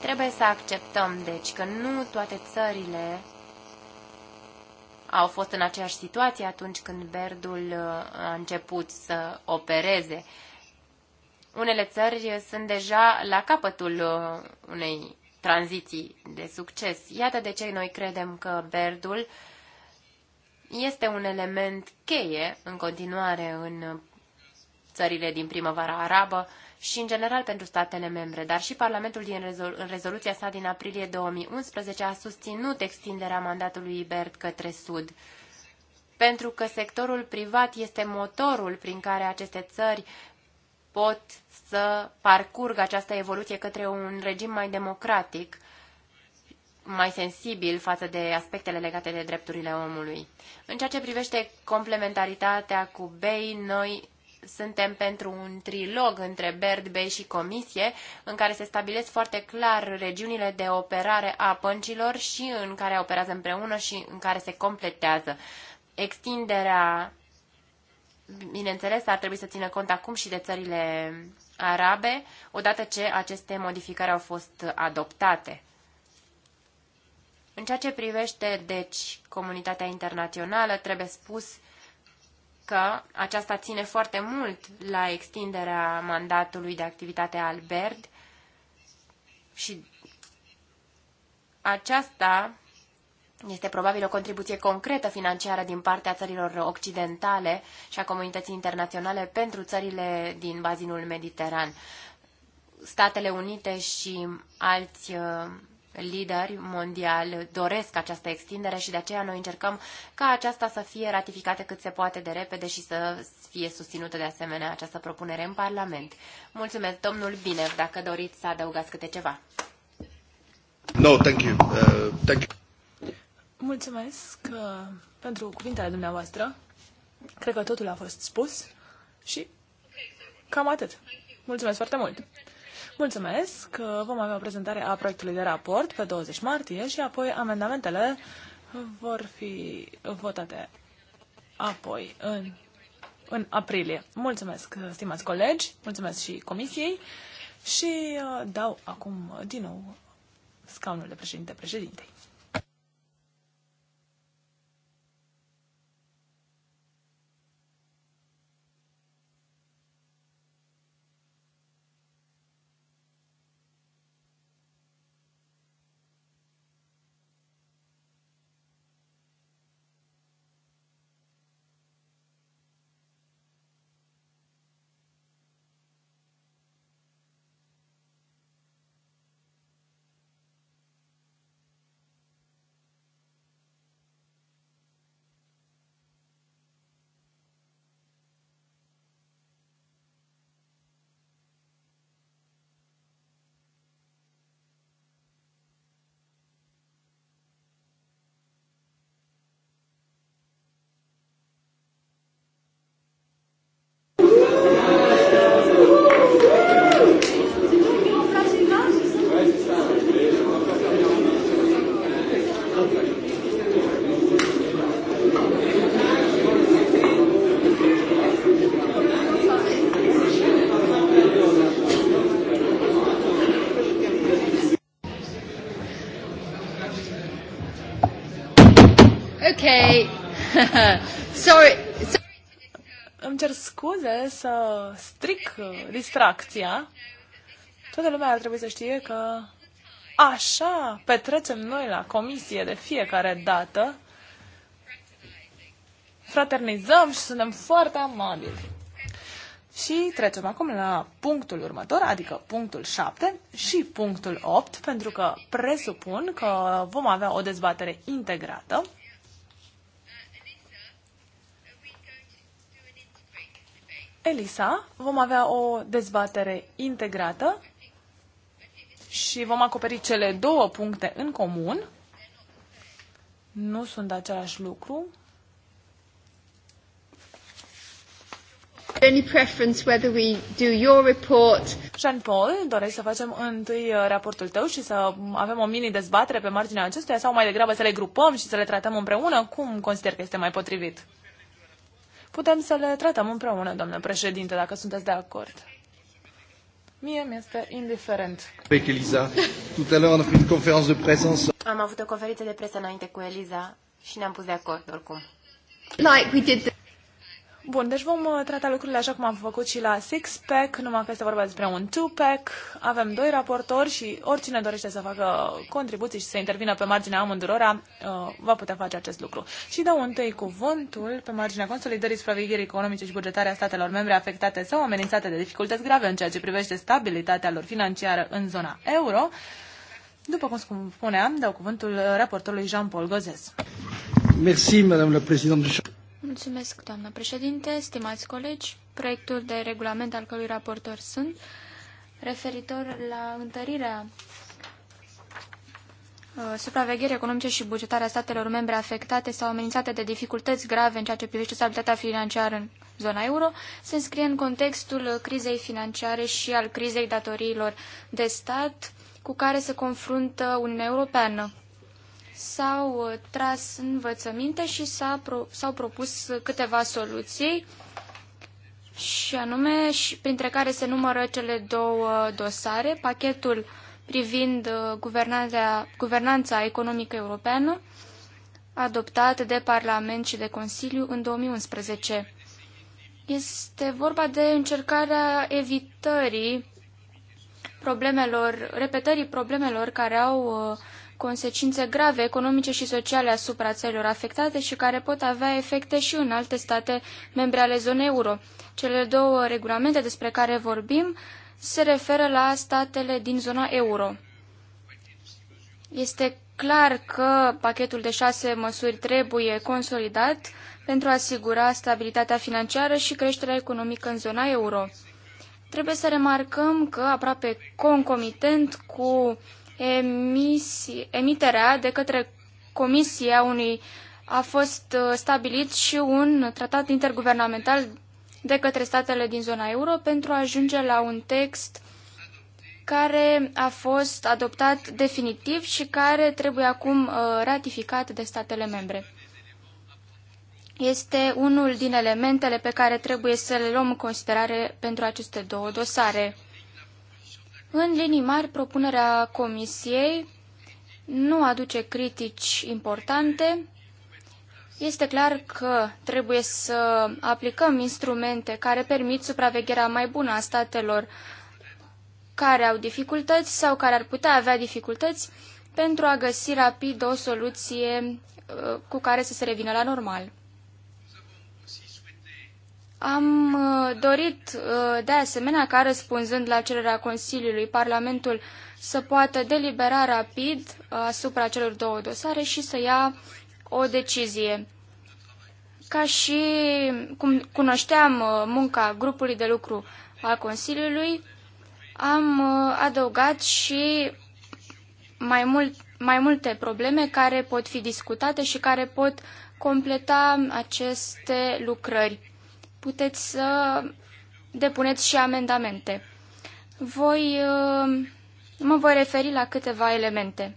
Trebuie să acceptăm, deci, că nu toate țările au fost în aceeași situație atunci când Berdul uh, a început să opereze. Unele țări sunt deja la capătul uh, unei tranziții de succes. Iată de ce noi credem că Berdul este un element cheie în continuare în țările din primăvara arabă și în general pentru statele membre, dar și Parlamentul din rezol- în rezoluția sa din aprilie 2011 a susținut extinderea mandatului IBERD către Sud, pentru că sectorul privat este motorul prin care aceste țări pot să parcurgă această evoluție către un regim mai democratic, mai sensibil față de aspectele legate de drepturile omului. În ceea ce privește complementaritatea cu BEI, noi suntem pentru un trilog între BERD, BEI și Comisie, în care se stabilesc foarte clar regiunile de operare a păncilor și în care operează împreună și în care se completează. Extinderea, bineînțeles, ar trebui să țină cont acum și de țările arabe odată ce aceste modificări au fost adoptate. În ceea ce privește, deci, comunitatea internațională, trebuie spus că aceasta ține foarte mult la extinderea mandatului de activitate al BERD și aceasta este probabil o contribuție concretă financiară din partea țărilor occidentale și a comunității internaționale pentru țările din bazinul mediteran. Statele Unite și alți uh, lideri mondiali doresc această extindere și de aceea noi încercăm ca aceasta să fie ratificată cât se poate de repede și să fie susținută de asemenea această propunere în Parlament. Mulțumesc, domnul Binev, dacă doriți să adăugați câte ceva. No, thank you. Uh, thank you. Mulțumesc uh, pentru cuvintele dumneavoastră. Cred că totul a fost spus și cam atât. Mulțumesc foarte mult! Mulțumesc că uh, vom avea o prezentare a proiectului de raport pe 20 martie și apoi amendamentele vor fi votate apoi în, în aprilie. Mulțumesc, uh, stimați colegi, mulțumesc și comisiei și uh, dau acum din nou scaunul de președinte președintei. sorry, sorry. Îmi cer scuze să stric uh, distracția. Toată lumea ar trebui să știe că așa petrecem noi la comisie de fiecare dată. Fraternizăm și suntem foarte amabili. Și trecem acum la punctul următor, adică punctul 7 și punctul 8, pentru că presupun că vom avea o dezbatere integrată. ELISA vom avea o dezbatere integrată și vom acoperi cele două puncte în comun. Nu sunt același lucru. Any preference whether we do your report? Jean-Paul, doresc să facem întâi uh, raportul tău și să avem o mini-dezbatere pe marginea acestuia sau mai degrabă să le grupăm și să le tratăm împreună? Cum consider că este mai potrivit? putem să le tratăm împreună, domnule președinte, dacă sunteți de acord. Mie mi-este indiferent. de Am avut o conferință de presă înainte cu Eliza și ne-am pus de acord oricum. Like we did Bun, deci vom uh, trata lucrurile așa cum am făcut și la six-pack, numai că este vorba despre un two-pack. Avem doi raportori și oricine dorește să facă contribuții și să intervină pe marginea amândurora uh, va putea face acest lucru. Și dau întâi cuvântul pe marginea consolidării supravegherii economice și bugetare a statelor membre afectate sau amenințate de dificultăți grave în ceea ce privește stabilitatea lor financiară în zona euro. După cum spuneam, dau cuvântul raportorului Jean-Paul Gozes. Merci, Madame la Présidente. Mulțumesc, doamnă președinte, stimați colegi. Proiectul de regulament al cărui raportor sunt referitor la întărirea uh, supravegherii economice și bugetare a statelor membre afectate sau amenințate de dificultăți grave în ceea ce privește stabilitatea financiară în zona euro, se înscrie în contextul crizei financiare și al crizei datoriilor de stat cu care se confruntă Uniunea Europeană s-au uh, tras învățăminte și s-au pro, propus câteva soluții, și anume, și printre care se numără cele două dosare, pachetul privind uh, guvernanța economică europeană, adoptat de Parlament și de Consiliu în 2011. Este vorba de încercarea evitării problemelor, repetării problemelor care au uh, consecințe grave economice și sociale asupra țărilor afectate și care pot avea efecte și în alte state membre ale zonei euro. Cele două regulamente despre care vorbim se referă la statele din zona euro. Este clar că pachetul de șase măsuri trebuie consolidat pentru a asigura stabilitatea financiară și creșterea economică în zona euro. Trebuie să remarcăm că aproape concomitent cu emisi, emiterea de către Comisia unui a fost uh, stabilit și un tratat interguvernamental de către statele din zona euro pentru a ajunge la un text care a fost adoptat definitiv și care trebuie acum uh, ratificat de statele membre. Este unul din elementele pe care trebuie să le luăm în considerare pentru aceste două dosare. În linii mari, propunerea Comisiei nu aduce critici importante. Este clar că trebuie să aplicăm instrumente care permit supravegherea mai bună a statelor care au dificultăți sau care ar putea avea dificultăți pentru a găsi rapid o soluție uh, cu care să se revină la normal. Am uh, dorit uh, de asemenea ca răspunzând la cererea Consiliului, Parlamentul să poată delibera rapid uh, asupra celor două dosare și să ia o decizie. Ca și cum cunoșteam munca grupului de lucru al Consiliului, am adăugat și mai, mult, mai multe probleme care pot fi discutate și care pot completa aceste lucrări puteți să depuneți și amendamente. Voi, uh, mă voi referi la câteva elemente.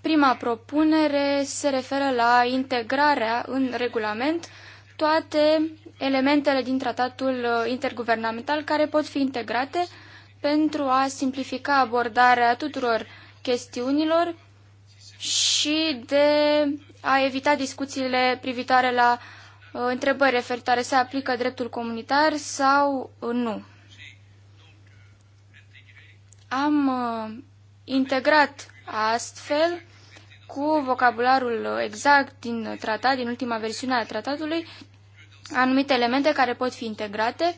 Prima propunere se referă la integrarea în regulament toate elementele din tratatul uh, interguvernamental care pot fi integrate pentru a simplifica abordarea tuturor chestiunilor și de a evita discuțiile privitoare la Uh, întrebări referitoare se aplică dreptul comunitar sau uh, nu. Am uh, integrat astfel cu vocabularul exact din tratat, din ultima versiune a tratatului, anumite elemente care pot fi integrate.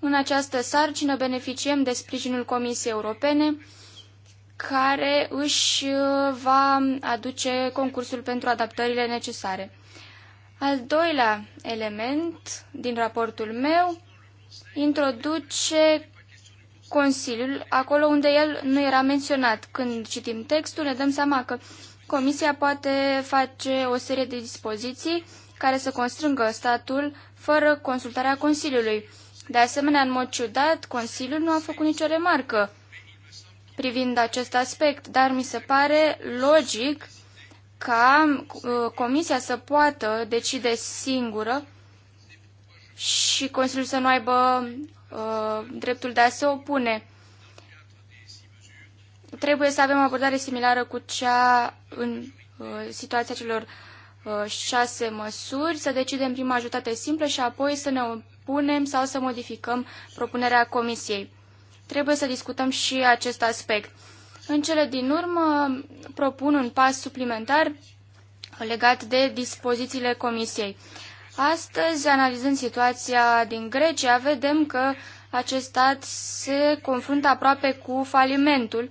În această sarcină beneficiem de sprijinul Comisiei Europene, care își va aduce concursul pentru adaptările necesare. Al doilea element din raportul meu introduce Consiliul acolo unde el nu era menționat. Când citim textul ne dăm seama că Comisia poate face o serie de dispoziții care să constrângă statul fără consultarea Consiliului. De asemenea, în mod ciudat, Consiliul nu a făcut nicio remarcă privind acest aspect, dar mi se pare logic ca uh, Comisia să poată decide singură și Consiliul să nu aibă uh, dreptul de a se opune. Trebuie să avem o abordare similară cu cea în uh, situația celor uh, șase măsuri, să decidem prima ajutate simplă și apoi să ne opunem sau să modificăm propunerea Comisiei. Trebuie să discutăm și acest aspect. În cele din urmă propun un pas suplimentar legat de dispozițiile Comisiei. Astăzi, analizând situația din Grecia, vedem că acest stat se confruntă aproape cu falimentul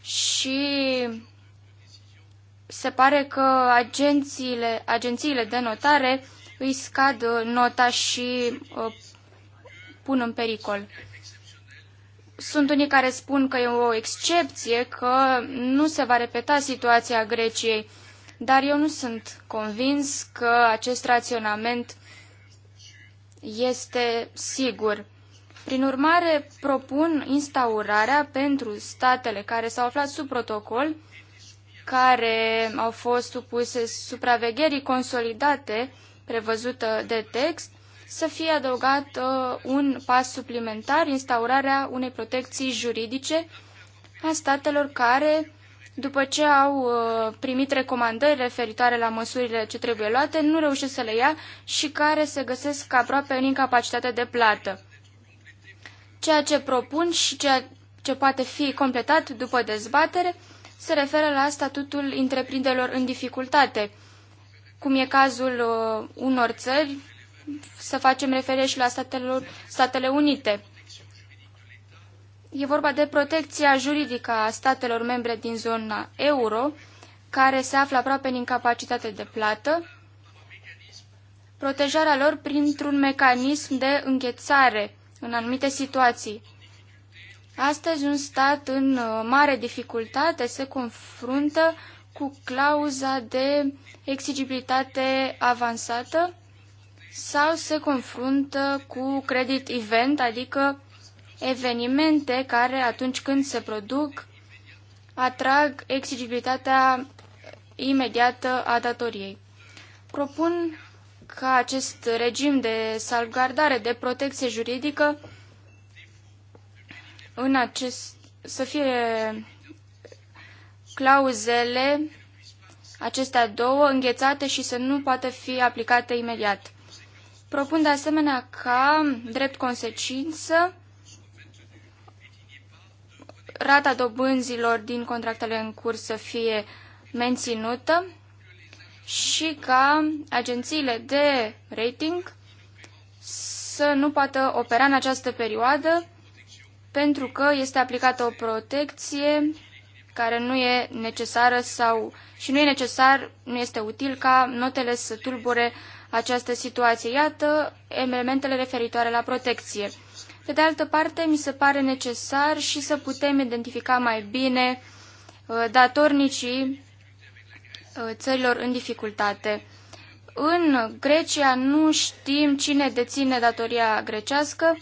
și se pare că agențiile, agențiile de notare îi scad nota și uh, pun în pericol sunt unii care spun că e o excepție, că nu se va repeta situația Greciei, dar eu nu sunt convins că acest raționament este sigur. Prin urmare, propun instaurarea pentru statele care s-au aflat sub protocol, care au fost supuse supravegherii consolidate prevăzută de text, să fie adăugat uh, un pas suplimentar, instaurarea unei protecții juridice a statelor care, după ce au uh, primit recomandări referitoare la măsurile ce trebuie luate, nu reușesc să le ia și care se găsesc aproape în incapacitate de plată. Ceea ce propun și ceea ce poate fi completat după dezbatere se referă la statutul întreprinderilor în dificultate, cum e cazul uh, unor țări să facem referire și la Statele, Statele Unite. E vorba de protecția juridică a statelor membre din zona euro, care se află aproape în incapacitate de plată, protejarea lor printr-un mecanism de înghețare în anumite situații. Astăzi, un stat în uh, mare dificultate se confruntă cu clauza de exigibilitate avansată sau se confruntă cu credit event, adică evenimente care atunci când se produc atrag exigibilitatea imediată a datoriei. Propun ca acest regim de salvgardare, de protecție juridică, în acest, să fie clauzele acestea două înghețate și să nu poată fi aplicate imediat. Propun de asemenea ca, drept consecință, rata dobânzilor din contractele în curs să fie menținută și ca agențiile de rating să nu poată opera în această perioadă pentru că este aplicată o protecție care nu e necesară sau și nu e necesar, nu este util ca notele să tulbure uh, această situație. Iată elementele referitoare la protecție. Pe de altă parte, mi se pare necesar și să putem identifica mai bine uh, datornicii uh, țărilor în dificultate. În Grecia nu știm cine deține datoria grecească,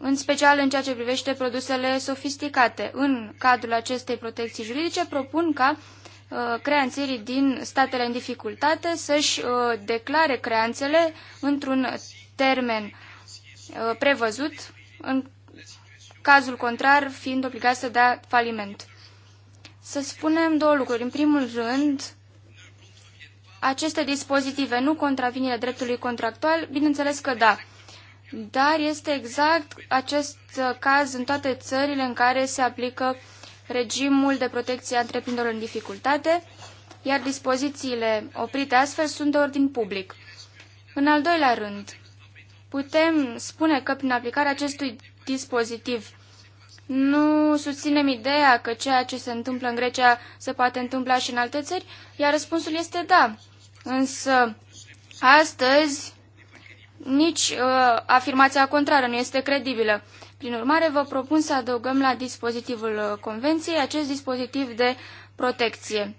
în special în ceea ce privește produsele sofisticate. În cadrul acestei protecții juridice propun ca Uh, creanțierii din statele în dificultate să-și uh, declare creanțele într-un termen uh, prevăzut, în cazul contrar fiind obligat să dea faliment. Să spunem două lucruri. În primul rând, aceste dispozitive nu contravin dreptului contractual? Bineînțeles că da. Dar este exact acest caz în toate țările în care se aplică uh, regimul de protecție a întreprinderilor în dificultate, iar dispozițiile oprite astfel sunt de ordin public. În al doilea rând, putem spune că prin aplicarea acestui dispozitiv nu susținem ideea că ceea ce se întâmplă în Grecia se poate întâmpla și în alte țări? Iar răspunsul este da. Însă, astăzi, nici uh, afirmația contrară nu este credibilă. Prin urmare, vă propun să adăugăm la dispozitivul uh, Convenției acest dispozitiv de protecție.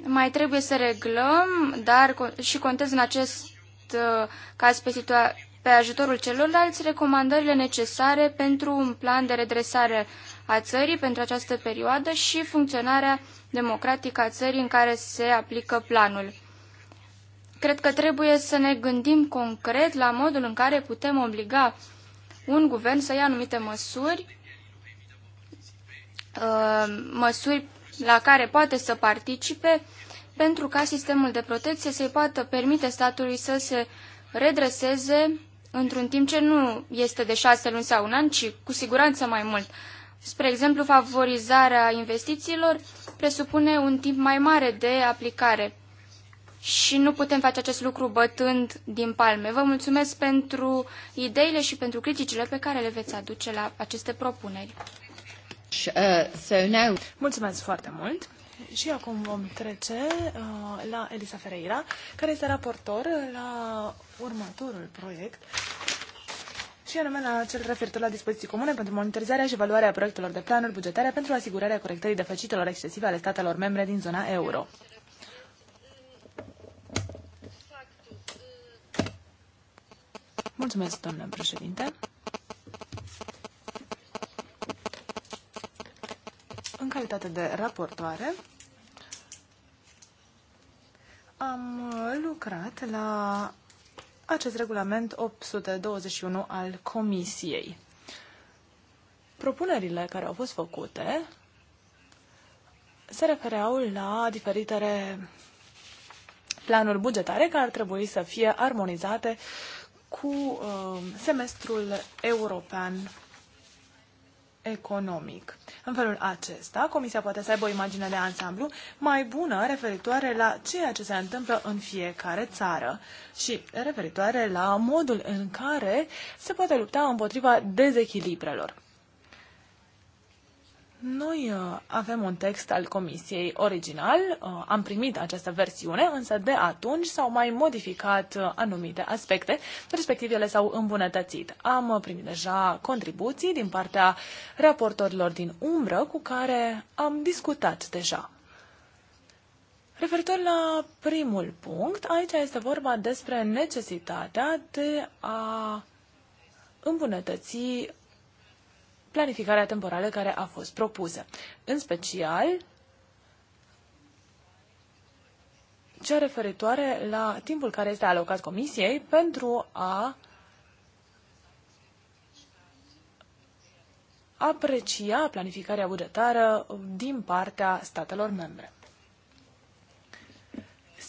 Mai trebuie să reglăm, dar și contez în acest uh, caz pe, situa pe ajutorul celorlalți recomandările necesare pentru un plan de redresare a țării pentru această perioadă și funcționarea democratică a țării în care se aplică planul. Cred că trebuie să ne gândim concret la modul în care putem obliga un guvern să ia anumite măsuri, uh, măsuri la care poate să participe pentru ca sistemul de protecție să-i poată permite statului să se redreseze într-un timp ce nu este de șase luni sau un an, ci cu siguranță mai mult. Spre exemplu, favorizarea investițiilor presupune un timp mai mare de aplicare și nu putem face acest lucru bătând din palme. Vă mulțumesc pentru ideile și pentru criticile pe care le veți aduce la aceste propuneri. Uh, mulțumesc foarte mult! Și acum vom trece uh, la Elisa Ferreira, care este raportor la următorul proiect și anume la cel referitor la dispoziții comune pentru monitorizarea și evaluarea proiectelor de planuri bugetare pentru asigurarea corectării deficitelor excesive ale statelor membre din zona euro. Mulțumesc, doamnă președinte. În calitate de raportoare, am lucrat la acest regulament 821 al Comisiei. Propunerile care au fost făcute se refereau la diferitele planuri bugetare care ar trebui să fie armonizate uh, cu uh, semestrul european economic. În felul acesta, Comisia poate să aibă o imagine de ansamblu mai bună referitoare la ceea ce se întâmplă în fiecare țară și referitoare la modul în care se poate lupta împotriva dezechilibrelor. Noi uh, avem un text al comisiei original, uh, am primit această versiune, însă de atunci s-au mai modificat uh, anumite aspecte, respectiv ele s-au îmbunătățit. Am primit deja contribuții din partea raportorilor din umbră cu care am discutat deja. Referitor la primul punct, aici este vorba despre necesitatea de a îmbunătăți planificarea temporală care a fost propusă. În special, cea referitoare la timpul care este alocat Comisiei pentru a aprecia planificarea bugetară din partea statelor membre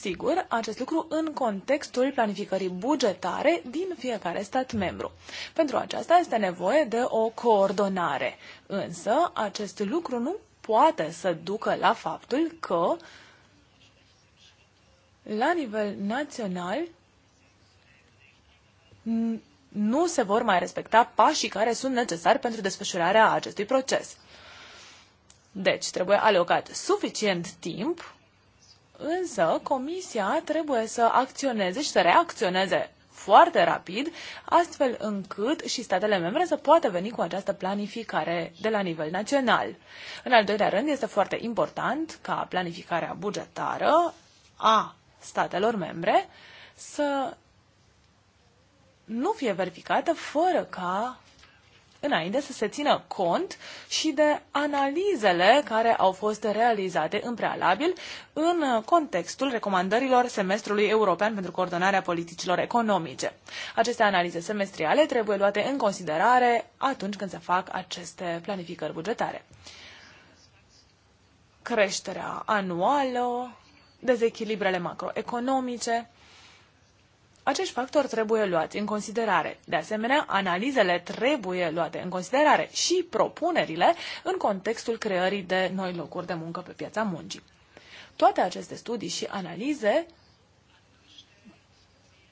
sigur, acest lucru în contextul planificării bugetare din fiecare stat membru. Pentru aceasta este nevoie de o coordonare, însă acest lucru nu poate să ducă la faptul că la nivel național nu se vor mai respecta pașii care sunt necesari pentru desfășurarea acestui proces. Deci, trebuie alocat suficient timp Însă, Comisia trebuie să acționeze și să reacționeze foarte rapid, astfel încât și statele membre să poată veni cu această planificare de la nivel național. În al doilea rând, este foarte important ca planificarea bugetară a statelor membre să nu fie verificată fără ca înainte să se țină cont și de analizele care au fost realizate în prealabil în contextul recomandărilor semestrului european pentru coordonarea politicilor economice. Aceste analize semestriale trebuie luate în considerare atunci când se fac aceste planificări bugetare. Creșterea anuală, dezechilibrele macroeconomice, acești factori trebuie luați în considerare. De asemenea, analizele trebuie luate în considerare și propunerile în contextul creării de noi locuri de muncă pe piața muncii. Toate aceste studii și analize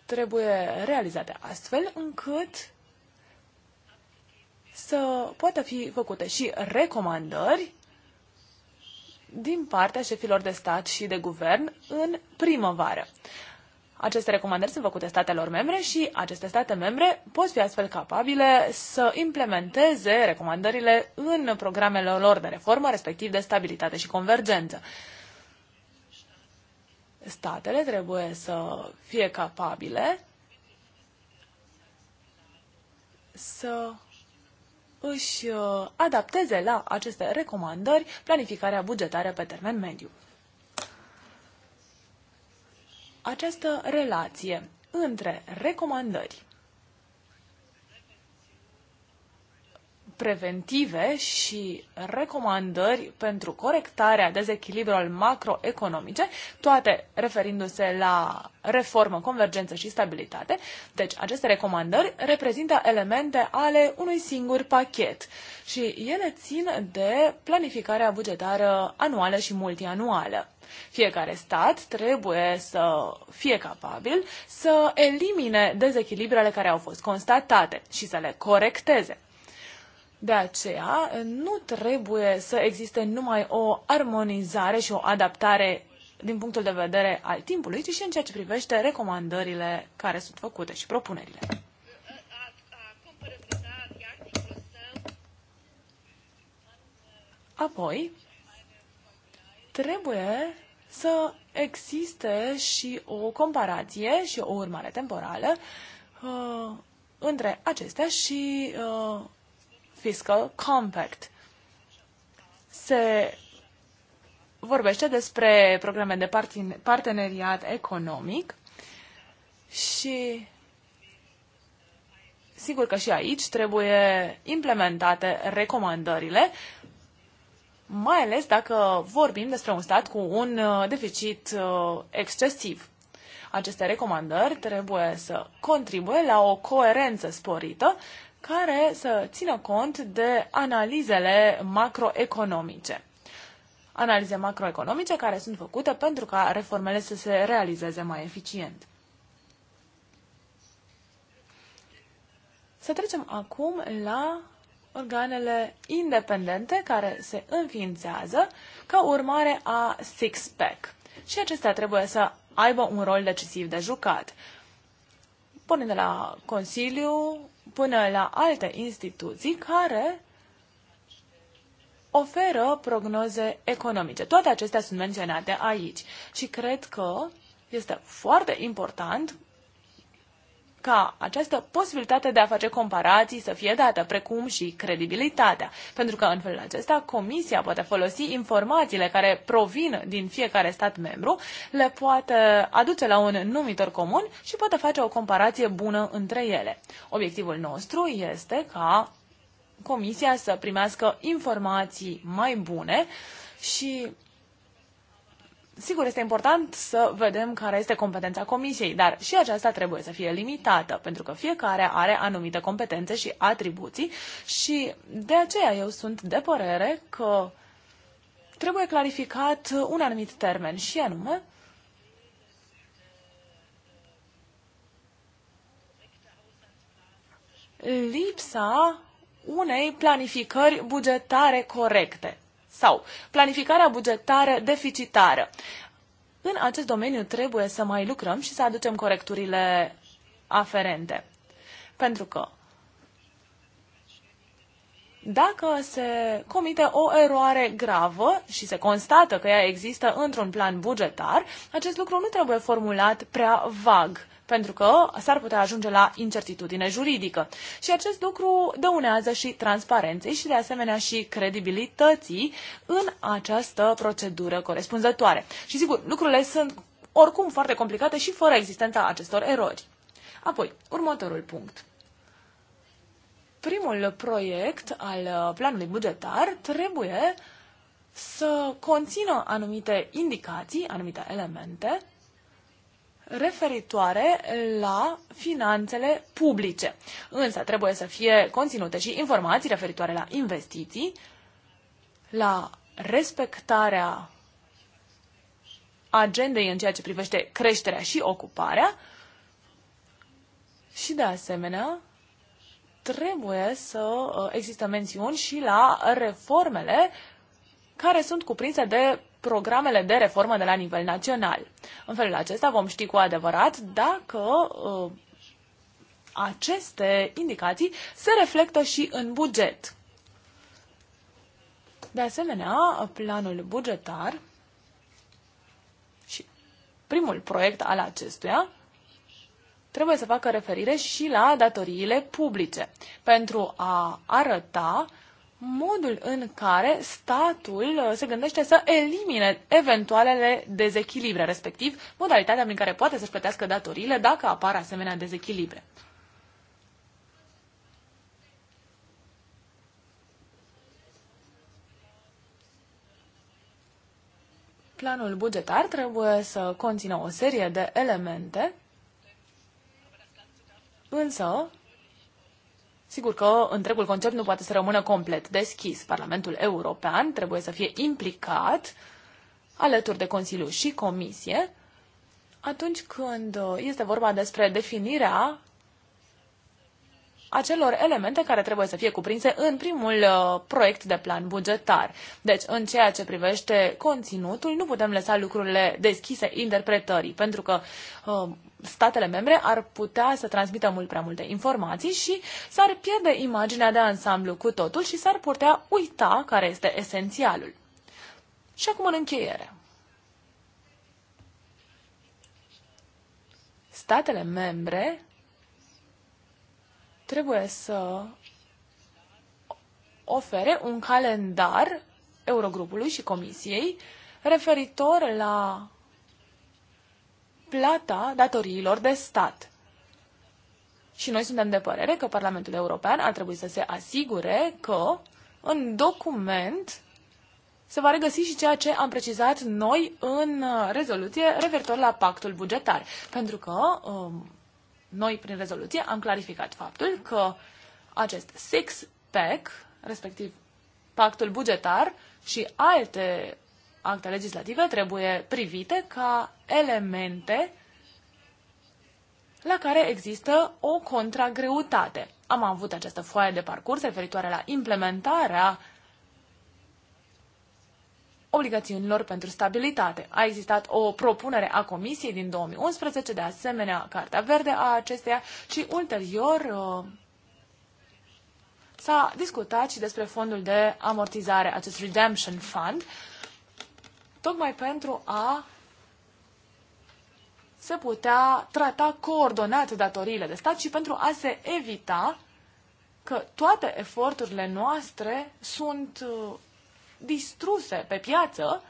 trebuie realizate astfel încât să poată fi făcute și recomandări din partea șefilor de stat și de guvern în primăvară. Aceste recomandări sunt făcute statelor membre și aceste state membre pot fi astfel capabile să implementeze recomandările în programele lor de reformă, respectiv de stabilitate și convergență. Statele trebuie să fie capabile să își uh, adapteze la aceste recomandări planificarea bugetară pe termen mediu această relație între recomandări preventive și recomandări pentru corectarea dezechilibrelor macroeconomice, toate referindu-se la reformă, convergență și stabilitate. Deci, aceste recomandări reprezintă elemente ale unui singur pachet și ele țin de planificarea bugetară anuală și multianuală. Fiecare stat trebuie să fie capabil să elimine dezechilibrele care au fost constatate și să le corecteze. De aceea, nu trebuie să existe numai o armonizare și o adaptare din punctul de vedere al timpului, ci și în ceea ce privește recomandările care sunt făcute și propunerile. Apoi, trebuie să existe și o comparație și o urmare temporală uh, între acestea și uh, Fiscal Compact. Se vorbește despre programe de parteneriat economic și sigur că și aici trebuie implementate recomandările mai ales dacă vorbim despre un stat cu un uh, deficit uh, excesiv. Aceste recomandări trebuie să contribuie la o coerență sporită care să țină cont de analizele macroeconomice. Analize macroeconomice care sunt făcute pentru ca reformele să se realizeze mai eficient. Să trecem acum la organele independente care se înființează ca urmare a six-pack. Și acestea trebuie să aibă un rol decisiv de jucat. până de la Consiliu până la alte instituții care oferă prognoze economice. Toate acestea sunt menționate aici și cred că este foarte important ca această posibilitate de a face comparații să fie dată, precum și credibilitatea. Pentru că în felul acesta Comisia poate folosi informațiile care provin din fiecare stat membru, le poate aduce la un numitor comun și poate face o comparație bună între ele. Obiectivul nostru este ca Comisia să primească informații mai bune și Sigur, este important să vedem care este competența comisiei, dar și aceasta trebuie să fie limitată, pentru că fiecare are anumite competențe și atribuții și de aceea eu sunt de părere că trebuie clarificat un anumit termen și anume lipsa unei planificări bugetare corecte sau planificarea bugetară deficitară. În acest domeniu trebuie să mai lucrăm și să aducem corecturile aferente. Pentru că dacă se comite o eroare gravă și se constată că ea există într-un plan bugetar, acest lucru nu trebuie formulat prea vag pentru că s-ar putea ajunge la incertitudine juridică. Și acest lucru dăunează și transparenței și de asemenea și credibilității în această procedură corespunzătoare. Și sigur, lucrurile sunt oricum foarte complicate și fără existența acestor erori. Apoi, următorul punct. Primul proiect al planului bugetar trebuie să conțină anumite indicații, anumite elemente referitoare la finanțele publice. Însă trebuie să fie conținute și informații referitoare la investiții, la respectarea agendei în ceea ce privește creșterea și ocuparea și, de asemenea, trebuie să uh, există mențiuni și la reformele care sunt cuprinse de programele de reformă de la nivel național. În felul acesta vom ști cu adevărat dacă uh, aceste indicații se reflectă și în buget. De asemenea, planul bugetar și primul proiect al acestuia trebuie să facă referire și la datoriile publice pentru a arăta modul în care statul uh, se gândește să elimine eventualele dezechilibre, respectiv modalitatea prin care poate să-și plătească datoriile dacă apar asemenea dezechilibre. Planul bugetar trebuie să conțină o serie de elemente, însă Sigur că întregul concept nu poate să rămână complet deschis. Parlamentul European trebuie să fie implicat alături de Consiliu și Comisie atunci când este vorba despre definirea acelor elemente care trebuie să fie cuprinse în primul uh, proiect de plan bugetar. Deci, în ceea ce privește conținutul, nu putem lăsa lucrurile deschise interpretării, pentru că uh, statele membre ar putea să transmită mult prea multe informații și s-ar pierde imaginea de ansamblu cu totul și s-ar putea uita care este esențialul. Și acum în încheiere. Statele membre trebuie să ofere un calendar Eurogrupului și Comisiei referitor la plata datoriilor de stat. Și noi suntem de părere că Parlamentul European ar trebui să se asigure că în document se va regăsi și ceea ce am precizat noi în uh, rezoluție referitor la pactul bugetar. Pentru că um, noi, prin rezoluție, am clarificat faptul că acest six-pack, respectiv pactul bugetar și alte acte legislative trebuie privite ca elemente la care există o contragreutate. Am avut această foaie de parcurs referitoare la implementarea obligațiunilor pentru stabilitate. A existat o propunere a Comisiei din 2011, de asemenea Cartea Verde a acesteia și ulterior uh, s-a discutat și despre fondul de amortizare, acest Redemption Fund, tocmai pentru a se putea trata coordonat datoriile de stat și pentru a se evita că toate eforturile noastre sunt uh, distruse pe piață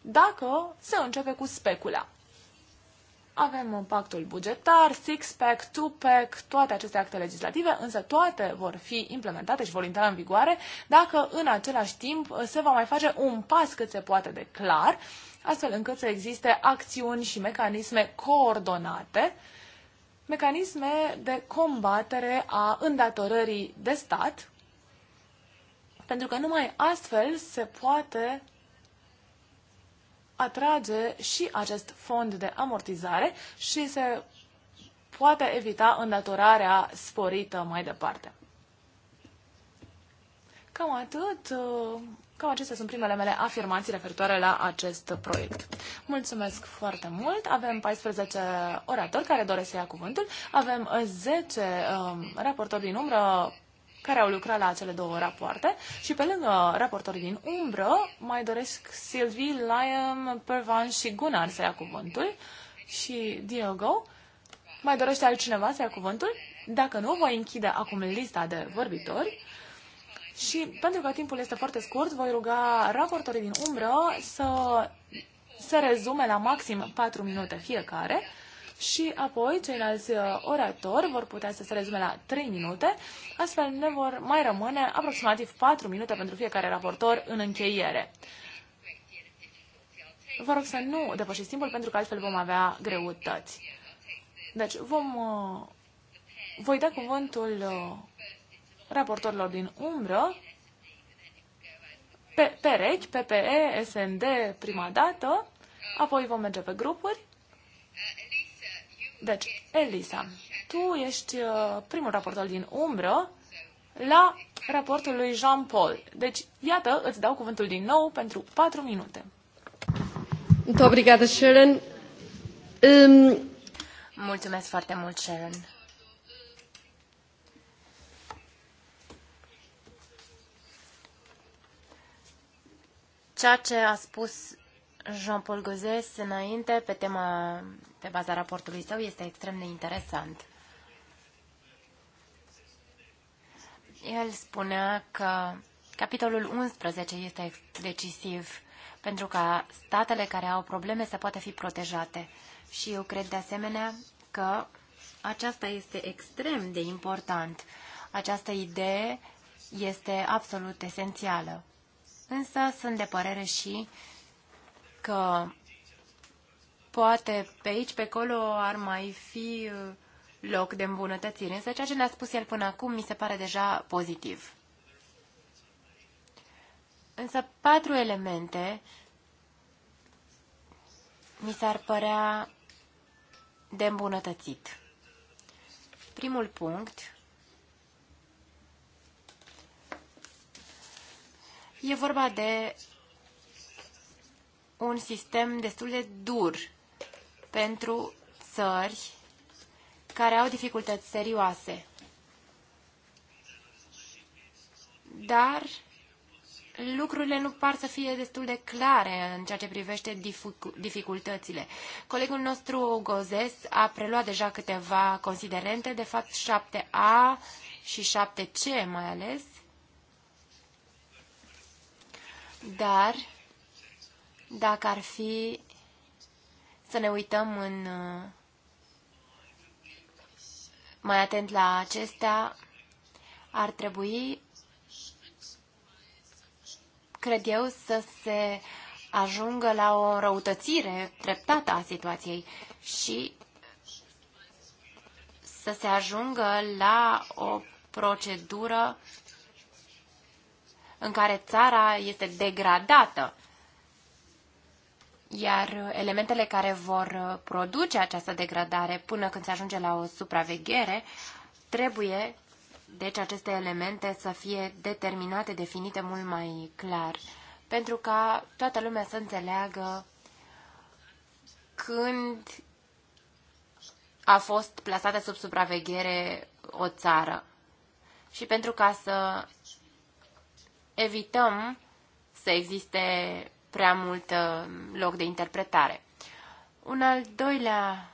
dacă se începe cu specula. Avem pactul bugetar, six-pack, two-pack, toate aceste acte legislative, însă toate vor fi implementate și vor intra în vigoare dacă în același timp se va mai face un pas cât se poate de clar, astfel încât să existe acțiuni și mecanisme coordonate, mecanisme de combatere a îndatorării de stat, pentru că numai astfel se poate atrage și acest fond de amortizare și se poate evita îndatorarea sporită mai departe. Cam atât. Uh, cam acestea sunt primele mele afirmații referitoare la acest proiect. Mulțumesc foarte mult. Avem 14 oratori care doresc să ia cuvântul. Avem 10 um, uh, raportori din umbră care au lucrat la cele două rapoarte și pe lângă raportorii din umbră mai doresc Sylvie, Liam, Pervan și Gunnar să ia cuvântul și Diego. Mai dorește altcineva să ia cuvântul? Dacă nu, voi închide acum lista de vorbitori. Și pentru că timpul este foarte scurt, voi ruga raportorii din umbră să se rezume la maxim 4 minute fiecare și apoi ceilalți uh, oratori vor putea să se rezume la 3 minute, astfel ne vor mai rămâne aproximativ 4 minute pentru fiecare raportor în încheiere. Vă rog să nu depășiți timpul pentru că altfel vom avea greutăți. Deci vom, uh, voi da cuvântul uh, raportorilor din umbră pe perechi, PPE, SND prima dată, apoi vom merge pe grupuri. Deci, Elisa, tu ești uh, primul raportor din umbră la raportul lui Jean-Paul. Deci, iată, îți dau cuvântul din nou pentru patru minute. Obrigada, Sharon. Um... Mulțumesc foarte mult, Sharon. Ceea ce a spus Jean-Paul Gozes înainte pe tema, pe baza raportului său, este extrem de interesant. El spunea că capitolul 11 este decisiv pentru ca statele care au probleme să poată fi protejate. Și eu cred de asemenea că aceasta este extrem de important. Această idee este absolut esențială. Însă sunt de părere și uh, că poate pe aici, pe acolo ar mai fi uh, loc de îmbunătățire, însă ceea ce ne-a spus el până acum mi se pare deja pozitiv. Însă patru elemente mi s-ar părea de îmbunătățit. Primul punct e vorba de un sistem destul de dur pentru țări care au dificultăți serioase. Dar lucrurile nu par să fie destul de clare în ceea ce privește dificultățile. Colegul nostru Gozes a preluat deja câteva considerente, de fapt 7A și 7C mai ales, dar dacă ar fi să ne uităm în uh, mai atent la acestea, ar trebui, cred eu, să se ajungă la o răutățire treptată a situației și să se ajungă la o procedură în care țara este degradată iar uh, elementele care vor uh, produce această degradare până când se ajunge la o supraveghere, trebuie, deci, aceste elemente să fie determinate, definite mult mai clar, pentru ca toată lumea să înțeleagă când a fost plasată sub supraveghere o țară. Și pentru ca să evităm să existe prea mult uh, loc de interpretare. Un al doilea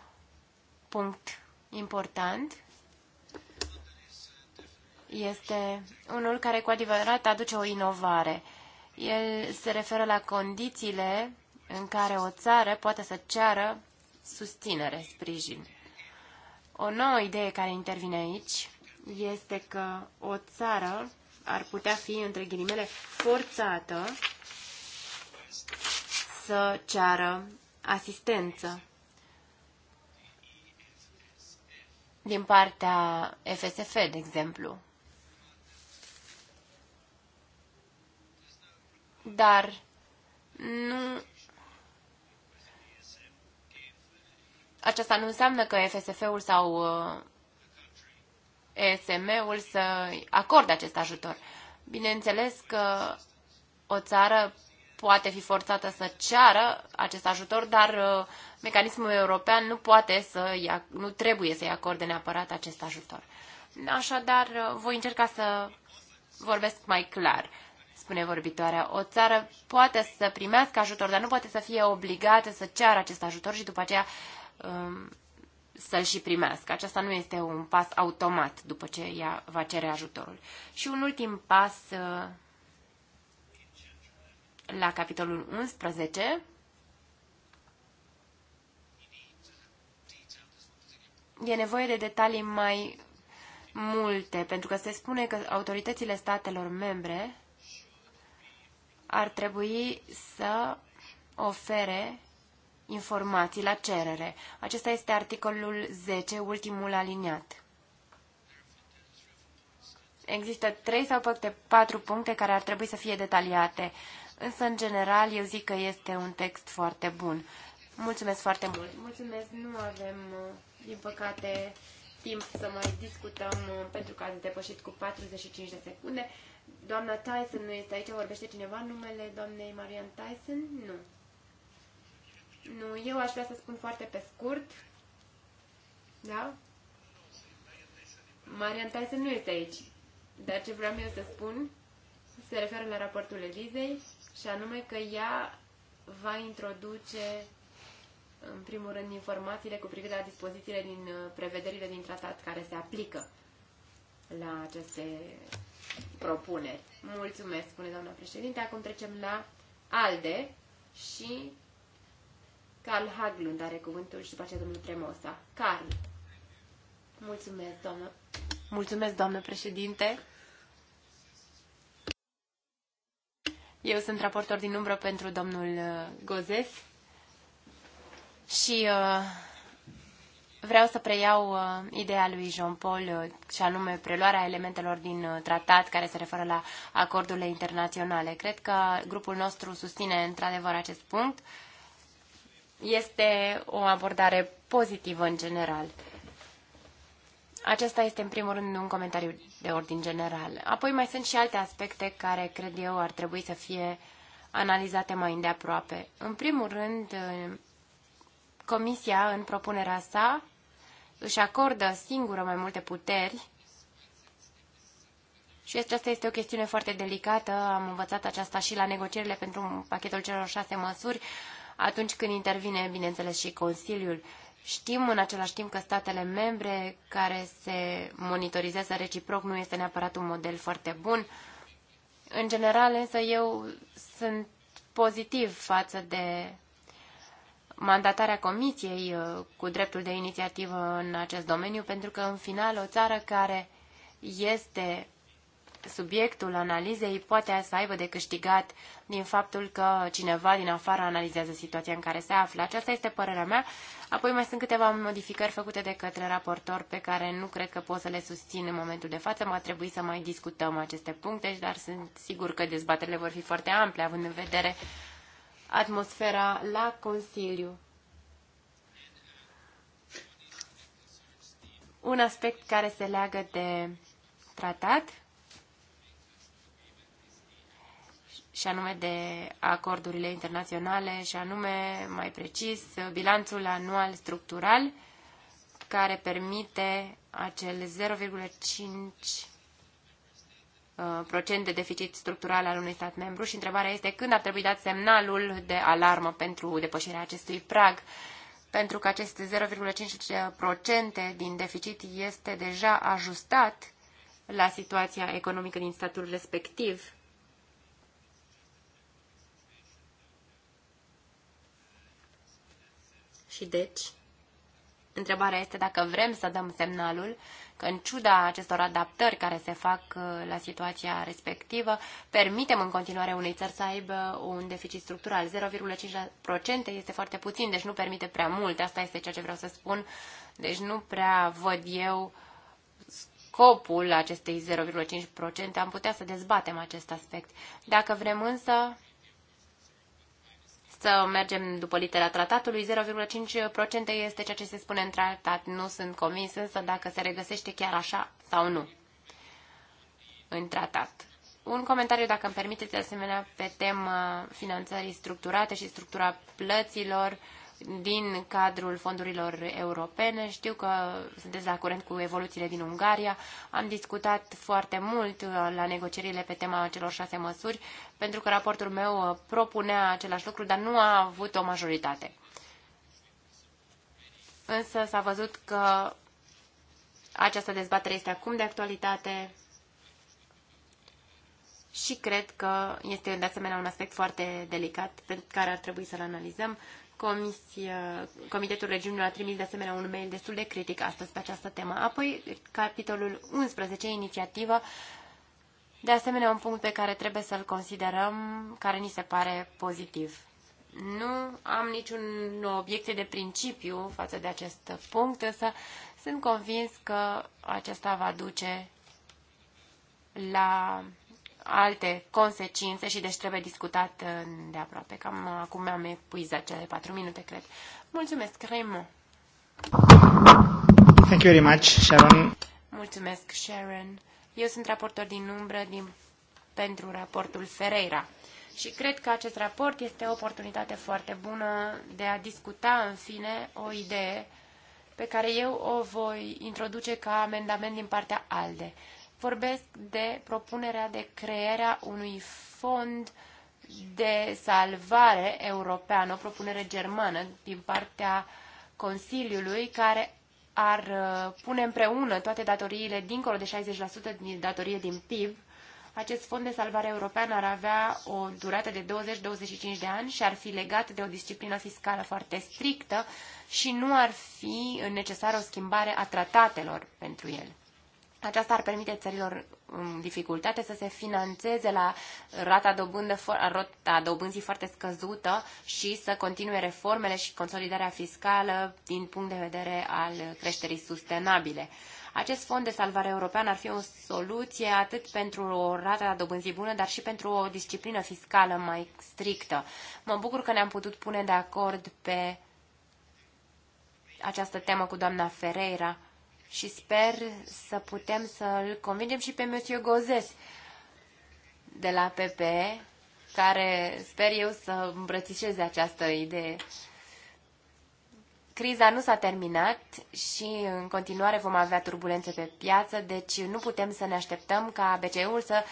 punct important este unul care cu adevărat aduce o inovare. El se referă la condițiile în care o țară poate să ceară susținere, sprijin. O nouă idee care intervine aici este că o țară ar putea fi, între ghilimele, forțată să ceară asistență din partea FSF, de exemplu. Dar nu aceasta nu înseamnă că FSF-ul sau uh, ESM-ul să acorde acest ajutor. Bineînțeles că o țară poate fi forțată să ceară acest ajutor, dar uh, mecanismul european nu poate să ia, nu trebuie să-i acorde neapărat acest ajutor. Așadar, uh, voi încerca să vorbesc mai clar, spune vorbitoarea. O țară poate să primească ajutor, dar nu poate să fie obligată să ceară acest ajutor și după aceea um, să-l și primească. Aceasta nu este un pas automat după ce ea va cere ajutorul. Și un ultim pas uh, la capitolul 11, e nevoie de detalii mai multe, pentru că se spune că autoritățile statelor membre ar trebui să ofere informații la cerere. Acesta este articolul 10, ultimul aliniat. Există trei sau poate patru puncte care ar trebui să fie detaliate însă, în general, eu zic că este un text foarte bun. Mulțumesc foarte mult! Mulțumesc! Nu avem, uh, din păcate, timp să mai discutăm, uh, pentru că ați depășit cu 45 de secunde. Doamna Tyson nu este aici, vorbește cineva numele doamnei Marian Tyson? Nu. Nu, eu aș vrea să spun foarte pe scurt. Da? Marian Tyson nu este aici. Dar ce vreau eu să spun se referă la raportul Elizei și anume că ea va introduce, în primul rând, informațiile cu privire la dispozițiile din uh, prevederile din tratat care se aplică la aceste propuneri. Mulțumesc, spune doamna președinte. Acum trecem la ALDE și Carl Haglund are cuvântul și după aceea domnul Tremosa. Carl. Mulțumesc, doamnă. Mulțumesc, doamnă președinte. Eu sunt raportor din umbră pentru domnul uh, Gozes și uh, vreau să preiau uh, ideea lui Jean-Paul și anume preluarea elementelor din tratat care se referă la acordurile internaționale. Cred că grupul nostru susține într-adevăr acest punct. Este o abordare pozitivă în general. Acesta este, în primul rând, un comentariu de ordin general. Apoi mai sunt și alte aspecte care, cred eu, ar trebui să fie analizate mai îndeaproape. În primul rând, Comisia, în propunerea sa, își acordă singură mai multe puteri și aceasta este o chestiune foarte delicată. Am învățat aceasta și la negocierile pentru pachetul celor șase măsuri, atunci când intervine, bineînțeles, și Consiliul. Știm în același timp că statele membre care se monitorizează reciproc nu este neapărat un model foarte bun. În general, însă, eu sunt pozitiv față de mandatarea comisiei uh, cu dreptul de inițiativă în acest domeniu, pentru că, în final, o țară care este subiectul analizei poate să aibă de câștigat din faptul că cineva din afară analizează situația în care se află. Aceasta este părerea mea. Apoi mai sunt câteva modificări făcute de către raportor pe care nu cred că pot să le susțin în momentul de față. Va trebui să mai discutăm aceste puncte, dar sunt sigur că dezbaterile vor fi foarte ample, având în vedere atmosfera la Consiliu. Un aspect care se leagă de tratat și anume de acordurile internaționale și anume, mai precis, bilanțul anual structural care permite acel 0,5 uh, de deficit structural al unui stat membru și întrebarea este când ar trebui dat semnalul de alarmă pentru depășirea acestui prag, pentru că acest 0,5% din deficit este deja ajustat la situația economică din statul respectiv. Și deci, întrebarea este dacă vrem să dăm semnalul că în ciuda acestor adaptări care se fac uh, la situația respectivă, permitem în continuare unei țări să aibă un deficit structural. 0,5% este foarte puțin, deci nu permite prea mult. Asta este ceea ce vreau să spun. Deci nu prea văd eu scopul acestei 0,5%. Am putea să dezbatem acest aspect. Dacă vrem însă să mergem după litera tratatului, 0,5% este ceea ce se spune în tratat. Nu sunt convins însă dacă se regăsește chiar așa sau nu în tratat. Un comentariu, dacă îmi permiteți, de asemenea, pe tema finanțării structurate și structura plăților din cadrul fondurilor europene. Știu că sunteți la curent cu evoluțiile din Ungaria. Am discutat foarte mult uh, la negocierile pe tema celor șase măsuri, pentru că raportul meu uh, propunea același lucru, dar nu a avut o majoritate. Însă s-a văzut că această dezbatere este acum de actualitate și cred că este de asemenea un aspect foarte delicat pe care ar trebui să-l analizăm. Comisia, Comitetul Regiunilor a trimis de asemenea un mail destul de critic astăzi pe această temă. Apoi, capitolul 11, inițiativă, de asemenea un punct pe care trebuie să-l considerăm, care ni se pare pozitiv. Nu am niciun obiecție de principiu față de acest punct, însă sunt convins că acesta va duce la alte consecințe și deci trebuie discutat de aproape. Cam acum mi-am epuizat cele patru minute, cred. Mulțumesc, Raymond! Thank you very much, Sharon. Mulțumesc, Sharon. Eu sunt raportor din umbră din, pentru raportul Ferreira. Și cred că acest raport este o oportunitate foarte bună de a discuta, în fine, o idee pe care eu o voi introduce ca amendament din partea ALDE vorbesc de propunerea de crearea unui fond de salvare european, o propunere germană din partea Consiliului, care ar uh, pune împreună toate datoriile dincolo de 60% din datorie din PIB. Acest fond de salvare european ar avea o durată de 20-25 de ani și ar fi legat de o disciplină fiscală foarte strictă și nu ar fi necesară o schimbare a tratatelor pentru el. Aceasta ar permite țărilor în dificultate să se financeze la rata, dobândă, rata dobânzii foarte scăzută și să continue reformele și consolidarea fiscală din punct de vedere al creșterii sustenabile. Acest fond de salvare european ar fi o soluție atât pentru o rată de dobânzii bună, dar și pentru o disciplină fiscală mai strictă. Mă bucur că ne-am putut pune de acord pe această temă cu doamna Ferreira și sper să putem să-l convingem și pe Monsieur Gozes de la PP, care sper eu să îmbrățișeze această idee. Criza nu s-a terminat și în continuare vom avea turbulențe pe piață, deci nu putem să ne așteptăm ca BCE-ul să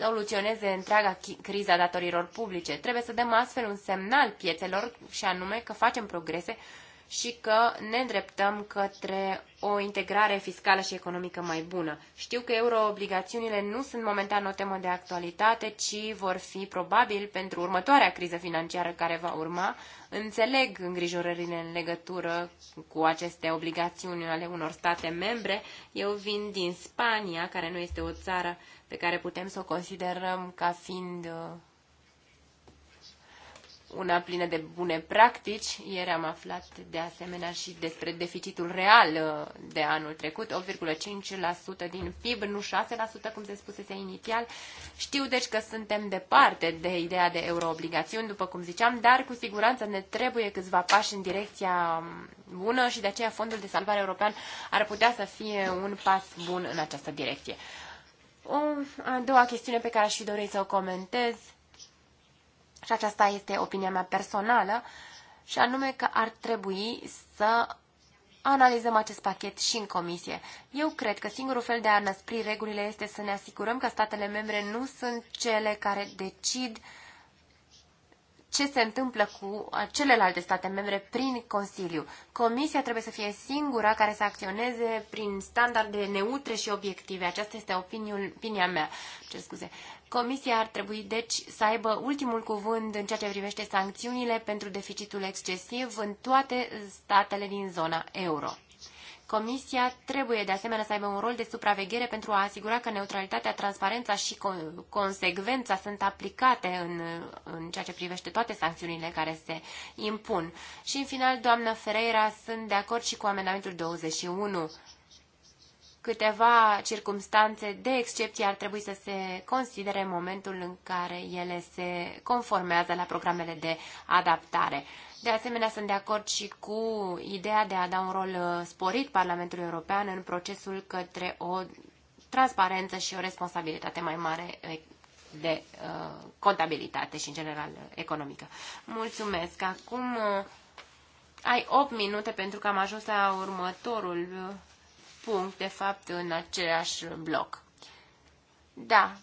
soluționeze întreaga criza datorilor publice. Trebuie să dăm astfel un semnal piețelor și anume că facem progrese și că ne îndreptăm către o integrare fiscală și economică mai bună. Știu că euroobligațiunile nu sunt momentan o temă de actualitate, ci vor fi probabil pentru următoarea criză financiară care va urma. Înțeleg îngrijorările în legătură cu aceste obligațiuni ale unor state membre. Eu vin din Spania, care nu este o țară pe care putem să o considerăm ca fiind uh, una plină de bune practici. Ieri am aflat de asemenea și despre deficitul real uh, de anul trecut, 8,5% din PIB, nu 6% cum se spusese inițial. Știu deci că suntem departe de ideea de euroobligațiuni, după cum ziceam, dar cu siguranță ne trebuie câțiva pași în direcția um, bună și de aceea Fondul de Salvare European ar putea să fie un pas bun în această direcție. O a doua chestiune pe care aș fi dorit să o comentez și aceasta este opinia mea personală, și anume că ar trebui să analizăm acest pachet și în comisie. Eu cred că singurul fel de a năspri regulile este să ne asigurăm că statele membre nu sunt cele care decid ce se întâmplă cu celelalte state membre prin Consiliu. Comisia trebuie să fie singura care să acționeze prin standarde neutre și obiective. Aceasta este opinia mea. Ce scuze. Comisia ar trebui, deci, să aibă ultimul cuvânt în ceea ce privește sancțiunile pentru deficitul excesiv în toate statele din zona euro. Comisia trebuie de asemenea să aibă un rol de supraveghere pentru a asigura că neutralitatea, transparența și consecvența sunt aplicate în, în ceea ce privește toate sancțiunile care se impun. Și în final, doamnă Ferreira, sunt de acord și cu amendamentul 21 câteva circumstanțe de excepție ar trebui să se considere în momentul în care ele se conformează la programele de adaptare. De asemenea, sunt de acord și cu ideea de a da un rol uh, sporit Parlamentului European în procesul către o transparență și o responsabilitate mai mare uh, de uh, contabilitate și, în general, economică. Mulțumesc! Acum uh, ai 8 minute pentru că am ajuns la următorul uh, punct, de fapt, în același bloc. Da,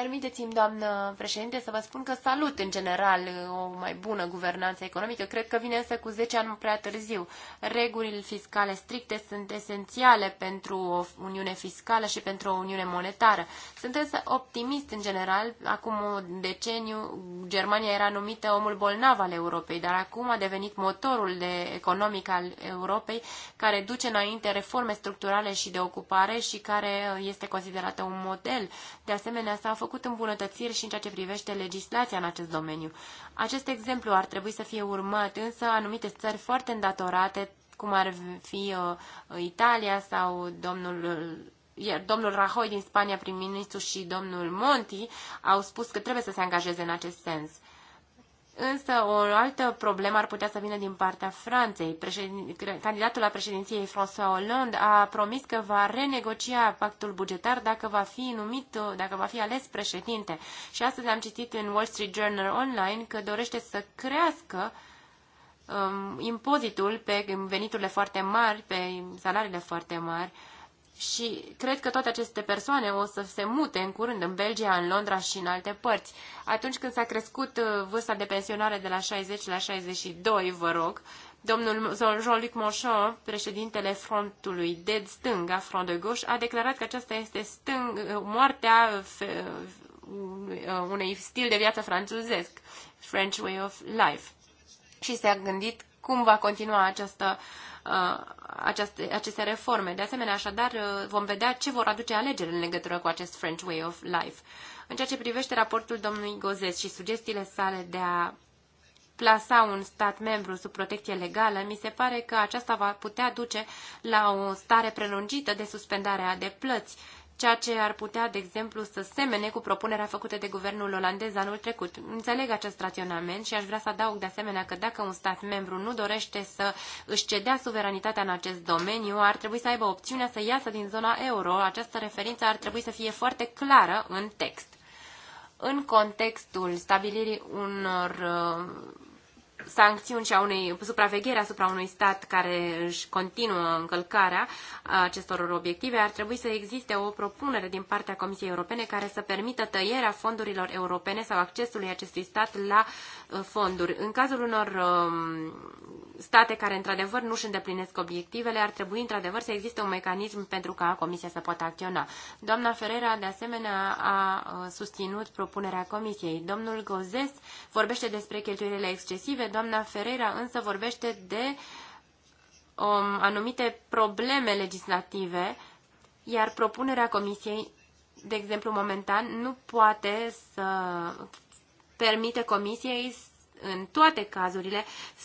Permiteți-mi, doamnă președinte, să vă spun că salut în general o mai bună guvernanță economică. Cred că vine însă cu 10 ani prea târziu. Regulile fiscale stricte sunt esențiale pentru o uniune fiscală și pentru o uniune monetară. Sunt însă optimist în general. Acum un deceniu Germania era numită omul bolnav al Europei, dar acum a devenit motorul de economic al Europei care duce înainte reforme structurale și de ocupare și care este considerată un model. De asemenea, s-a făcut îmbunătățiri și în ceea ce privește legislația în acest domeniu. Acest exemplu ar trebui să fie urmat, însă anumite țări foarte îndatorate, cum ar fi uh, Italia sau domnul uh, iar domnul Rajoy din Spania, prim-ministru, și domnul Monti au spus că trebuie să se angajeze în acest sens. Însă o altă problemă ar putea să vină din partea Franței. Președin... Candidatul la președinție François Hollande a promis că va renegocia pactul bugetar dacă va fi numit, dacă va fi ales președinte. Și astăzi am citit în Wall Street Journal Online că dorește să crească um, impozitul pe veniturile foarte mari, pe salariile foarte mari, uh, și cred că toate aceste persoane o să se mute în curând în Belgia, în Londra și în alte părți. Atunci când s-a crescut uh, vârsta de pensionare de la 60 la 62, vă rog, domnul Jean-Luc Monchon, președintele frontului de stânga, front de gauche, a declarat că aceasta este stâng, moartea uh, uh, unei stil de viață francezesc, French way of life. Și s-a gândit cum va continua această, uh, aceste aceste reforme. De asemenea, așadar, uh, vom vedea ce vor aduce alegerile în legătură cu acest French Way of Life. În ceea ce privește raportul domnului Gozes și sugestiile sale de a plasa un stat membru sub protecție legală, mi se pare că aceasta va putea duce la o stare prelungită de suspendare a de plăți ceea ce ar putea, de exemplu, să semene cu propunerea făcută de guvernul olandez anul trecut. Înțeleg acest raționament și aș vrea să adaug de asemenea că dacă un stat membru nu dorește să își cedea suveranitatea în acest domeniu, ar trebui să aibă opțiunea să iasă din zona euro. Această referință ar trebui să fie foarte clară în text. În contextul stabilirii unor sancțiuni și a unei supraveghere asupra unui stat care își continuă încălcarea acestor obiective, ar trebui să existe o propunere din partea Comisiei Europene care să permită tăierea fondurilor europene sau accesului acestui stat la Uh, fonduri. În cazul unor um, state care într-adevăr nu își îndeplinesc obiectivele, ar trebui într-adevăr să existe un mecanism pentru ca Comisia să poată acționa. Doamna Ferreira, de asemenea, a uh, susținut propunerea Comisiei. Domnul Gozes vorbește despre cheltuielile excesive, doamna Ferreira însă vorbește de um, anumite probleme legislative, iar propunerea Comisiei de exemplu, momentan, nu poate să permite comisiei în toate cazurile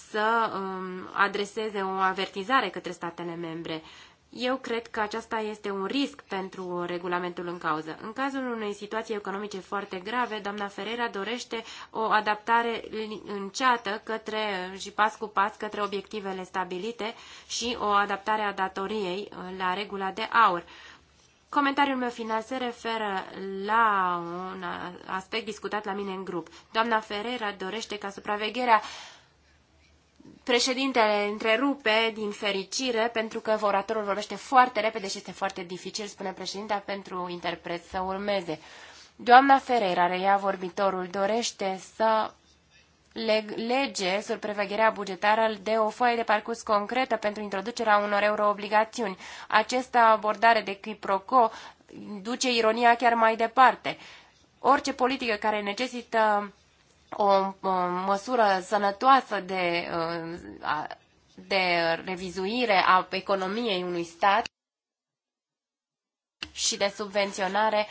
să um, adreseze o avertizare către statele membre. Eu cred că aceasta este un risc pentru regulamentul în cauză. În cazul unei situații economice foarte grave, doamna Ferreira dorește o adaptare înceată către, și pas cu pas către obiectivele stabilite și o adaptare a datoriei uh, la regula de aur. Comentariul meu final se referă la un aspect discutat la mine în grup. Doamna Ferreira dorește ca supravegherea Președintele întrerupe din fericire pentru că voratorul vorbește foarte repede și este foarte dificil, spune președinta, pentru interpret să urmeze. Doamna Ferreira, reia vorbitorul, dorește să lege sub prevegherea bugetară de o foaie de parcurs concretă pentru introducerea unor euroobligațiuni. Această abordare de qui duce ironia chiar mai departe. Orice politică care necesită o, măsură sănătoasă de, uh, de revizuire a economiei unui stat și de subvenționare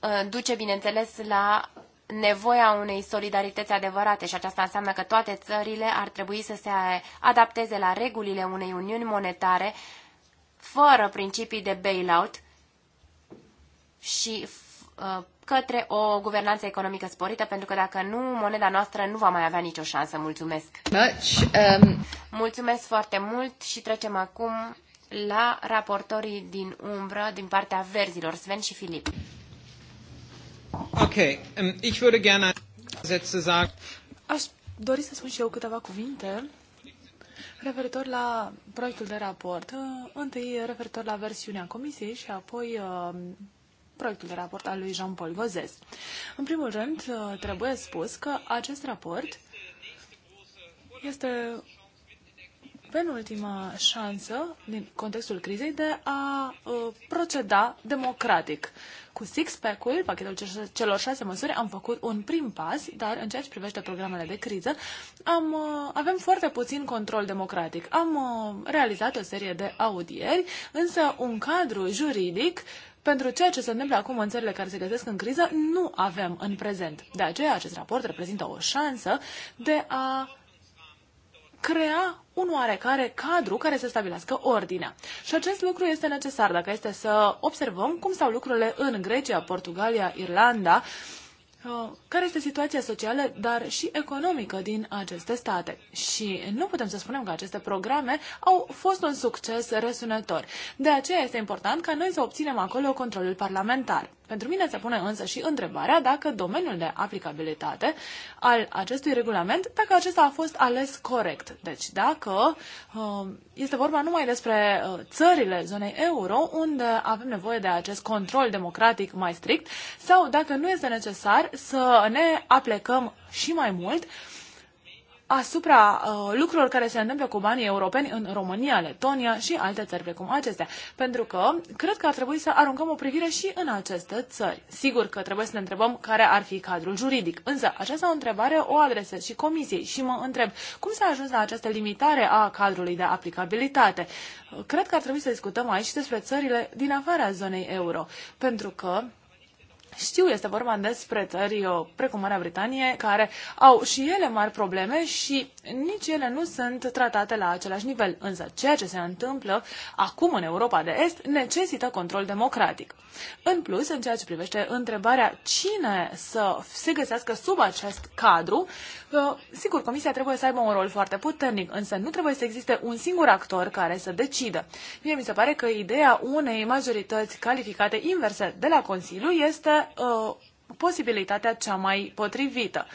uh, duce, bineînțeles, la nevoia unei solidarități adevărate și aceasta înseamnă că toate țările ar trebui să se adapteze la regulile unei uniuni monetare fără principii de bailout și uh, către o guvernanță economică sporită, pentru că dacă nu, moneda noastră nu va mai avea nicio șansă. Mulțumesc! Much, um... Mulțumesc foarte mult și trecem acum la raportorii din umbră din partea verzilor, Sven și Filip. Okay, ähm, ich würde gerne Sätze sagen. Aș dori să spun și eu câteva cuvinte referitor la proiectul de raport. Ă, întâi referitor la versiunea comisiei și apoi ă, proiectul de raport al lui Jean-Paul Gozes. În primul rând, ă, trebuie spus că acest raport este penultima șansă din contextul crizei de a uh, proceda democratic. Cu six-pack-ul, pachetul celor șase măsuri, am făcut un prim pas, dar în ceea ce privește programele de criză, am, uh, avem foarte puțin control democratic. Am uh, realizat o serie de audieri, însă un cadru juridic pentru ceea ce se întâmplă acum în țările care se găsesc în criză, nu avem în prezent. De aceea, acest raport reprezintă o șansă de a crea un oarecare cadru care să stabilească ordinea. Și acest lucru este necesar dacă este să observăm cum stau lucrurile în Grecia, Portugalia, Irlanda, Uh, care este situația socială, dar și economică din aceste state. Și nu putem să spunem că aceste programe au fost un succes răsunător. De aceea este important ca noi să obținem acolo controlul parlamentar. Pentru mine se pune însă și întrebarea dacă domeniul de aplicabilitate al acestui regulament, dacă acesta a fost ales corect. Deci dacă uh, este vorba numai despre uh, țările zonei euro, unde avem nevoie de acest control democratic mai strict, sau dacă nu este necesar să ne aplecăm și mai mult asupra uh, lucrurilor care se întâmplă cu banii europeni în România, Letonia și alte țări precum acestea. Pentru că cred că ar trebui să aruncăm o privire și în aceste țări. Sigur că trebuie să ne întrebăm care ar fi cadrul juridic. Însă această întrebare o adresez și comisiei și mă întreb cum s-a ajuns la această limitare a cadrului de aplicabilitate. Uh, cred că ar trebui să discutăm aici despre țările din afara zonei euro. Pentru că știu, este vorba despre țări uh, precum Marea Britanie, care au și ele mari probleme și nici ele nu sunt tratate la același nivel. Însă ceea ce se întâmplă acum în Europa de Est necesită control democratic. În plus, în ceea ce privește întrebarea cine să se găsească sub acest cadru, uh, sigur, Comisia trebuie să aibă un rol foarte puternic, însă nu trebuie să existe un singur actor care să decidă. Mie mi se pare că ideea unei majorități calificate inverse de la Consiliu este Uh, posibilitatea cea mai potrivită.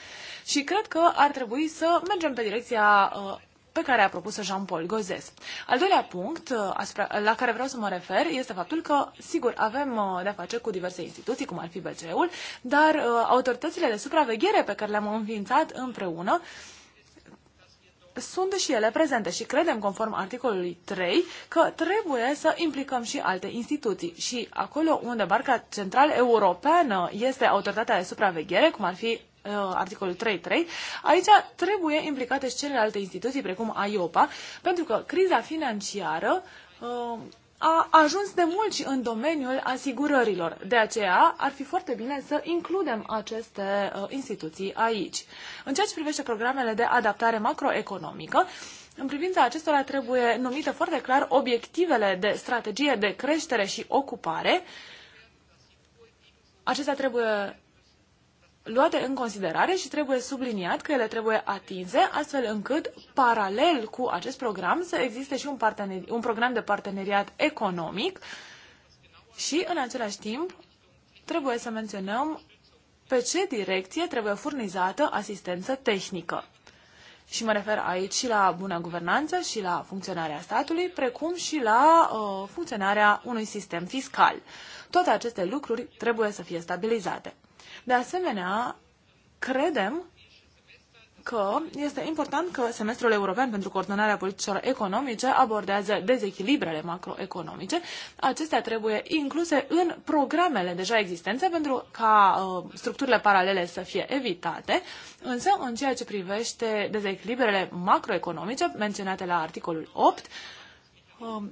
Și cred că ar trebui să mergem pe direcția uh, pe care a propus-o Jean-Paul Gozes. Al doilea punct uh, asupra, la care vreau să mă refer este faptul că, sigur, avem de-a face cu diverse instituții, cum ar fi BCE-ul, dar autoritățile de supraveghere pe care le-am înființat împreună uh, sunt și ele prezente și credem, conform articolului 3, că trebuie să implicăm și alte instituții. Și acolo unde Barca Central Europeană este autoritatea de supraveghere, cum ar fi uh, articolul 3.3, aici trebuie implicate și celelalte instituții, precum AIOPA, pentru că criza financiară uh, a ajuns de mult și în domeniul asigurărilor. De aceea ar fi foarte bine să includem aceste uh, instituții aici. În ceea ce privește programele de adaptare macroeconomică, în privința acestora trebuie numite foarte clar obiectivele de strategie de creștere și ocupare. Acestea trebuie luate în considerare și trebuie subliniat că ele trebuie atinse, astfel încât, paralel cu acest program, să existe și un, parteneri, un program de parteneriat economic și, în același timp, trebuie să menționăm pe ce direcție trebuie furnizată asistență tehnică. Și mă refer aici și la bună guvernanță și la funcționarea statului, precum și la uh, funcționarea unui sistem fiscal. Toate aceste lucruri trebuie să fie stabilizate. De asemenea, credem că este important că semestrul european pentru coordonarea politicilor economice abordează dezechilibrele macroeconomice. Acestea trebuie incluse în programele deja existente pentru ca uh, structurile paralele să fie evitate, însă în ceea ce privește dezechilibrele macroeconomice menționate la articolul 8, uh, um,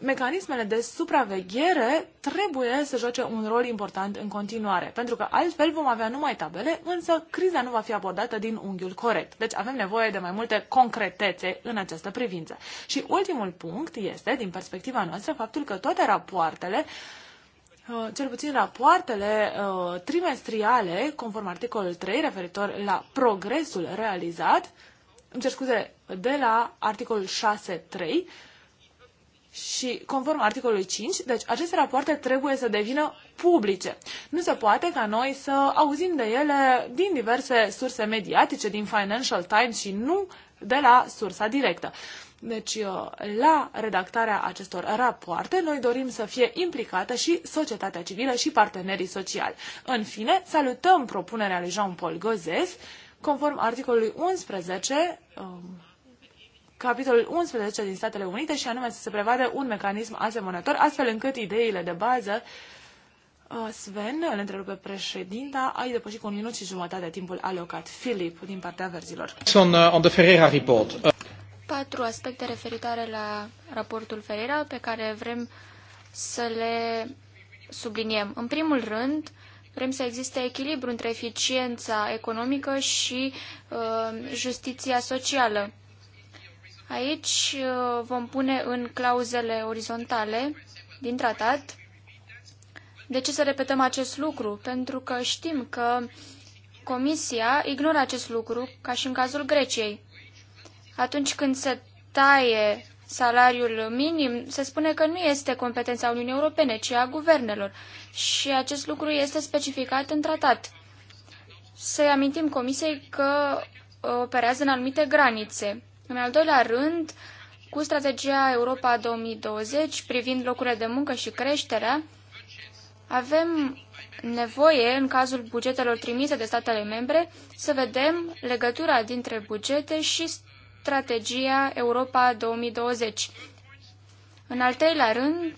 mecanismele de supraveghere trebuie să joace un rol important în continuare, pentru că altfel vom avea numai tabele, însă criza nu va fi abordată din unghiul corect. Deci avem nevoie de mai multe concretețe în această privință. Și ultimul punct este, din perspectiva noastră, faptul că toate rapoartele uh, cel puțin rapoartele uh, trimestriale, conform articolul 3, referitor la progresul realizat, îmi cer scuze, de la articolul și conform articolului 5, deci aceste rapoarte trebuie să devină publice. Nu se poate ca noi să auzim de ele din diverse surse mediatice, din Financial Times și nu de la sursa directă. Deci, uh, la redactarea acestor rapoarte, noi dorim să fie implicată și societatea civilă și partenerii sociali. În fine, salutăm propunerea lui Jean-Paul Gozes, conform articolului 11, capitolul 11 din Statele Unite și anume să se prevadă un mecanism asemănător, astfel încât ideile de bază uh, Sven, îl întrerupe președinta, ai depășit cu un minut și jumătate timpul alocat. Filip, din partea verzilor. Uh, on, Ferreira report. Uh, Patru aspecte referitoare la raportul Ferreira pe care vrem să le subliniem. În primul rând, vrem să existe echilibru între eficiența economică și uh, justiția socială. Aici uh, vom pune în clauzele orizontale din tratat. De ce să repetăm acest lucru? Pentru că știm că Comisia ignoră acest lucru, ca și în cazul Greciei. Atunci când se taie salariul minim, se spune că nu este competența Uniunii Europene, ci a guvernelor. Și acest lucru este specificat în tratat. Să-i amintim Comisiei că operează în anumite granițe. În al doilea rând, cu strategia Europa 2020 privind locurile de muncă și creșterea, avem nevoie, în cazul bugetelor trimise de statele membre, să vedem legătura dintre bugete și strategia Europa 2020. În al treilea rând,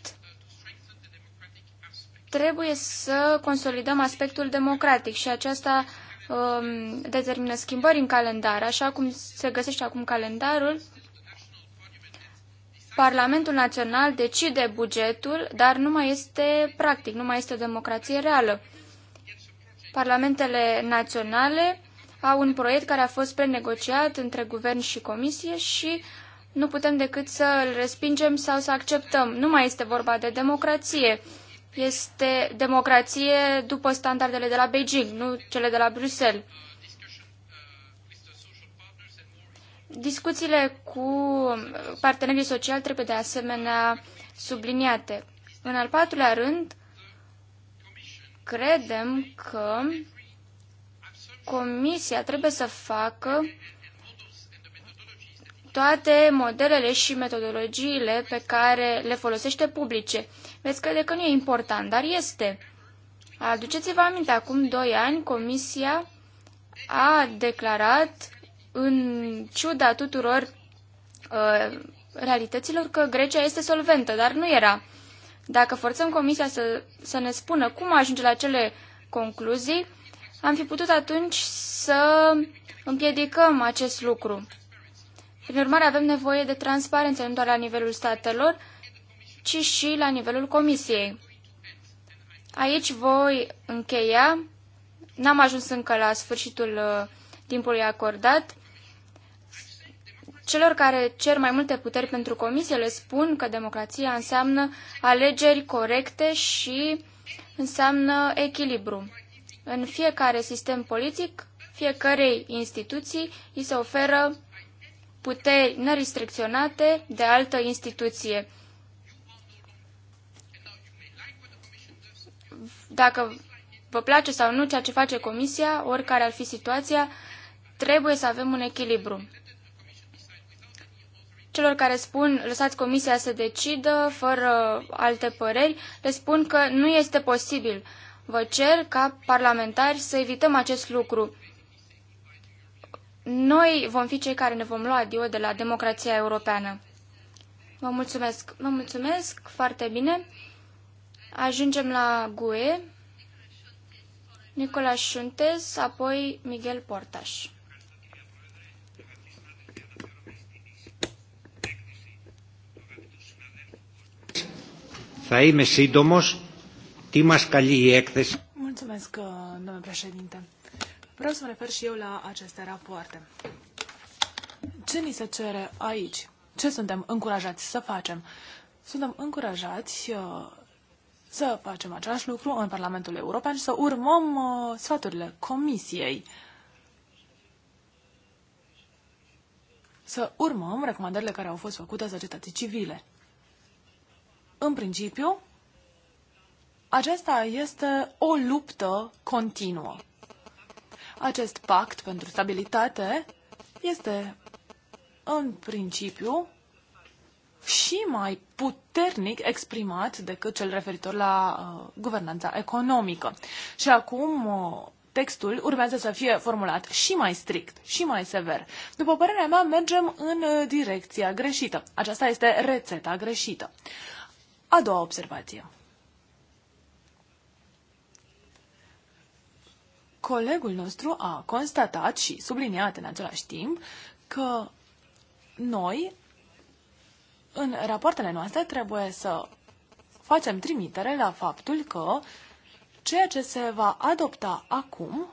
trebuie să consolidăm aspectul democratic și aceasta Um, determină schimbări în calendar. Așa cum se găsește acum calendarul, Parlamentul Național decide bugetul, dar nu mai este practic, nu mai este o democrație reală. Parlamentele naționale au un proiect care a fost prenegociat între guvern și comisie și nu putem decât să îl respingem sau să acceptăm. Nu mai este vorba de democrație este democrație după standardele de la Beijing, nu cele de la Bruxelles. Discuțiile cu partenerii sociali trebuie de asemenea subliniate. În al patrulea rând, credem că Comisia trebuie să facă toate modelele și metodologiile pe care le folosește publice Veți crede că nu e important, dar este. Aduceți-vă aminte, acum doi ani Comisia a declarat, în ciuda tuturor uh, realităților, că Grecia este solventă, dar nu era. Dacă forțăm Comisia să, să ne spună cum ajunge la cele concluzii, am fi putut atunci să împiedicăm acest lucru. Prin urmare, avem nevoie de transparență, nu doar la nivelul statelor, ci și la nivelul comisiei. Aici voi încheia. N-am ajuns încă la sfârșitul uh, timpului acordat. Celor care cer mai multe puteri pentru comisie le spun că democrația înseamnă alegeri corecte și înseamnă echilibru. În fiecare sistem politic, fiecarei instituții îi se oferă puteri nerestricționate de altă instituție. Dacă vă place sau nu ceea ce face Comisia, oricare ar fi situația, trebuie să avem un echilibru. Celor care spun lăsați Comisia să decidă fără alte păreri, le spun că nu este posibil. Vă cer ca parlamentari să evităm acest lucru. Noi vom fi cei care ne vom lua adio de la democrația europeană. Vă mulțumesc. Vă mulțumesc foarte bine. Ajungem la GUE, Nicola Șuntes, apoi Miguel Portaș. Θα είμαι σύντομος. Τι μας καλεί η έκθεση. Mulțumesc, uh, domnule președinte. Vreau să mă refer și eu la aceste rapoarte. Ce ni se cere aici? Ce suntem încurajați să facem? Suntem încurajați uh, să facem același lucru în Parlamentul European și să urmăm uh, sfaturile Comisiei. Să urmăm recomandările care au fost făcute societății civile. În principiu, aceasta este o luptă continuă. Acest pact pentru stabilitate este, în principiu, și mai puternic exprimat decât cel referitor la uh, guvernanța economică. Și acum uh, textul urmează să fie formulat și mai strict, și mai sever. După părerea mea, mergem în uh, direcția greșită. Aceasta este rețeta greșită. A doua observație. Colegul nostru a constatat și subliniat în același timp că noi în rapoartele noastre trebuie să facem trimitere la faptul că ceea ce se va adopta acum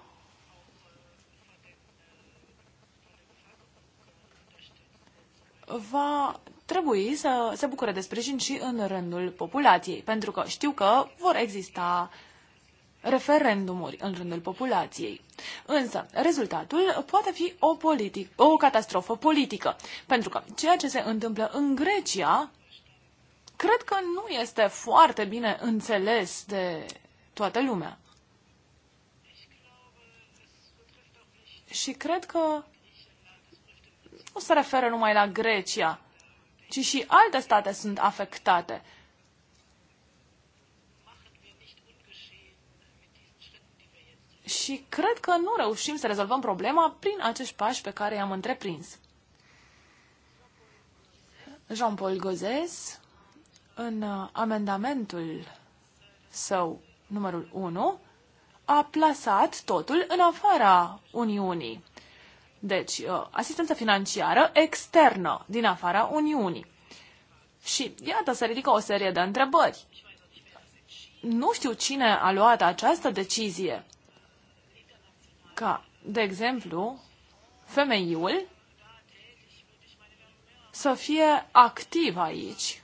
va trebui să se bucure de sprijin și în rândul populației, pentru că știu că vor exista uh, referendumuri în rândul populației. Însă, rezultatul poate fi o, politic, o catastrofă politică, pentru că ceea ce se întâmplă în Grecia cred că nu este foarte bine înțeles de toată lumea. Și cred că nu se referă numai la Grecia, ci și alte state sunt afectate. și cred că nu reușim să rezolvăm problema prin acești pași pe care i-am întreprins. Jean-Paul Gozes, în uh, amendamentul său numărul 1, a plasat totul în afara Uniunii. Deci, uh, asistență financiară externă din afara Uniunii. Și iată, se ridică o serie de întrebări. Nu știu cine a luat această decizie ca, de exemplu, femeiul să fie activ aici.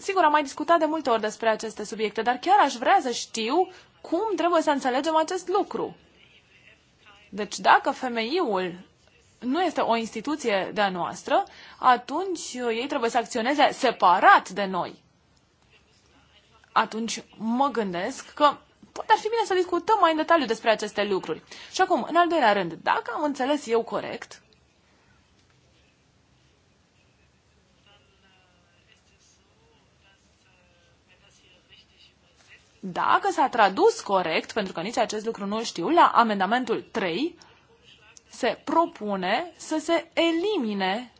Sigur, am mai discutat de multe ori despre aceste subiecte, dar chiar aș vrea să știu cum trebuie să înțelegem acest lucru. Deci dacă femeiul nu este o instituție de-a noastră, atunci ei trebuie să acționeze separat de noi. Atunci mă gândesc că Poate ar fi bine să discutăm mai în detaliu despre aceste lucruri. Și acum, în al doilea rând, dacă am înțeles eu corect, dacă s-a tradus corect, pentru că nici acest lucru nu știu, la amendamentul 3 se propune să se elimine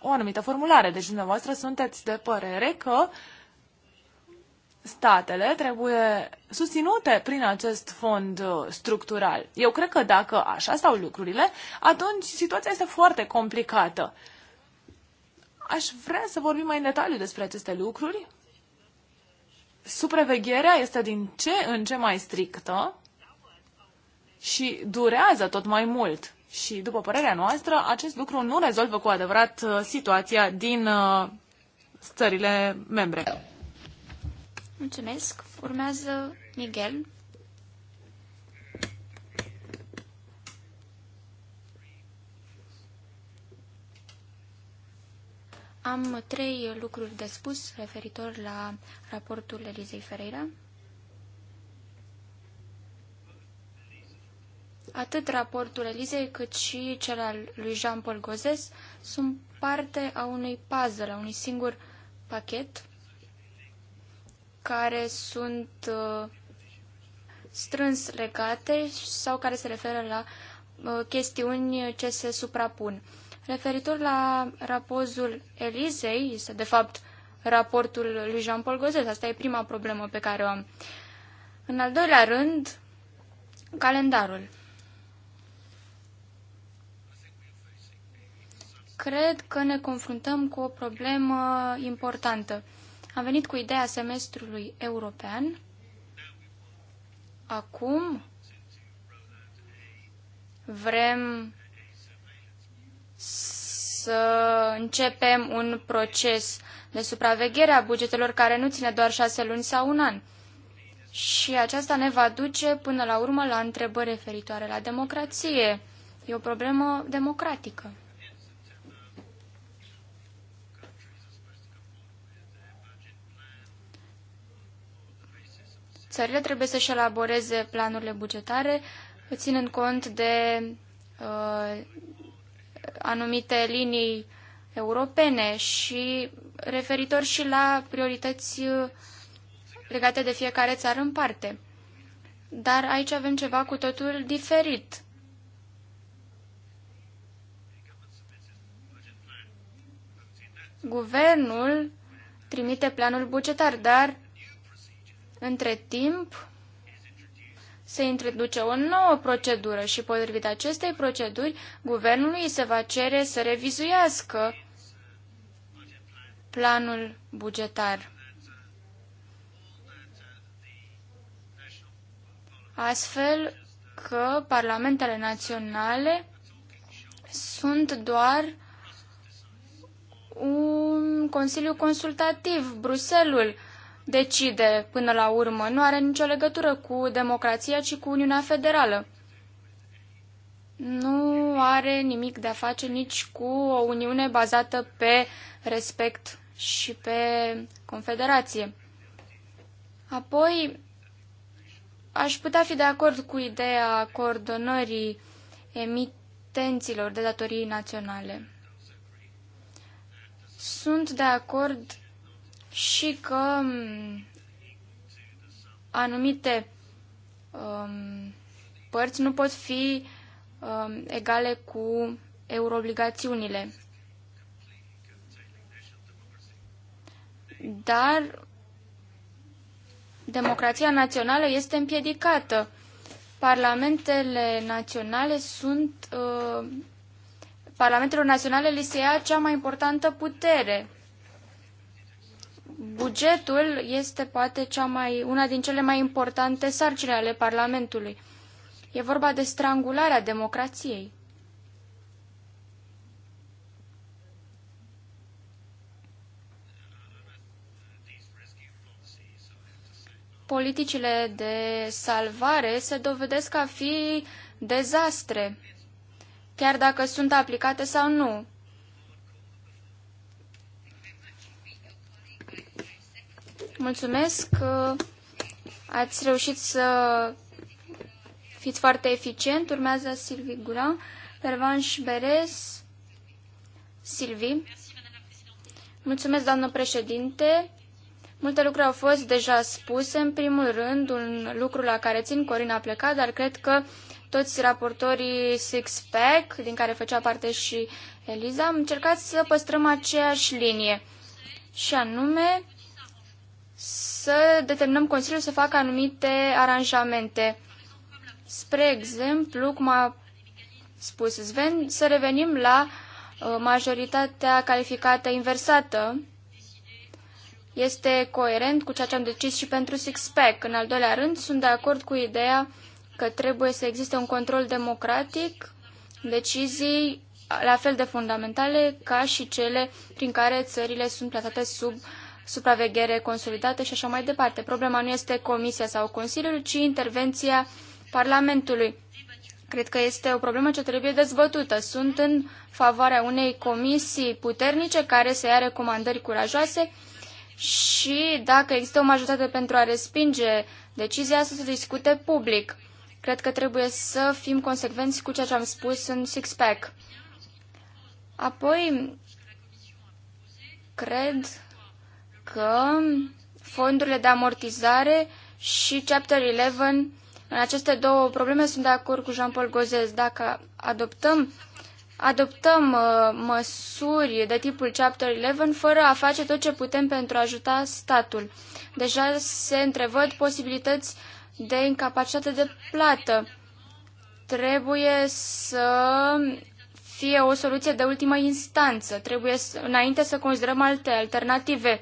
o anumită formulare. Deci dumneavoastră sunteți de părere că uh, statele trebuie susținute prin acest fond uh, structural. Eu cred că dacă așa stau lucrurile, atunci situația este foarte complicată. Aș vrea să vorbim mai în detaliu despre aceste lucruri. Supravegherea este din ce în ce mai strictă și durează tot mai mult. Și, după părerea noastră, acest lucru nu rezolvă cu adevărat uh, situația din țările uh, membre. Mulțumesc. Urmează Miguel. Am trei lucruri de spus referitor la raportul Elizei Ferreira. Atât raportul Elizei cât și cel al lui Jean-Paul Gozes sunt parte a unui puzzle, a unui singur pachet care sunt uh, strâns legate sau care se referă la uh, chestiuni ce se suprapun. Referitor la rapozul Elizei, este de fapt raportul lui Jean-Paul Gozes, asta e prima problemă pe care o am. În al doilea rând, calendarul. Cred că ne confruntăm cu o problemă importantă. Am venit cu ideea semestrului european. Acum vrem să începem un proces de supraveghere a bugetelor care nu ține doar șase luni sau un an. Și aceasta ne va duce până la urmă la întrebări referitoare la democrație. E o problemă democratică. Țările trebuie să-și elaboreze planurile bugetare, ținând cont de uh, anumite linii europene și referitor și la priorități uh, legate de fiecare țară în parte. Dar aici avem ceva cu totul diferit. Guvernul trimite planul bugetar, dar între timp, se introduce o nouă procedură și potrivit acestei proceduri, guvernului se va cere să revizuiască planul bugetar. Astfel că parlamentele naționale sunt doar un consiliu consultativ. Bruselul decide până la urmă nu are nicio legătură cu democrația, ci cu Uniunea Federală. Nu are nimic de a face nici cu o Uniune bazată pe respect și pe confederație. Apoi, aș putea fi de acord cu ideea coordonării emitenților de datorii naționale. Sunt de acord și că um, anumite um, părți nu pot fi um, egale cu euroobligațiunile. Dar democrația națională este împiedicată. Parlamentele naționale sunt. Uh, Parlamentelor naționale li se ia cea mai importantă putere bugetul este poate cea mai, una din cele mai importante sarcini ale Parlamentului. E vorba de strangularea democrației. Politicile de salvare se dovedesc a fi dezastre, chiar dacă sunt aplicate sau nu. Mulțumesc că ați reușit să fiți foarte eficient. Urmează Silvi Gura, Pervanș Beres, Silvi. Mulțumesc, doamnă președinte. Multe lucruri au fost deja spuse. În primul rând, un lucru la care țin, Corina a plecat, dar cred că toți raportorii Six Pack, din care făcea parte și Eliza, am încercat să păstrăm aceeași linie. Și anume, să determinăm Consiliul să facă anumite aranjamente. Spre exemplu, cum a spus Sven, să revenim la uh, majoritatea calificată inversată. Este coerent cu ceea ce am decis și pentru six-pack. În al doilea rând, sunt de acord cu ideea că trebuie să existe un control democratic, decizii la fel de fundamentale ca și cele prin care țările sunt plasate sub uh, supraveghere consolidată și așa mai departe. Problema nu este Comisia sau Consiliul, ci intervenția Parlamentului. Cred că este o problemă ce trebuie dezbătută. Sunt în favoarea unei comisii puternice care să ia recomandări curajoase și dacă există o majoritate pentru a respinge decizia, să se discute public. Cred că trebuie să fim consecvenți cu ceea ce am spus în six-pack. Apoi, cred că fondurile de amortizare și Chapter 11, în aceste două probleme sunt de acord cu Jean-Paul Gozes. Dacă adoptăm, adoptăm uh, măsuri de tipul Chapter 11 fără a face tot ce putem pentru a ajuta statul. Deja se întrevăd posibilități de incapacitate de plată. Trebuie să fie o soluție de ultimă instanță. Trebuie, să, înainte să considerăm alte alternative.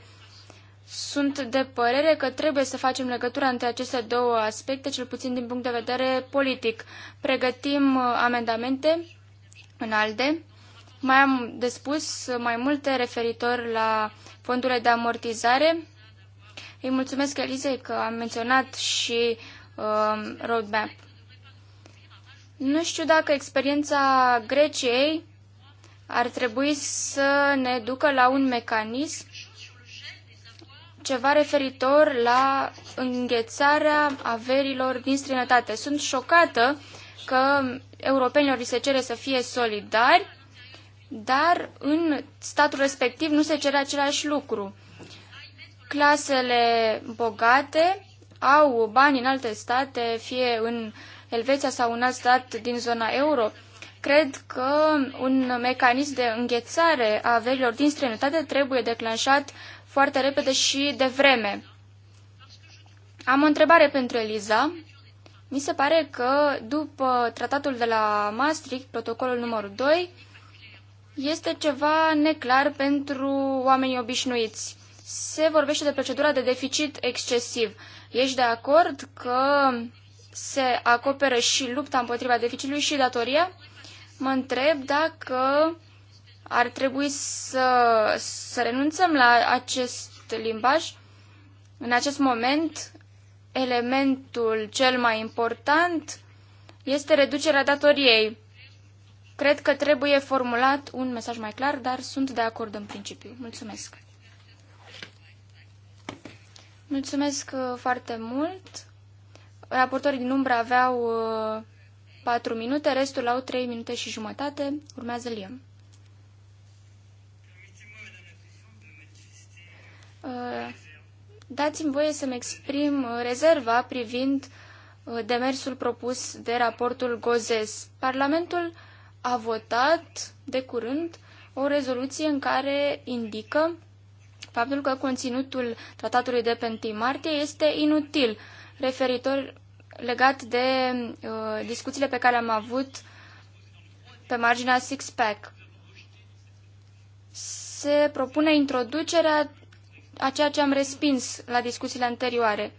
Sunt de părere că trebuie să facem legătura între aceste două aspecte, cel puțin din punct de vedere politic. Pregătim uh, amendamente în ALDE. Mai am de spus mai multe referitor la fondurile de amortizare. Îi mulțumesc Elizei că am menționat și uh, roadmap. Nu știu dacă experiența Greciei ar trebui să ne ducă la un mecanism ceva referitor la înghețarea averilor din străinătate. Sunt șocată că europenilor li se cere să fie solidari, dar în statul respectiv nu se cere același lucru. Clasele bogate au bani în alte state, fie în Elveția sau un alt stat din zona euro. Cred că un mecanism de înghețare a averilor din străinătate trebuie declanșat foarte repede și de vreme. Am o întrebare pentru Eliza. Mi se pare că după tratatul de la Maastricht, protocolul numărul 2, este ceva neclar pentru oamenii obișnuiți. Se vorbește de procedura de deficit excesiv. Ești de acord că se acoperă și lupta împotriva deficitului și datoria? Mă întreb dacă ar trebui să, să renunțăm la acest limbaj. În acest moment, elementul cel mai important este reducerea datoriei. Cred că trebuie formulat un mesaj mai clar, dar sunt de acord în principiu. Mulțumesc! Mulțumesc uh, foarte mult! Raportorii din umbră aveau 4 uh, minute, restul au 3 minute și jumătate. Urmează Liam. Uh, dați-mi voie să-mi exprim uh, rezerva privind uh, demersul propus de raportul Gozes. Parlamentul a votat de curând o rezoluție în care indică faptul că conținutul tratatului de pe 1 martie este inutil, referitor legat de uh, discuțiile pe care am avut pe marginea six-pack. Se propune introducerea a ceea ce am respins la discuțiile anterioare.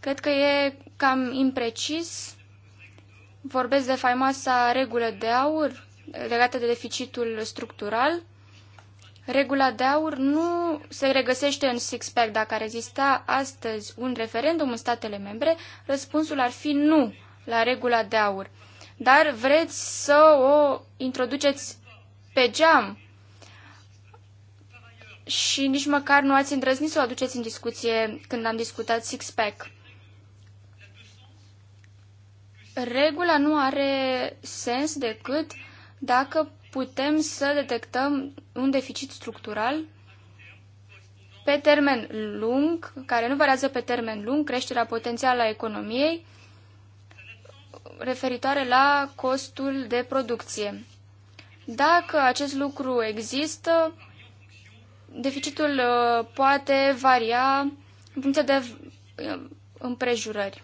Cred că e cam imprecis. Vorbesc de faimoasa regulă de aur legată de deficitul structural. Regula de aur nu se regăsește în six-pack. Dacă ar exista astăzi un referendum în statele membre, răspunsul ar fi nu la regula de aur. Dar vreți să o introduceți pe geam și nici măcar nu ați îndrăznit să o aduceți în discuție când am discutat six-pack. Regula nu are sens decât dacă putem să detectăm un deficit structural pe termen lung, care nu variază pe termen lung, creșterea potențială a economiei referitoare la costul de producție. Dacă acest lucru există, deficitul uh, poate varia în funcție de uh, împrejurări.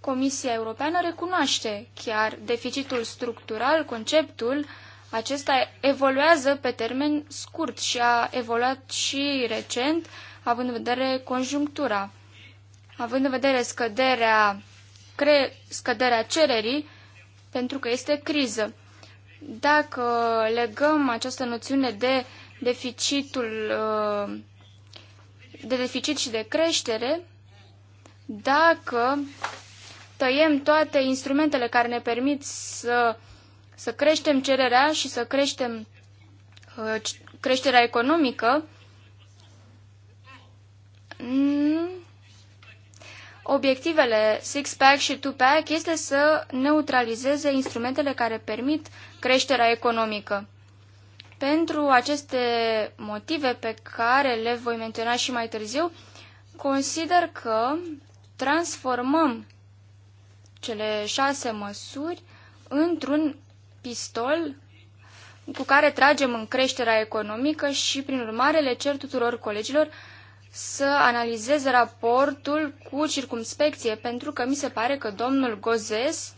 Comisia Europeană recunoaște chiar deficitul structural, conceptul acesta evoluează pe termen scurt și a evoluat și recent, având în vedere conjunctura. Având în vedere scăderea, cre, scăderea cererii, pentru că este criză. Dacă legăm această noțiune de deficitul uh, de deficit și de creștere, dacă tăiem toate instrumentele care ne permit să, să creștem cererea și să creștem uh, creșterea economică, obiectivele six-pack și two-pack este să neutralizeze instrumentele care permit creșterea economică. Pentru aceste motive pe care le voi menționa și mai târziu, consider că transformăm cele șase măsuri într-un pistol cu care tragem în creșterea economică și, prin urmare, le cer tuturor colegilor să analizeze raportul cu circumspecție, pentru că mi se pare că domnul Gozes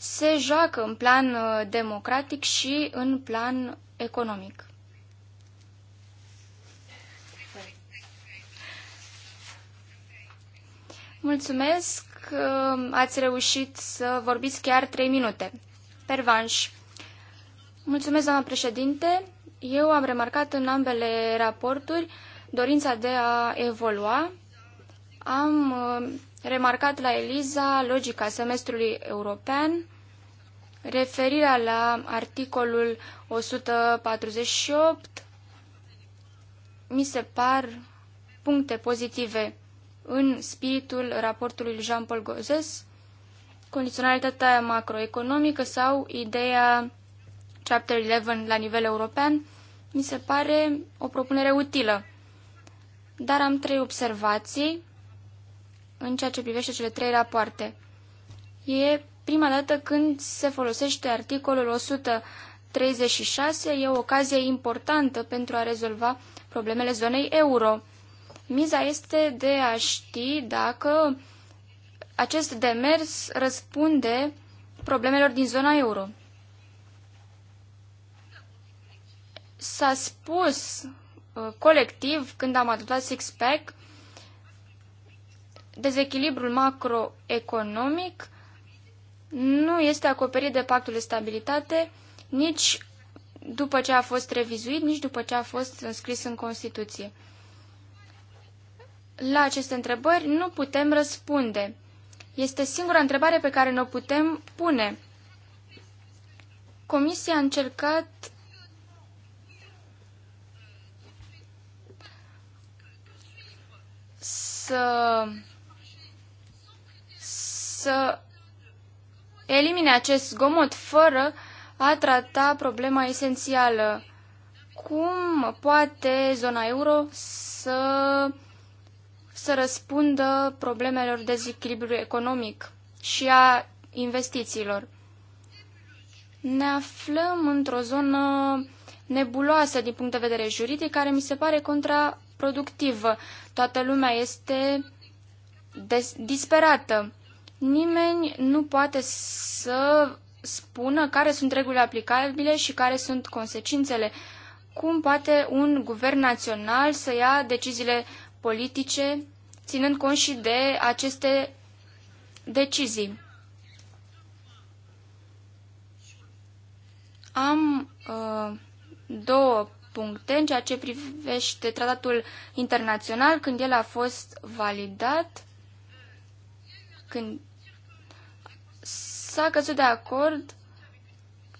se joacă în plan uh, democratic și în plan economic. Mulțumesc că uh, ați reușit să vorbiți chiar trei minute. Pervanș. Mulțumesc, doamna președinte. Eu am remarcat în ambele raporturi dorința de a evolua. Am uh, remarcat la Eliza logica semestrului european, referirea la articolul 148, mi se par puncte pozitive în spiritul raportului lui Jean-Paul Gozes, condiționalitatea macroeconomică sau ideea Chapter 11 la nivel european, mi se pare o propunere utilă. Dar am trei observații în ceea ce privește cele trei rapoarte. E prima dată când se folosește articolul 136, e o ocazie importantă pentru a rezolva problemele zonei euro. Miza este de a ști dacă acest demers răspunde problemelor din zona euro. S-a spus uh, colectiv când am adoptat six-pack dezechilibrul macroeconomic nu este acoperit de pactul de stabilitate nici după ce a fost revizuit, nici după ce a fost înscris în Constituție. La aceste întrebări nu putem răspunde. Este singura întrebare pe care ne-o putem pune. Comisia a încercat să să elimine acest zgomot fără a trata problema esențială. Cum poate zona euro să, să răspundă problemelor echilibru economic și a investițiilor? Ne aflăm într-o zonă nebuloasă din punct de vedere juridic, care mi se pare contraproductivă. Toată lumea este disperată. Nimeni nu poate să spună care sunt regulile aplicabile și care sunt consecințele. Cum poate un guvern național să ia deciziile politice, ținând cont și de aceste decizii. Am uh, două puncte în ceea ce privește tratatul internațional, când el a fost validat, când s-a căzut de acord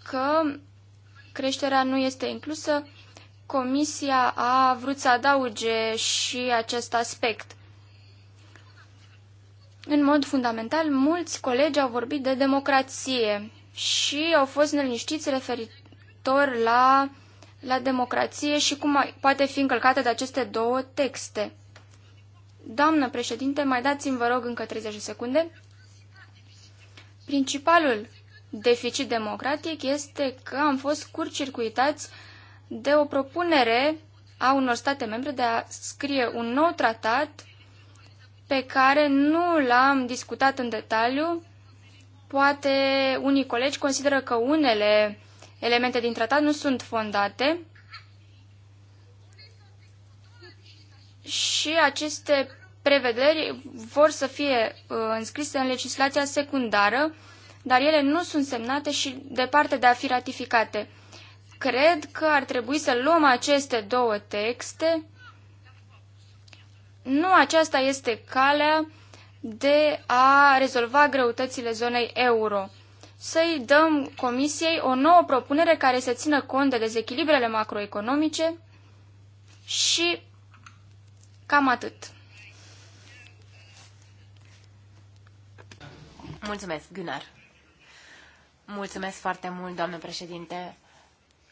că creșterea nu este inclusă. Comisia a vrut să adauge și acest aspect. În mod fundamental, mulți colegi au vorbit de democrație și au fost neliniștiți referitor la, la democrație și cum poate fi încălcată de aceste două texte. Doamnă președinte, mai dați-mi, vă rog, încă 30 secunde. Principalul deficit democratic este că am fost curcircuitați de o propunere a unor state membre de a scrie un nou tratat pe care nu l-am discutat în detaliu. Poate unii colegi consideră că unele elemente din tratat nu sunt fondate și aceste prevederi vor să fie uh, înscrise în legislația secundară, dar ele nu sunt semnate și departe de a fi ratificate. Cred că ar trebui să luăm aceste două texte. Nu aceasta este calea de a rezolva greutățile zonei euro. Să-i dăm Comisiei o nouă propunere care să țină cont de dezechilibrele macroeconomice și cam atât. Mulțumesc, Gunnar. Mulțumesc foarte mult, doamnă președinte.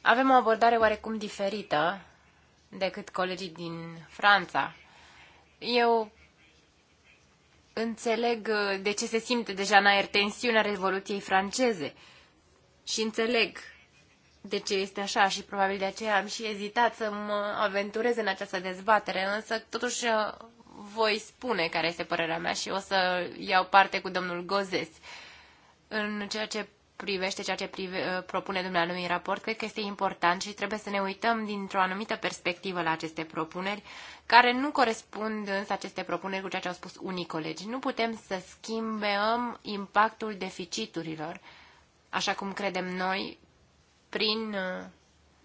Avem o abordare oarecum diferită decât colegii din Franța. Eu înțeleg uh, de ce se simte deja în aer tensiunea Revoluției franceze și înțeleg de ce este așa și probabil de aceea am și ezitat să mă aventurez în această dezbatere, însă totuși uh, voi spune care este părerea mea și o să iau parte cu domnul Gozes. În ceea ce privește ceea ce prive, uh, propune dumneavoastră în raport, cred că este important și trebuie să ne uităm dintr-o anumită perspectivă la aceste propuneri, care nu corespund însă aceste propuneri cu ceea ce au spus unii colegi. Nu putem să schimbăm impactul deficiturilor, așa cum credem noi, prin uh,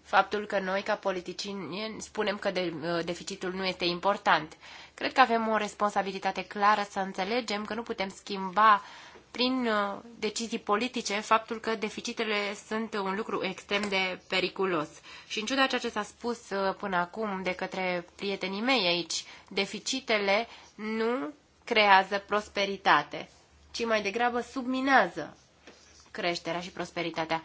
faptul că noi, ca politicieni, spunem că uh, deficitul nu este important. Cred că avem o responsabilitate clară să înțelegem că nu putem schimba prin uh, decizii politice faptul că deficitele sunt un lucru extrem de periculos. Și în ciuda ceea ce s-a spus uh, până acum de către prietenii mei aici, deficitele nu creează prosperitate, ci mai degrabă subminează creșterea și prosperitatea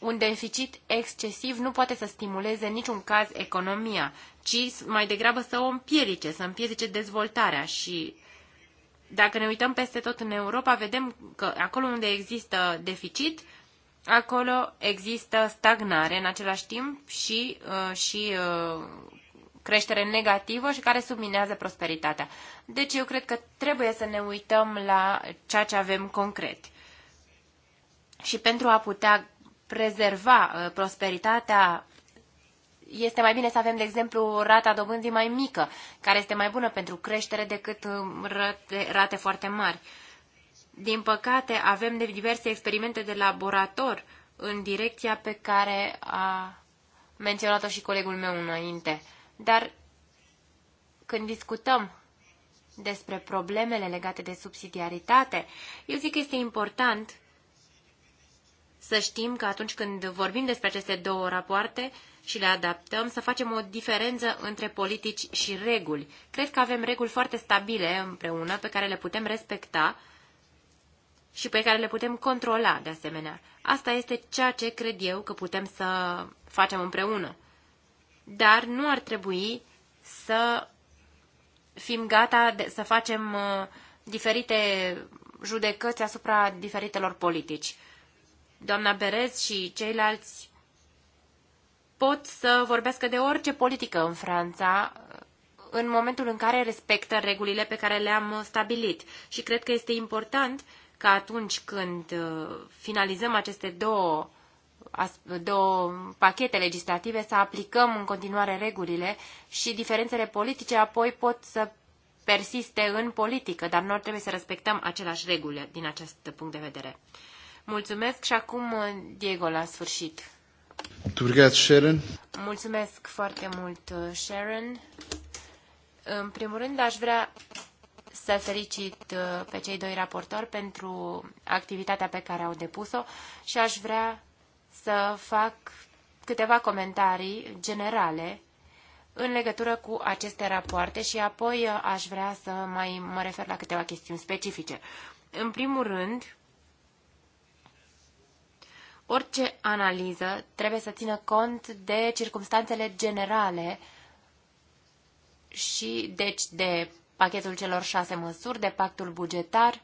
un deficit excesiv nu poate să stimuleze în niciun caz economia, ci mai degrabă să o împiedice, să împiedice dezvoltarea și dacă ne uităm peste tot în Europa, vedem că acolo unde există deficit, acolo există stagnare în același timp și, uh, și uh, creștere negativă și care subminează prosperitatea. Deci eu cred că trebuie să ne uităm la ceea ce avem concret. Și pentru a putea prezerva uh, prosperitatea, este mai bine să avem, de exemplu, rata dobânzii mai mică, care este mai bună pentru creștere decât um, rate, rate foarte mari. Din păcate, avem de diverse experimente de laborator în direcția pe care a menționat-o și colegul meu înainte. Dar când discutăm despre problemele legate de subsidiaritate, eu zic că este important să știm că atunci când vorbim despre aceste două rapoarte și le adaptăm, să facem o diferență între politici și reguli. Cred că avem reguli foarte stabile împreună pe care le putem respecta și pe care le putem controla de asemenea. Asta este ceea ce cred eu că putem să facem împreună. Dar nu ar trebui să fim gata de, să facem uh, diferite judecăți asupra diferitelor politici doamna Berez și ceilalți pot să vorbească de orice politică în Franța în momentul în care respectă regulile pe care le-am stabilit. Și cred că este important ca atunci când uh, finalizăm aceste două, două pachete legislative să aplicăm în continuare regulile și diferențele politice apoi pot să persiste în politică, dar noi trebuie să respectăm aceleași reguli din acest punct de vedere. Mulțumesc și acum uh, Diego la sfârșit. Obrigado, Sharon. Mulțumesc foarte mult, uh, Sharon. În primul rând, aș vrea să felicit uh, pe cei doi raportori pentru activitatea pe care au depus-o și aș vrea să fac câteva comentarii generale în legătură cu aceste rapoarte și apoi aș vrea să mai mă refer la câteva chestiuni specifice. În primul rând, orice analiză trebuie să țină cont de circumstanțele generale și deci de pachetul celor șase măsuri, de pactul bugetar,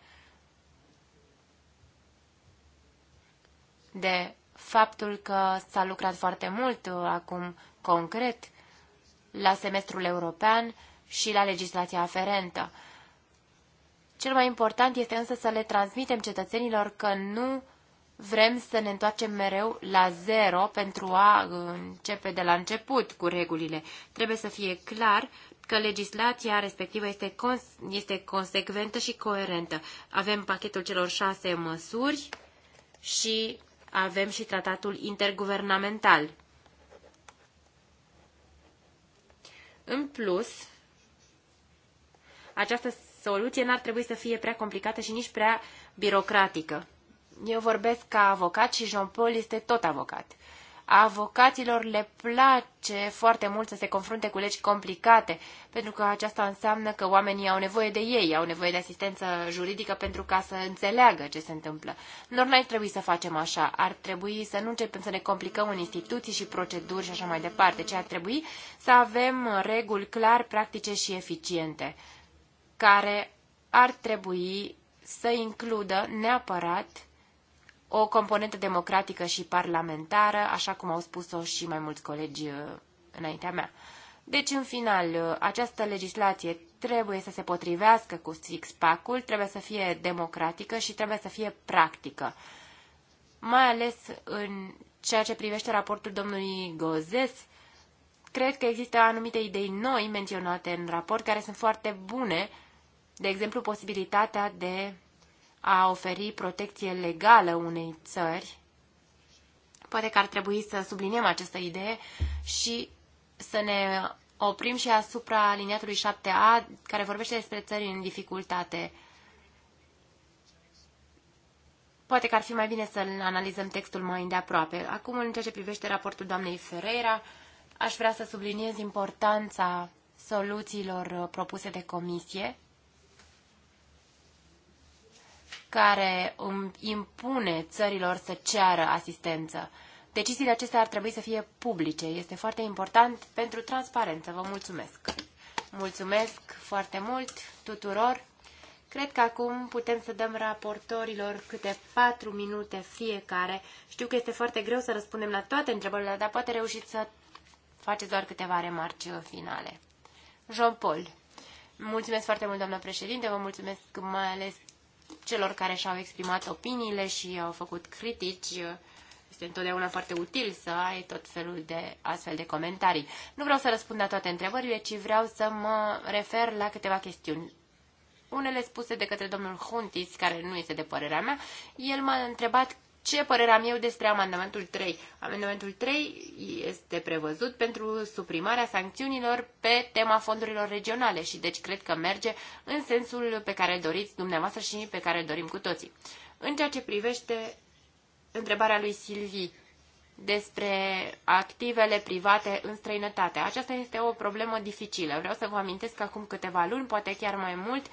de faptul că s-a lucrat foarte mult acum concret la semestrul european și la legislația aferentă. Cel mai important este însă să le transmitem cetățenilor că nu vrem să ne întoarcem mereu la zero pentru a începe de la început cu regulile. Trebuie să fie clar că legislația respectivă este, cons- este consecventă și coerentă. Avem pachetul celor șase măsuri și avem și tratatul interguvernamental. În plus, această soluție n-ar trebui să fie prea complicată și nici prea birocratică. Eu vorbesc ca avocat și Jean-Paul este tot avocat. Avocaților le place foarte mult să se confrunte cu legi complicate, pentru că aceasta înseamnă că oamenii au nevoie de ei, au nevoie de asistență juridică pentru ca să înțeleagă ce se întâmplă. Noi n-ar trebui să facem așa, ar trebui să nu începem să ne complicăm în instituții și proceduri și așa mai departe, ci ar trebui să avem reguli clar, practice și eficiente, care ar trebui să includă neapărat o componentă democratică și parlamentară, așa cum au spus-o și mai mulți colegi uh, înaintea mea. Deci, în final, uh, această legislație trebuie să se potrivească cu six-pack-ul, trebuie să fie democratică și trebuie să fie practică. Mai ales în ceea ce privește raportul domnului Gozes, cred că există anumite idei noi menționate în raport care sunt foarte bune, de exemplu posibilitatea de a oferi protecție legală unei țări. Poate că ar trebui să subliniem această idee și să ne oprim și asupra liniatului 7a, care vorbește despre țări în dificultate. Poate că ar fi mai bine să analizăm textul mai îndeaproape. Acum, în ceea ce privește raportul doamnei Ferreira, aș vrea să subliniez importanța soluțiilor propuse de comisie care impune țărilor să ceară asistență. Deciziile acestea ar trebui să fie publice. Este foarte important pentru transparență. Vă mulțumesc! Mulțumesc foarte mult tuturor! Cred că acum putem să dăm raportorilor câte patru minute fiecare. Știu că este foarte greu să răspundem la toate întrebările, dar poate reușiți să faceți doar câteva remarci finale. Jean-Paul, mulțumesc foarte mult, doamnă președinte, vă mulțumesc mai ales celor care și-au exprimat opiniile și au făcut critici. Este întotdeauna foarte util să ai tot felul de astfel de comentarii. Nu vreau să răspund la toate întrebările, ci vreau să mă refer la câteva chestiuni. Unele spuse de către domnul Huntis, care nu este de părerea mea, el m-a întrebat ce părere am eu despre amendamentul 3? Amendamentul 3 este prevăzut pentru suprimarea sancțiunilor pe tema fondurilor regionale și deci cred că merge în sensul pe care doriți dumneavoastră și pe care dorim cu toții. În ceea ce privește întrebarea lui Silvii, despre activele private în străinătate. Aceasta este o problemă dificilă. Vreau să vă amintesc că acum câteva luni, poate chiar mai mult,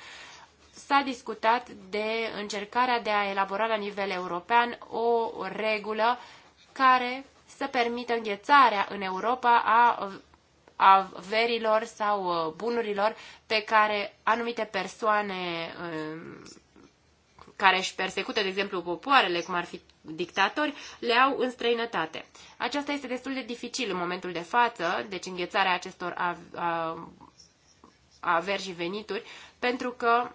s-a discutat de încercarea de a elabora la nivel european o regulă care să permită înghețarea în Europa a averilor sau uh, bunurilor pe care anumite persoane um, care își persecută, de exemplu, popoarele, cum ar fi dictatori, le au în străinătate. Aceasta este destul de dificil în momentul de față, deci înghețarea acestor averi și venituri, pentru că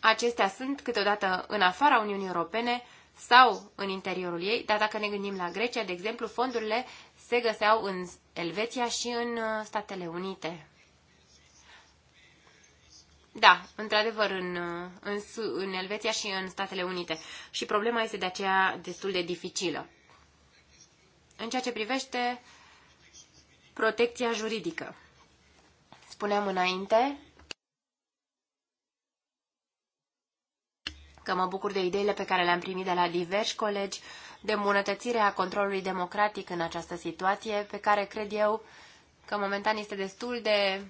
acestea sunt câteodată în afara Uniunii Europene sau în interiorul ei, dar dacă ne gândim la Grecia, de exemplu, fondurile se găseau în Elveția și în uh, Statele Unite. Da, într-adevăr, în, uh, în, în Elveția și în Statele Unite. Și problema este de aceea destul de dificilă. În ceea ce privește protecția juridică. Spuneam înainte că mă bucur de ideile pe care le-am primit de la diversi colegi de îmbunătățirea controlului democratic în această situație, pe care cred eu că momentan este destul de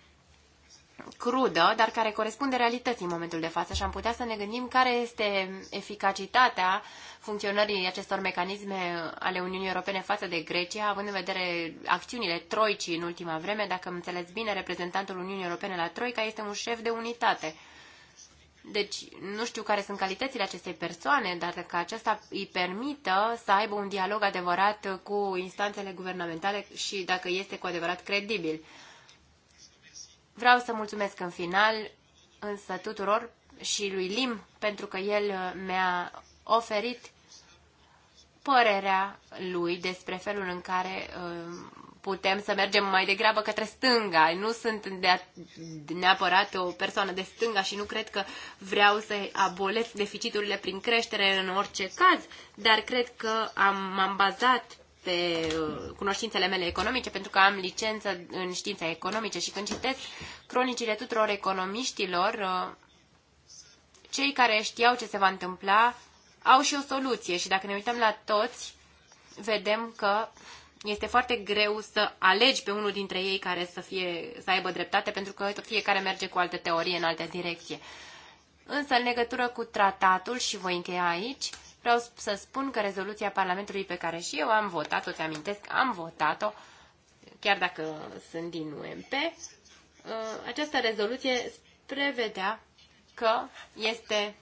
crudă, dar care corespunde realității în momentul de față și am putea să ne gândim care este eficacitatea funcționării acestor mecanisme ale Uniunii Europene față de Grecia, având în vedere acțiunile troicii în ultima vreme. Dacă îmi înțeles bine, reprezentantul Uniunii Europene la Troica este un șef de unitate. Deci, nu știu care sunt calitățile acestei persoane, dar dacă aceasta îi permită să aibă un dialog adevărat cu instanțele guvernamentale și dacă este cu adevărat credibil. Vreau să mulțumesc în final, însă tuturor și lui Lim, pentru că el mi-a oferit părerea lui despre felul în care uh, putem să mergem mai degrabă către stânga. Nu sunt de neapărat o persoană de stânga și nu cred că vreau să abolesc deficiturile prin creștere în orice caz, dar cred că am, m-am bazat pe uh, cunoștințele mele economice, pentru că am licență în științe economice și când citesc cronicile tuturor economiștilor, uh, cei care știau ce se va întâmpla au și o soluție și dacă ne uităm la toți, vedem că este foarte greu să alegi pe unul dintre ei care să, fie, să aibă dreptate, pentru că fiecare merge cu altă teorie în altă direcție. Însă, în legătură cu tratatul, și voi încheia aici, vreau să spun că rezoluția Parlamentului pe care și eu am votat-o, te amintesc, am votat-o, chiar dacă sunt din UMP, uh, această rezoluție prevedea că este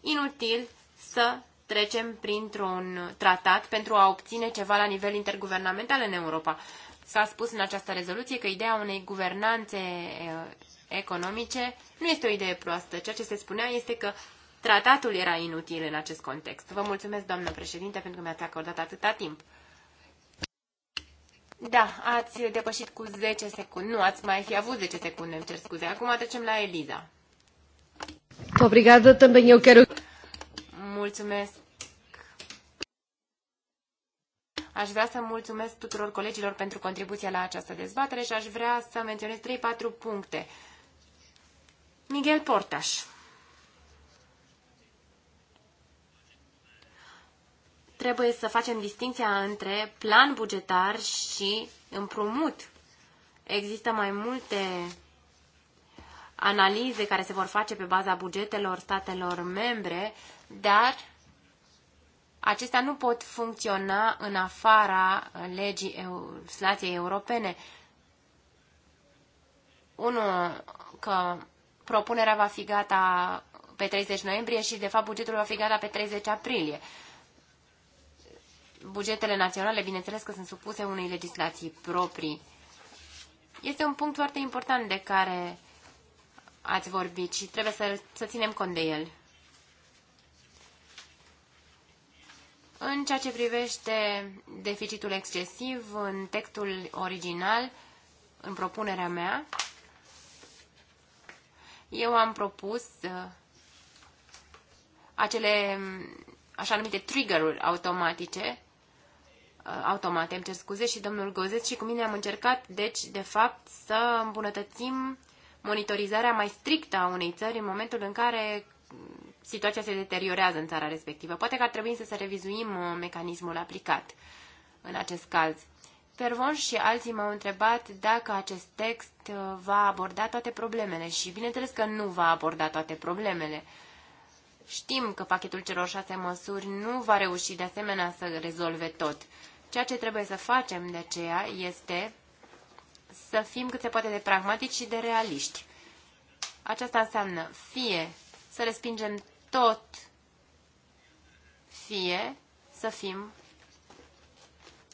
inutil să trecem printr-un tratat pentru a obține ceva la nivel interguvernamental în Europa. S-a spus în această rezoluție că ideea unei guvernanțe eh, economice nu este o idee proastă. Ceea ce se spunea este că tratatul era inutil în acest context. Vă mulțumesc, doamnă președinte, pentru că mi-ați acordat atâta timp. Da, ați depășit cu 10 secunde. Nu, ați mai fi avut 10 secunde, îmi cer scuze. Acum trecem la Eliza. Obrigada, também eu quero mulțumesc Aș vrea să mulțumesc tuturor colegilor pentru contribuția la această dezbatere și aș vrea să menționez 3-4 puncte. Miguel Portaș. Trebuie să facem distinția între plan bugetar și împrumut. Există mai multe analize care se vor face pe baza bugetelor statelor membre dar acestea nu pot funcționa în afara legii legislației europene. Unu, că propunerea va fi gata pe 30 noiembrie și, de fapt, bugetul va fi gata pe 30 aprilie. Bugetele naționale, bineînțeles că sunt supuse unei legislații proprii. Este un punct foarte important de care ați vorbit și trebuie să, să ținem cont de el. În ceea ce privește deficitul excesiv, în textul original, în propunerea mea, eu am propus uh, acele așa numite trigger-uri automatice, uh, automate, îmi cer scuze, și domnul Gozes și cu mine am încercat, deci, de fapt, să îmbunătățim monitorizarea mai strictă a unei țări în momentul în care situația se deteriorează în țara respectivă. Poate că ar trebui să se revizuim uh, mecanismul aplicat în acest caz. Pervon și alții m-au întrebat dacă acest text uh, va aborda toate problemele și bineînțeles că nu va aborda toate problemele. Știm că pachetul celor șase măsuri nu va reuși de asemenea să rezolve tot. Ceea ce trebuie să facem de aceea este să fim cât se poate de pragmatici și de realiști. Aceasta înseamnă fie să respingem tot fie să fim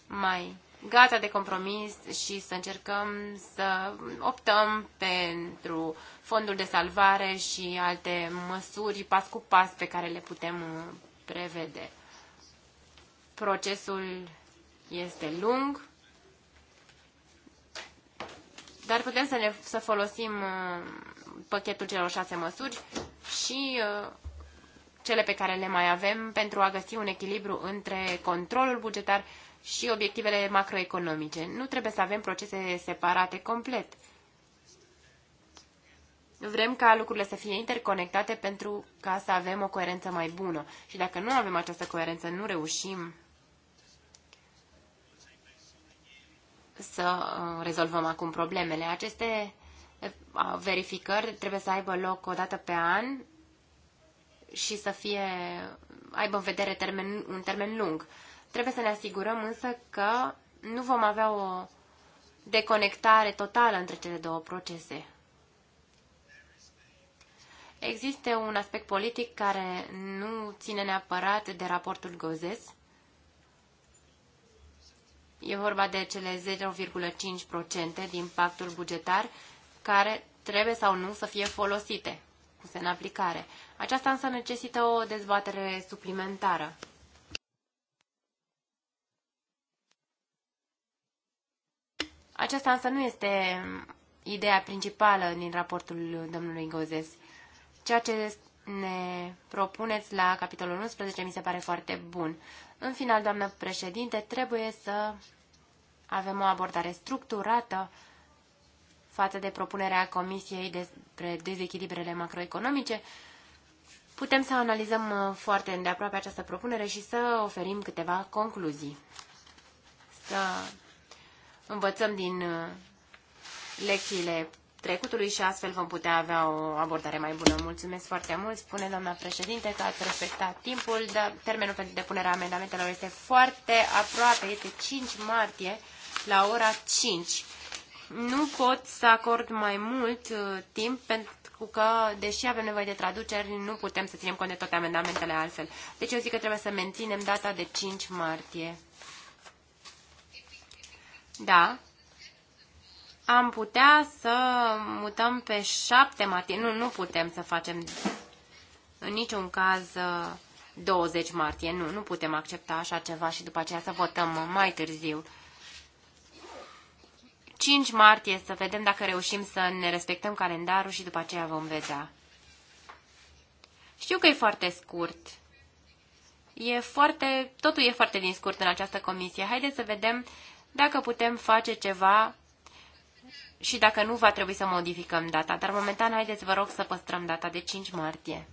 mai gata de compromis și să încercăm să optăm pentru fondul de salvare și alte măsuri pas cu pas pe care le putem uh, prevede. Procesul este lung, dar putem să, ne, să folosim uh, pachetul celor șase măsuri și uh, cele pe care le mai avem pentru a găsi un echilibru între controlul bugetar și obiectivele macroeconomice. Nu trebuie să avem procese separate complet. Vrem ca lucrurile să fie interconectate pentru ca să avem o coerență mai bună. Și dacă nu avem această coerență, nu reușim să uh, rezolvăm acum problemele. Aceste uh, verificări trebuie să aibă loc o dată pe an și să fie, aibă în vedere termen, un termen lung. Trebuie să ne asigurăm însă că nu vom avea o deconectare totală între cele două procese. Există un aspect politic care nu ține neapărat de raportul Gozes. E vorba de cele 0,5% din pactul bugetar care trebuie sau nu să fie folosite, puse în aplicare. Aceasta însă necesită o dezbatere suplimentară. Aceasta însă nu este ideea principală din raportul domnului Gozes. Ceea ce ne propuneți la capitolul 11 mi se pare foarte bun. În final, doamnă președinte, trebuie să avem o abordare structurată față de propunerea Comisiei despre dezechilibrele macroeconomice putem să analizăm uh, foarte îndeaproape această propunere și să oferim câteva concluzii. Să învățăm din uh, lecțiile trecutului și astfel vom putea avea o abordare mai bună. Mulțumesc foarte mult, spune doamna președinte, că ați respectat timpul, dar termenul pentru depunerea amendamentelor este foarte aproape, este 5 martie la ora 5. Nu pot să acord mai mult uh, timp pentru cu că, deși avem nevoie de traduceri, nu putem să ținem cont de toate amendamentele altfel. Deci eu zic că trebuie să menținem data de 5 martie. Da. Am putea să mutăm pe 7 martie. Nu, nu putem să facem în niciun caz 20 martie. Nu, nu putem accepta așa ceva și după aceea să votăm mai târziu. 5 martie să vedem dacă reușim să ne respectăm calendarul și după aceea vom vedea. Știu că e foarte scurt. E foarte, totul e foarte din scurt în această comisie. Haideți să vedem dacă putem face ceva și dacă nu, va trebui să modificăm data. Dar momentan, haideți, vă rog, să păstrăm data de 5 martie.